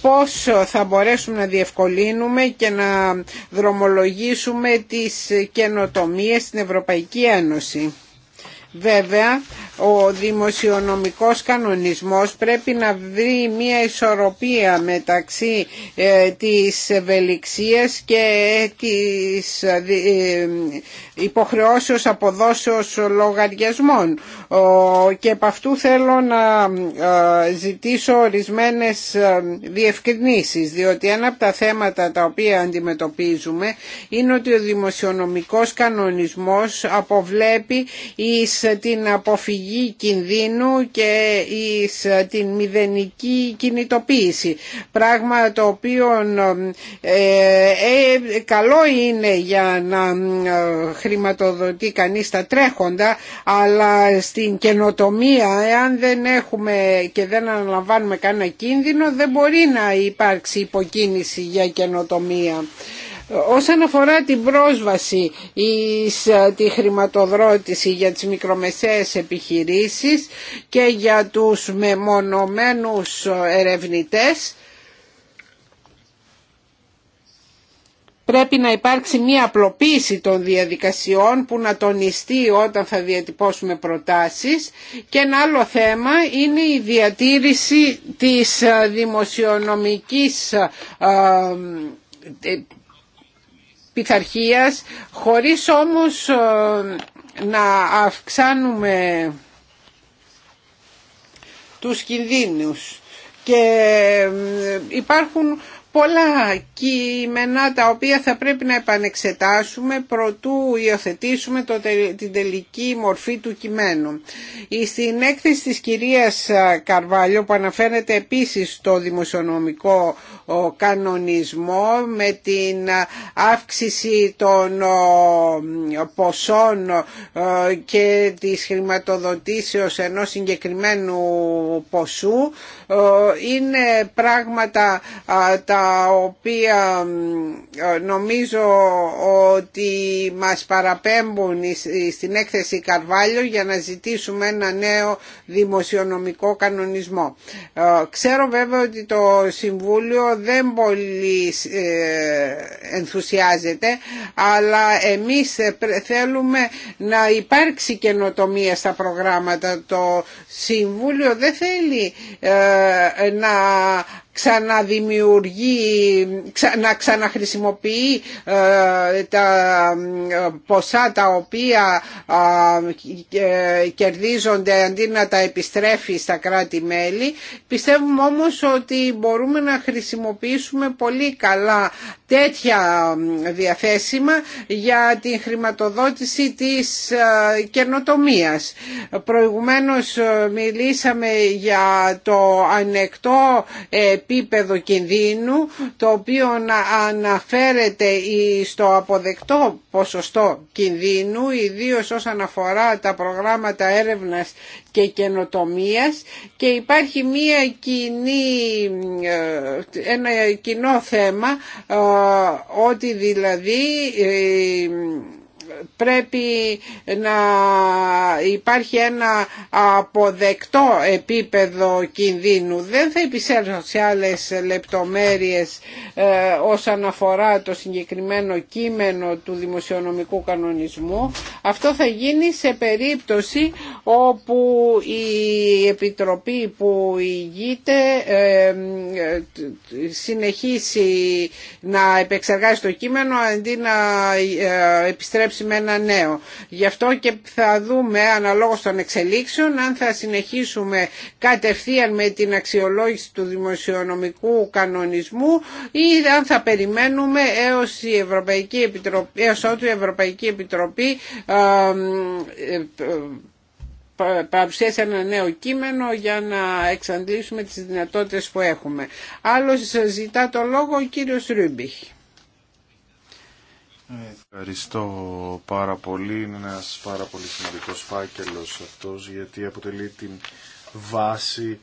πώς θα μπορέσουμε να διευκολύνουμε και να δρομολογήσουμε τις καινοτομίες στην Ευρωπαϊκή Ένωση. Βέβαια, ο δημοσιονομικός κανονισμός πρέπει να βρει μια ισορροπία μεταξύ ε, της ευελιξίας και της ε, υποχρεώσεως αποδόσεως λογαριασμών. Και από αυτού θέλω να ε, ζητήσω ορισμένες διευκρινήσεις, διότι ένα από τα θέματα τα οποία αντιμετωπίζουμε είναι ότι ο δημοσιονομικός κανονισμός αποβλέπει εις την αποφυγή κινδύνου και εις ε, την μηδενική κινητοποίηση. Πράγμα το οποίο ε, ε, καλό είναι για να χρηματοδοτεί κανείς τα τρέχοντα αλλά στην καινοτομία εάν δεν έχουμε και δεν αναλαμβάνουμε κανένα κίνδυνο δεν μπορεί να υπάρξει υποκίνηση για καινοτομία. Όσον αφορά την πρόσβαση εις ε, τη χρηματοδρότηση για τις μικρομεσαίες επιχειρήσεις και για τους μεμονωμένους ερευνητές, πρέπει να υπάρξει μία απλοποίηση των διαδικασιών που να τονιστεί όταν θα διατυπώσουμε προτάσεις και ένα άλλο θέμα είναι η διατήρηση της ε, δημοσιονομικής ε, πειθαρχίας χωρίς όμως ε, να αυξάνουμε τους κινδύνους και ε, υπάρχουν πολλά κείμενα τα οποία θα πρέπει να επανεξετάσουμε προτού υιοθετήσουμε το, την τελική μορφή του κειμένου. Στην έκθεση της κυρίας Καρβάλιο που αναφέρεται επίσης στο δημοσιονομικό κανονισμό με την αύξηση των ποσών και της χρηματοδοτήσεως ενός συγκεκριμένου ποσού είναι πράγματα τα οποία ε, νομίζω ότι μας παραπέμπουν στην έκθεση Καρβάλιο για να ζητήσουμε ένα νέο δημοσιονομικό κανονισμό. Ε, ξέρω βέβαια ότι το Συμβούλιο δεν πολύ ε, ενθουσιάζεται αλλά εμείς θέλουμε να υπάρξει καινοτομία στα προγράμματα. Το Συμβούλιο δεν θέλει να ξαναδημιουργεί, να ξαναχρησιμοποιεί ε, τα ε, ποσά τα οποία ε, κερδίζονται αντί να τα επιστρέφει στα κράτη-μέλη. Πιστεύουμε όμως ότι μπορούμε να χρησιμοποιήσουμε πολύ καλά τέτοια διαθέσιμα για την χρηματοδότηση της καινοτομίας. Προηγουμένως μιλήσαμε για το ανεκτό επίπεδο κινδύνου το οποίο αναφέρεται στο αποδεκτό ποσοστό κινδύνου ιδίως όσον αφορά τα προγράμματα έρευνας και καινοτομίας και υπάρχει μία κοινή, ε, ένα κοινό θέμα ε, ότι δηλαδή ε, πρέπει να υπάρχει ένα αποδεκτό επίπεδο κινδύνου. Δεν θα επισέλθω σε άλλες λεπτομέρειες ε, όσον αφορά το συγκεκριμένο κείμενο του δημοσιονομικού κανονισμού. Αυτό θα γίνει σε περίπτωση όπου η Επιτροπή που ηγείται ε, συνεχίσει να επεξεργάσει το κείμενο αντί να ε, επιστρέψει με ένα νέο. Γι' αυτό και θα δούμε αναλόγως των εξελίξεων αν θα συνεχίσουμε κατευθείαν με την αξιολόγηση του δημοσιονομικού κανονισμού ή αν θα περιμένουμε έως, η Ευρωπαϊκή Επιτροπή, ότου η Ευρωπαϊκή Επιτροπή ε, ε, παρουσίασε ένα νέο κείμενο για να εξαντλήσουμε τις δυνατότητες που έχουμε. Άλλος ζητά το λόγο ο κύριος Ρούμπιχ. Ευχαριστώ πάρα πολύ. Είναι ένας πάρα πολύ σημαντικός φάκελος αυτός γιατί αποτελεί την βάση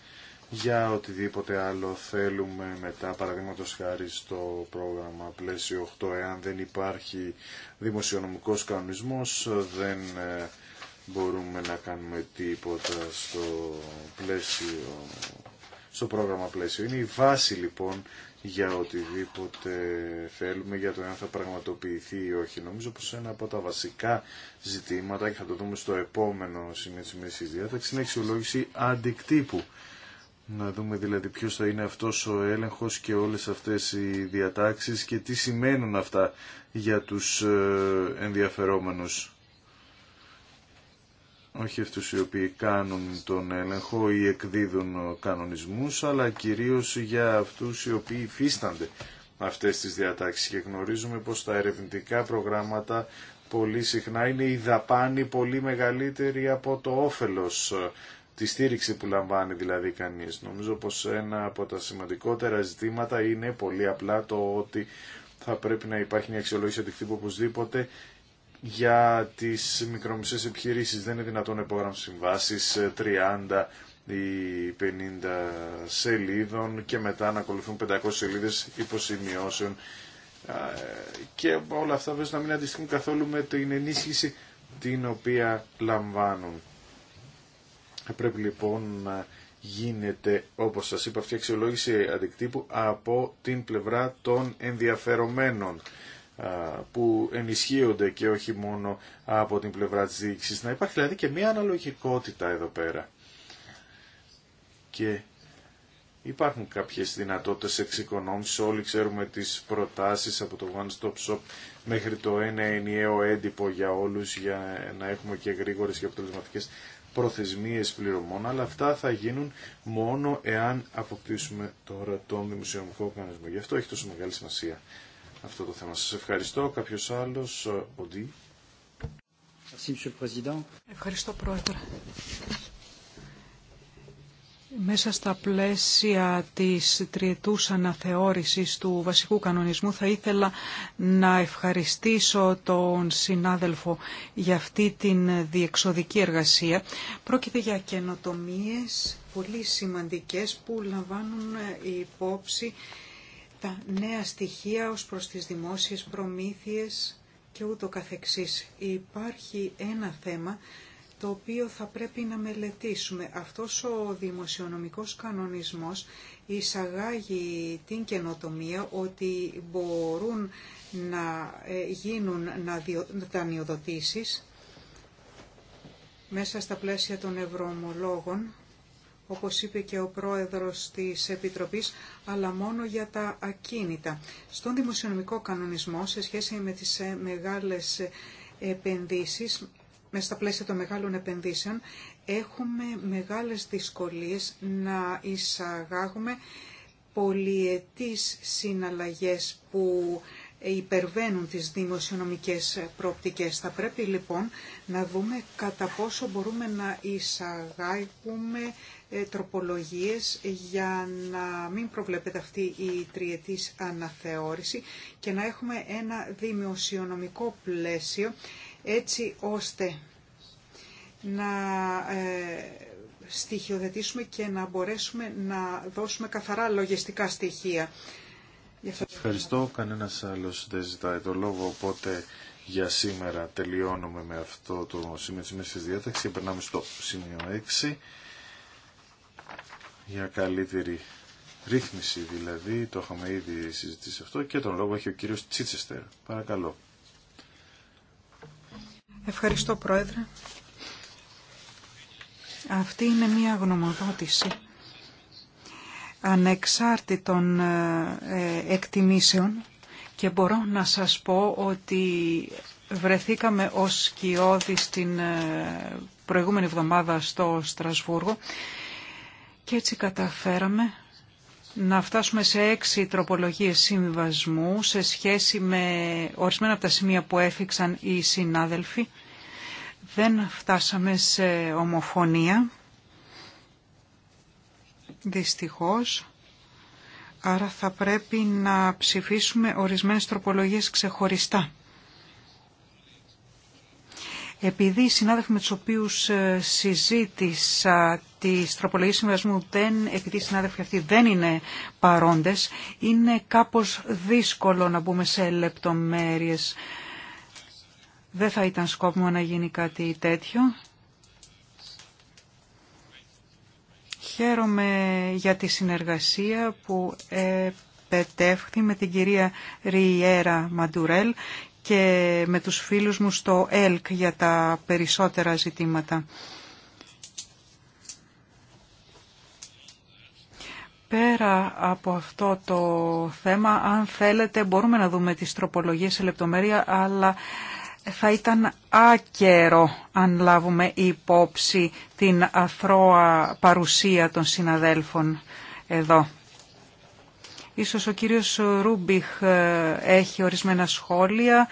για οτιδήποτε άλλο θέλουμε μετά, παραδείγματος χάρη στο πρόγραμμα πλαίσιο 8, εάν δεν υπάρχει δημοσιονομικός κανονισμός, δεν ε, μπορούμε να κάνουμε τίποτα στο πλαίσιο στο πρόγραμμα πλαίσιο. Είναι η βάση λοιπόν για οτιδήποτε θέλουμε, για το αν θα πραγματοποιηθεί ή όχι. Νομίζω πως ένα από τα βασικά ζητήματα, και θα το δούμε στο επόμενο σημείο της μέσης διάταξης, είναι η αξιολόγηση αντικτύπου. Να δούμε δηλαδή ποιος θα είναι αυτός ο έλεγχος και όλες αυτές οι διατάξεις και τι σημαίνουν αυτά για τους ε, ενδιαφερόμενους όχι αυτούς οι οποίοι κάνουν τον έλεγχο ή εκδίδουν κανονισμούς, αλλά κυρίως για αυτούς οι οποίοι υφίστανται αυτές τις διατάξεις και γνωρίζουμε πως τα ερευνητικά προγράμματα πολύ συχνά είναι η δαπάνη πολύ μεγαλύτερη από το όφελος τη στήριξη που λαμβάνει δηλαδή κανείς. Νομίζω πως ένα από τα σημαντικότερα ζητήματα είναι πολύ απλά το ότι θα πρέπει να υπάρχει μια αξιολόγηση αντικτύπου οπωσδήποτε για τις μικρομισές επιχειρήσεις. Δεν είναι δυνατόν να υπογράψουν συμβάσεις 30 ε, ή 50 σελίδων και μετά να ακολουθούν 500 σελίδες υποσημειώσεων και όλα αυτά βέβαια να μην αντιστοιχούν καθόλου με την ενίσχυση την οποία λαμβάνουν. Πρέπει λοιπόν να γίνεται, όπως σας είπα, αυτή η αξιολόγηση αντικτύπου από την πλευρά των ενδιαφερομένων που ενισχύονται και όχι μόνο από την πλευρά της διοίκησης. Να υπάρχει δηλαδή και μία αναλογικότητα εδώ πέρα. Και υπάρχουν κάποιες δυνατότητες εξοικονόμησης. Όλοι ξέρουμε τις προτάσεις από το One Stop Shop μέχρι το ένα ενιαίο έντυπο για όλους για να έχουμε και γρήγορες και αποτελεσματικές προθεσμίες πληρωμών, αλλά αυτά θα γίνουν μόνο εάν αποκτήσουμε τώρα τον δημοσιονομικό οργανισμό. Γι' αυτό έχει τόσο μεγάλη σημασία αυτό το θέμα. Σας ευχαριστώ. Κάποιος άλλος, ε, ο Ντί. Ευχαριστώ, Πρόεδρε. Μέσα στα πλαίσια της τριετούς αναθεώρησης του βασικού κανονισμού θα ήθελα να ευχαριστήσω τον συνάδελφο για αυτή την διεξοδική εργασία. Πρόκειται για καινοτομίες πολύ σημαντικές που λαμβάνουν υπόψη τα νέα στοιχεία ως προς τις δημόσιες προμήθειες και ούτω καθεξής. Υπάρχει ένα θέμα το οποίο θα πρέπει να μελετήσουμε. Αυτός ο δημοσιονομικός κανονισμός εισαγάγει την καινοτομία ότι μπορούν να ε, γίνουν να δανειοδοτήσεις μέσα στα πλαίσια των ευρωομολόγων όπως είπε και ο πρόεδρος της Επιτροπής, αλλά μόνο για τα ακίνητα. Στον δημοσιονομικό κανονισμό, σε σχέση με τις ε, μεγάλες ε, επενδύσεις, με στα πλαίσια των μεγάλων επενδύσεων, έχουμε μεγάλες δυσκολίες να εισαγάγουμε πολύετής συναλλαγές που υπερβαίνουν τις δημοσιονομικές προοπτικές. Θα πρέπει λοιπόν να δούμε κατά πόσο μπορούμε να εισαγάγουμε ε, τροπολογίες για να μην προβλέπεται αυτή η τριετής αναθεώρηση και να έχουμε ένα δημοσιονομικό πλαίσιο έτσι ώστε να ε, στοιχειοθετήσουμε και να μπορέσουμε να δώσουμε καθαρά λογιστικά στοιχεία. Ευχαριστώ. Κανένας άλλος δεν ζητάει το λόγο, οπότε για σήμερα τελειώνουμε με αυτό το σημείο της μέσης και Περνάμε στο σημείο 6 για καλύτερη ρύθμιση δηλαδή, το είχαμε ήδη συζητήσει αυτό και τον λόγο έχει ο κύριος Τσίτσεστερ. Παρακαλώ. Ευχαριστώ Πρόεδρε. Αυτή είναι μια γνωμοδότηση ανεξάρτητων ε, εκτιμήσεων και μπορώ να σας πω ότι βρεθήκαμε ως σκιώδη στην ε, προηγούμενη εβδομάδα στο Στρασβούργο και έτσι καταφέραμε να φτάσουμε σε έξι τροπολογίες συμβασμού σε σχέση με ορισμένα από τα σημεία που έφυξαν οι συνάδελφοι. Δεν φτάσαμε σε ομοφωνία, δυστυχώς. Άρα θα πρέπει να ψηφίσουμε ορισμένες τροπολογίες ξεχωριστά. Επειδή οι συνάδελφοι με τους οποίους ε, συζήτησα τη τροπολογίας συμβασμού δεν, επειδή οι συνάδελφοι αυτοί δεν είναι παρόντες, είναι κάπως δύσκολο να μπούμε σε λεπτομέρειες. Δεν θα ήταν σκόπιμο να γίνει κάτι τέτοιο. Χαίρομαι για τη συνεργασία που επετεύχθη με την κυρία Ριέρα Μαντουρέλ και με τους φίλους μου στο ΕΛΚ για τα περισσότερα ζητήματα. πέρα από αυτό το θέμα, αν θέλετε μπορούμε να δούμε τις τροπολογίες σε λεπτομέρεια, αλλά θα ήταν άκερο αν λάβουμε υπόψη την αθρώα παρουσία των συναδέλφων εδώ. Ίσως ο κύριος Ρούμπιχ ε, έχει ορισμένα σχόλια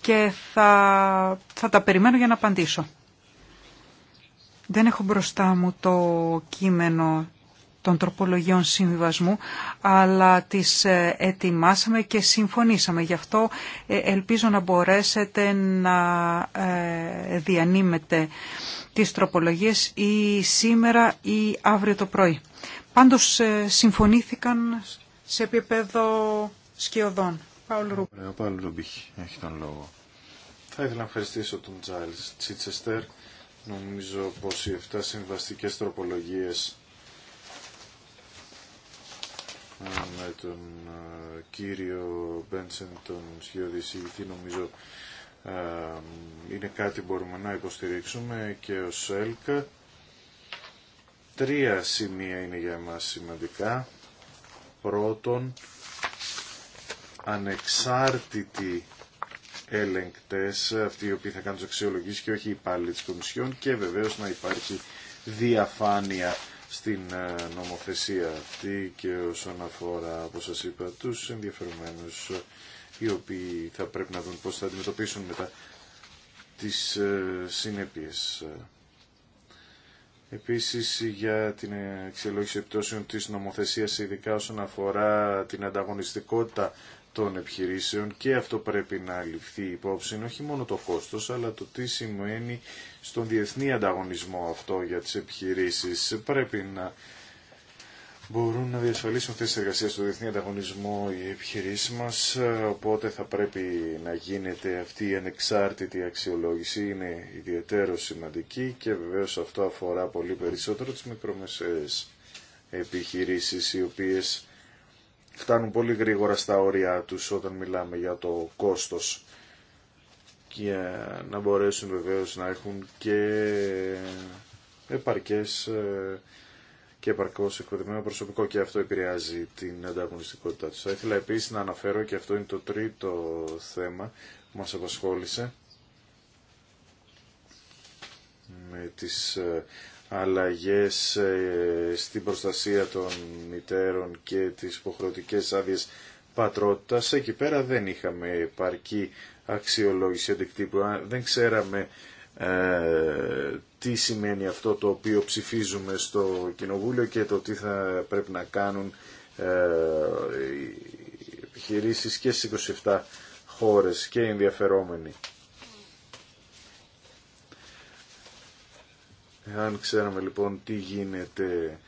και θα, θα τα περιμένω για να απαντήσω. Δεν έχω μπροστά μου το κείμενο των τροπολογιών συμβιβασμού, αλλά τις ε, ετοιμάσαμε και συμφωνήσαμε. Γι' αυτό ε, ελπίζω να μπορέσετε να ε, διανύμετε τις τροπολογίες ή σήμερα ή αύριο το πρωί. Πάντως συμφωνήθηκαν σε επίπεδο σκιωδών. Παουλ Ρουμπίχ έχει τον λόγο. Θα ήθελα να ευχαριστήσω τον Τζάιλς Τσίτσεστερ. Νομίζω πως οι 7 συμβαστικές τροπολογίες με τον ε, κύριο Μπένσεν, τον σχεδιοδησίτη, νομίζω ε, είναι κάτι που μπορούμε να υποστηρίξουμε και ο ΣΕΛΚΑ. Τρία σημεία είναι για εμάς σημαντικά. Πρώτον, ανεξάρτητοι έλεγκτες, αυτοί οι οποίοι θα κάνουν τους αξιολογήσει και όχι οι υπάλληλοι της Κομισιόν και βεβαίως να υπάρχει διαφάνεια στην ε, νομοθεσία αυτή και όσον αφορά, όπως σας είπα, τους ενδιαφερομένους ε, οι οποίοι θα πρέπει να δουν πώς θα αντιμετωπίσουν μετά τις ε, συνέπειες. Επίσης για την εξελόγηση επιπτώσεων της νομοθεσίας ειδικά όσον αφορά την ανταγωνιστικότητα των επιχειρήσεων και αυτό πρέπει να ληφθεί υπόψη, όχι μόνο το κόστος, αλλά το τι σημαίνει στον διεθνή ανταγωνισμό αυτό για τις επιχειρήσεις. Πρέπει να μπορούν να διασφαλίσουν θέσεις εργασίας στον διεθνή ανταγωνισμό οι επιχειρήσεις μας, οπότε θα πρέπει να γίνεται αυτή η ανεξάρτητη αξιολόγηση, είναι ιδιαίτερο σημαντική και βεβαίως αυτό αφορά πολύ περισσότερο τις μικρομεσαίες επιχειρήσεις οι οποίες φτάνουν πολύ γρήγορα στα όρια τους όταν μιλάμε για το κόστος και να μπορέσουν βεβαίως να έχουν και επαρκές ε, και επαρκώς εκπαιδευμένο προσωπικό και αυτό επηρεάζει την ανταγωνιστικότητά τους. Θα ήθελα επίσης να αναφέρω και αυτό είναι το τρίτο θέμα που μας απασχόλησε με τις ε, αλλαγές ε, στην προστασία των μητέρων και τις υποχρεωτικέ άδειε πατρότητας. Εκεί πέρα δεν είχαμε επαρκή αξιολόγηση αντικτύπου. Δεν ξέραμε ε, τι σημαίνει αυτό το οποίο ψηφίζουμε στο Κοινοβούλιο και το τι θα πρέπει να κάνουν ε, οι επιχειρήσεις και στις 27 χώρες και οι ενδιαφερόμενοι. Αν ξέραμε λοιπόν τι γίνεται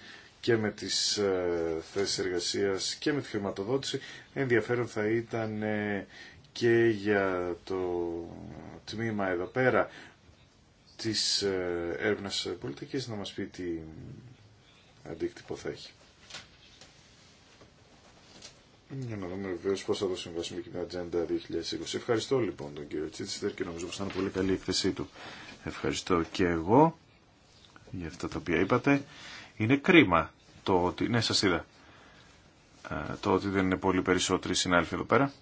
και με τις ε, θέσεις εργασίας και με τη χρηματοδότηση, ενδιαφέρον θα ήταν ε, και για το τμήμα εδώ πέρα της ε, έρευνας πολιτικής να μας πει τι αντίκτυπο θα έχει. Για να δούμε βεβαίω πώ θα το συμβάσουμε και την Ατζέντα 2020. Ευχαριστώ λοιπόν τον κύριο Τσίτσιστερ και νομίζω πω ήταν πολύ καλή η εκθεσή του. Ευχαριστώ και εγώ για αυτά τα οποία είπατε. Είναι κρίμα το ότι... Ναι, σας είδα. Ε, το ότι δεν είναι πολύ περισσότεροι συνάδελφοι εδώ πέρα.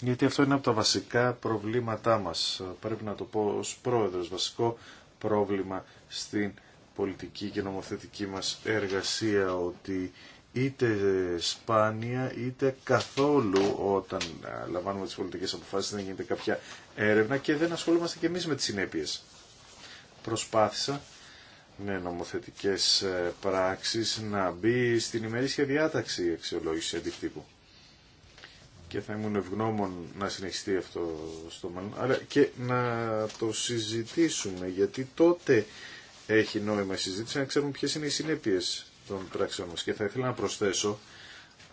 Γιατί αυτό είναι από τα βασικά προβλήματά μας. Πρέπει να το πω ως πρόεδρος. Βασικό πρόβλημα στην πολιτική και νομοθετική μας εργασία ότι είτε σπάνια είτε καθόλου όταν ε, λαμβάνουμε τις πολιτικές αποφάσεις δεν γίνεται κάποια έρευνα και δεν ασχολούμαστε και εμείς με τις συνέπειες προσπάθησα με νομοθετικές ε, πράξεις να μπει στην ημερήσια διάταξη η αξιολόγηση αντικτύπου. Και θα ήμουν ευγνώμων να συνεχιστεί αυτό στο μέλλον. Αλλά και να το συζητήσουμε, γιατί τότε έχει νόημα η συζήτηση να ξέρουμε ποιες είναι οι συνέπειες των πράξεων μας. Και θα ήθελα να προσθέσω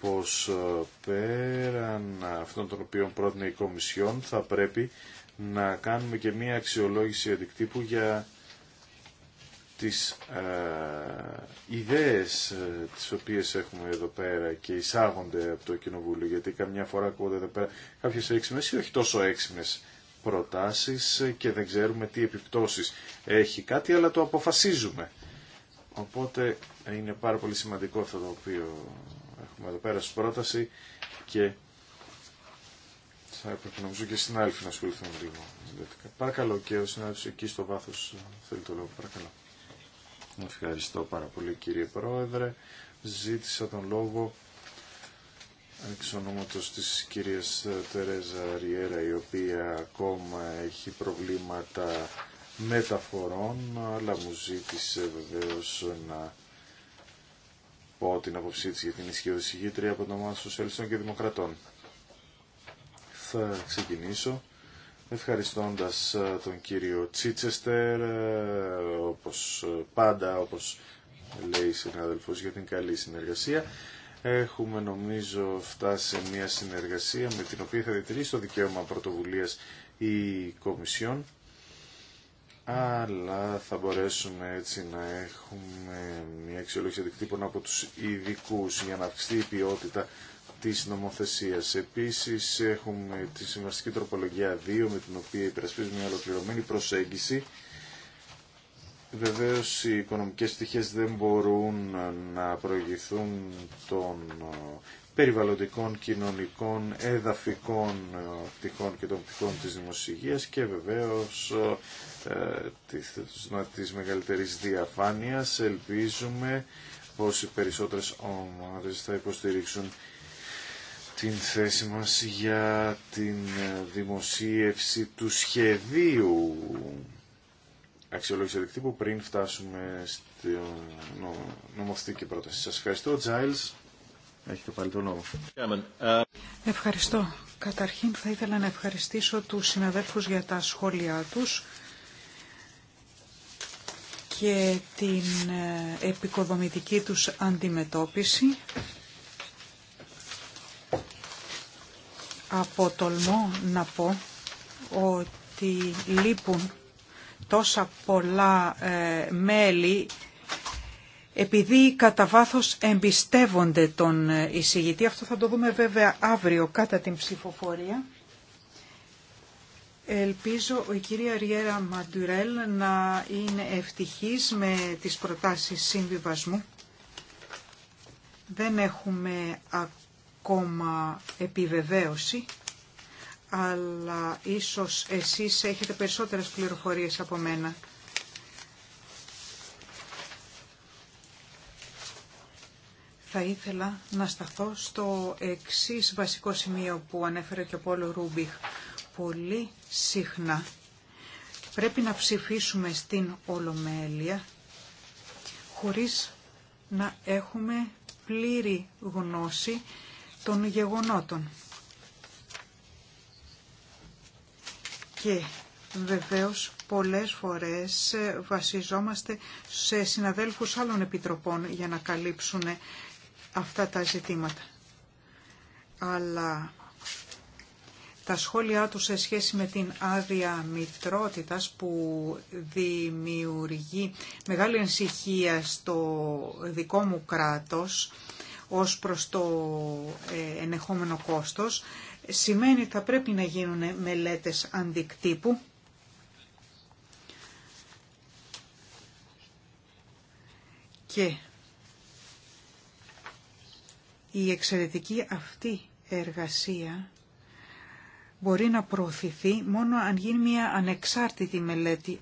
πως ε, πέραν αυτών των οποίων πρότεινε η Κομισιόν θα πρέπει να κάνουμε και μία αξιολόγηση αντικτύπου για τις α, ε, ιδέες ε, τις οποίες έχουμε εδώ πέρα και εισάγονται από το Κοινοβούλιο, γιατί καμιά φορά ακούγονται εδώ πέρα κάποιες έξιμες ή όχι τόσο έξιμες προτάσεις και δεν ξέρουμε τι επιπτώσεις έχει κάτι, αλλά το αποφασίζουμε. Οπότε είναι πάρα πολύ σημαντικό αυτό το οποίο έχουμε εδώ πέρα στην πρόταση και θα έπρεπε νομίζω και στην άλλη να ασχοληθούμε λίγο. Παρακαλώ και ο συνάδελφος εκεί στο βάθος θέλει το λόγο. Παρακαλώ. Ευχαριστώ πάρα πολύ κύριε Πρόεδρε. Ζήτησα τον λόγο εξ ονόματος της κυρίας Τερέζα Ριέρα η οποία ακόμα έχει προβλήματα μεταφορών αλλά μου ζήτησε βεβαίως να πω την αποψή της για την γήτρια από το Μάσο Σοσιαλιστών και Δημοκρατών. Θα ξεκινήσω ευχαριστώντας ε, τον κύριο Τσίτσεστερ, ε, όπως ε, πάντα, όπως λέει συνάδελφος, για την καλή συνεργασία. Έχουμε νομίζω φτάσει σε μια συνεργασία με την οποία θα διατηρήσει το δικαίωμα πρωτοβουλίας η Κομισιόν, αλλά θα μπορέσουμε έτσι να έχουμε μια αξιολόγηση αντικτύπων από τους ειδικού για να αυξηθεί η ποιότητα της νομοθεσίας. Επίσης έχουμε τη συμβαστική τροπολογία 2 με την οποία υπερασπίζουμε μια ολοκληρωμένη προσέγγιση. Βεβαίως οι οικονομικές στοιχείες δεν μπορούν να προηγηθούν των ε, περιβαλλοντικών, κοινωνικών, εδαφικών ε, πτυχών και των πτυχών της δημοσιογία και βεβαίως ε, της, της μεγαλύτερης ελπίζουμε πως οι περισσότερες ομάδες θα υποστηρίξουν την θέση μας για την ε, δημοσίευση του σχεδίου αξιολόγηση που πριν φτάσουμε στη νο... νομοθετική πρόταση. Σας ευχαριστώ. Τζάιλς, έχετε πάλι τον λόγο. Uh, ευχαριστώ. Καταρχήν θα ήθελα να ευχαριστήσω τους συναδέλφους για τα σχόλιά τους και την ε, επικοδομητική τους αντιμετώπιση. αποτολμώ να πω ότι λείπουν τόσα πολλά ε, μέλη επειδή κατά βάθο εμπιστεύονται τον ε, εισηγητή. Αυτό θα το δούμε βέβαια αύριο κατά την ψηφοφορία. Ελπίζω η κυρία Ριέρα Μαντουρέλ να είναι ευτυχής με τις προτάσεις συμβιβασμού. Δεν έχουμε ακόμα επιβεβαίωση, αλλά ίσως εσείς έχετε περισσότερες πληροφορίες από μένα. Θα ήθελα να σταθώ στο εξής βασικό σημείο που ανέφερε και ο Πόλο Ρούμπιχ. Πολύ συχνά πρέπει να ψηφίσουμε στην Ολομέλεια χωρίς να έχουμε πλήρη γνώση των γεγονότων. Και βεβαίως πολλές φορές ε, βασιζόμαστε σε συναδέλφους άλλων επιτροπών για να καλύψουν ε, αυτά τα ζητήματα. Αλλά τα σχόλιά του σε σχέση με την άδεια μητρότητας που δημιουργεί μεγάλη ανησυχία στο δικό μου κράτος ως προς το ε, ενεχόμενο κόστος, σημαίνει ότι θα πρέπει να γίνουν μελέτες αντικτύπου και η εξαιρετική αυτή εργασία μπορεί να προωθηθεί μόνο αν γίνει μια ανεξάρτητη μελέτη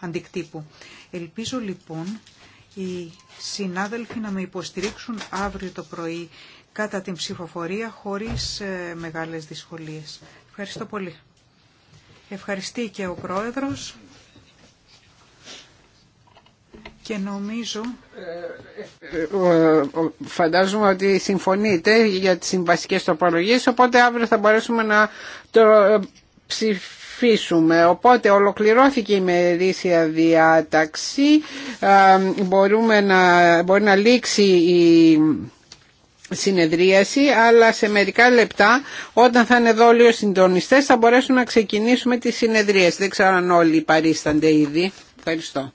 αντικτύπου. Ελπίζω λοιπόν οι συνάδελφοι να με υποστηρίξουν αύριο το πρωί κατά την ψηφοφορία χωρίς ε, μεγάλες δυσκολίες. Ευχαριστώ πολύ. Ευχαριστεί και ο Πρόεδρος και νομίζω... Ε, ε, φαντάζομαι ότι συμφωνείτε για τις συμβασικές τοπολογίες, οπότε αύριο θα μπορέσουμε να το ψηφίσουμε Οπότε ολοκληρώθηκε η μερίσια διάταξη. Μπορούμε να, μπορεί να λήξει η συνεδρίαση, αλλά σε μερικά λεπτά όταν θα είναι εδώ όλοι οι συντονιστές θα μπορέσουν να ξεκινήσουμε τη συνεδρίαση. Δεν ξέρω αν όλοι παρίστανται ήδη. Ευχαριστώ.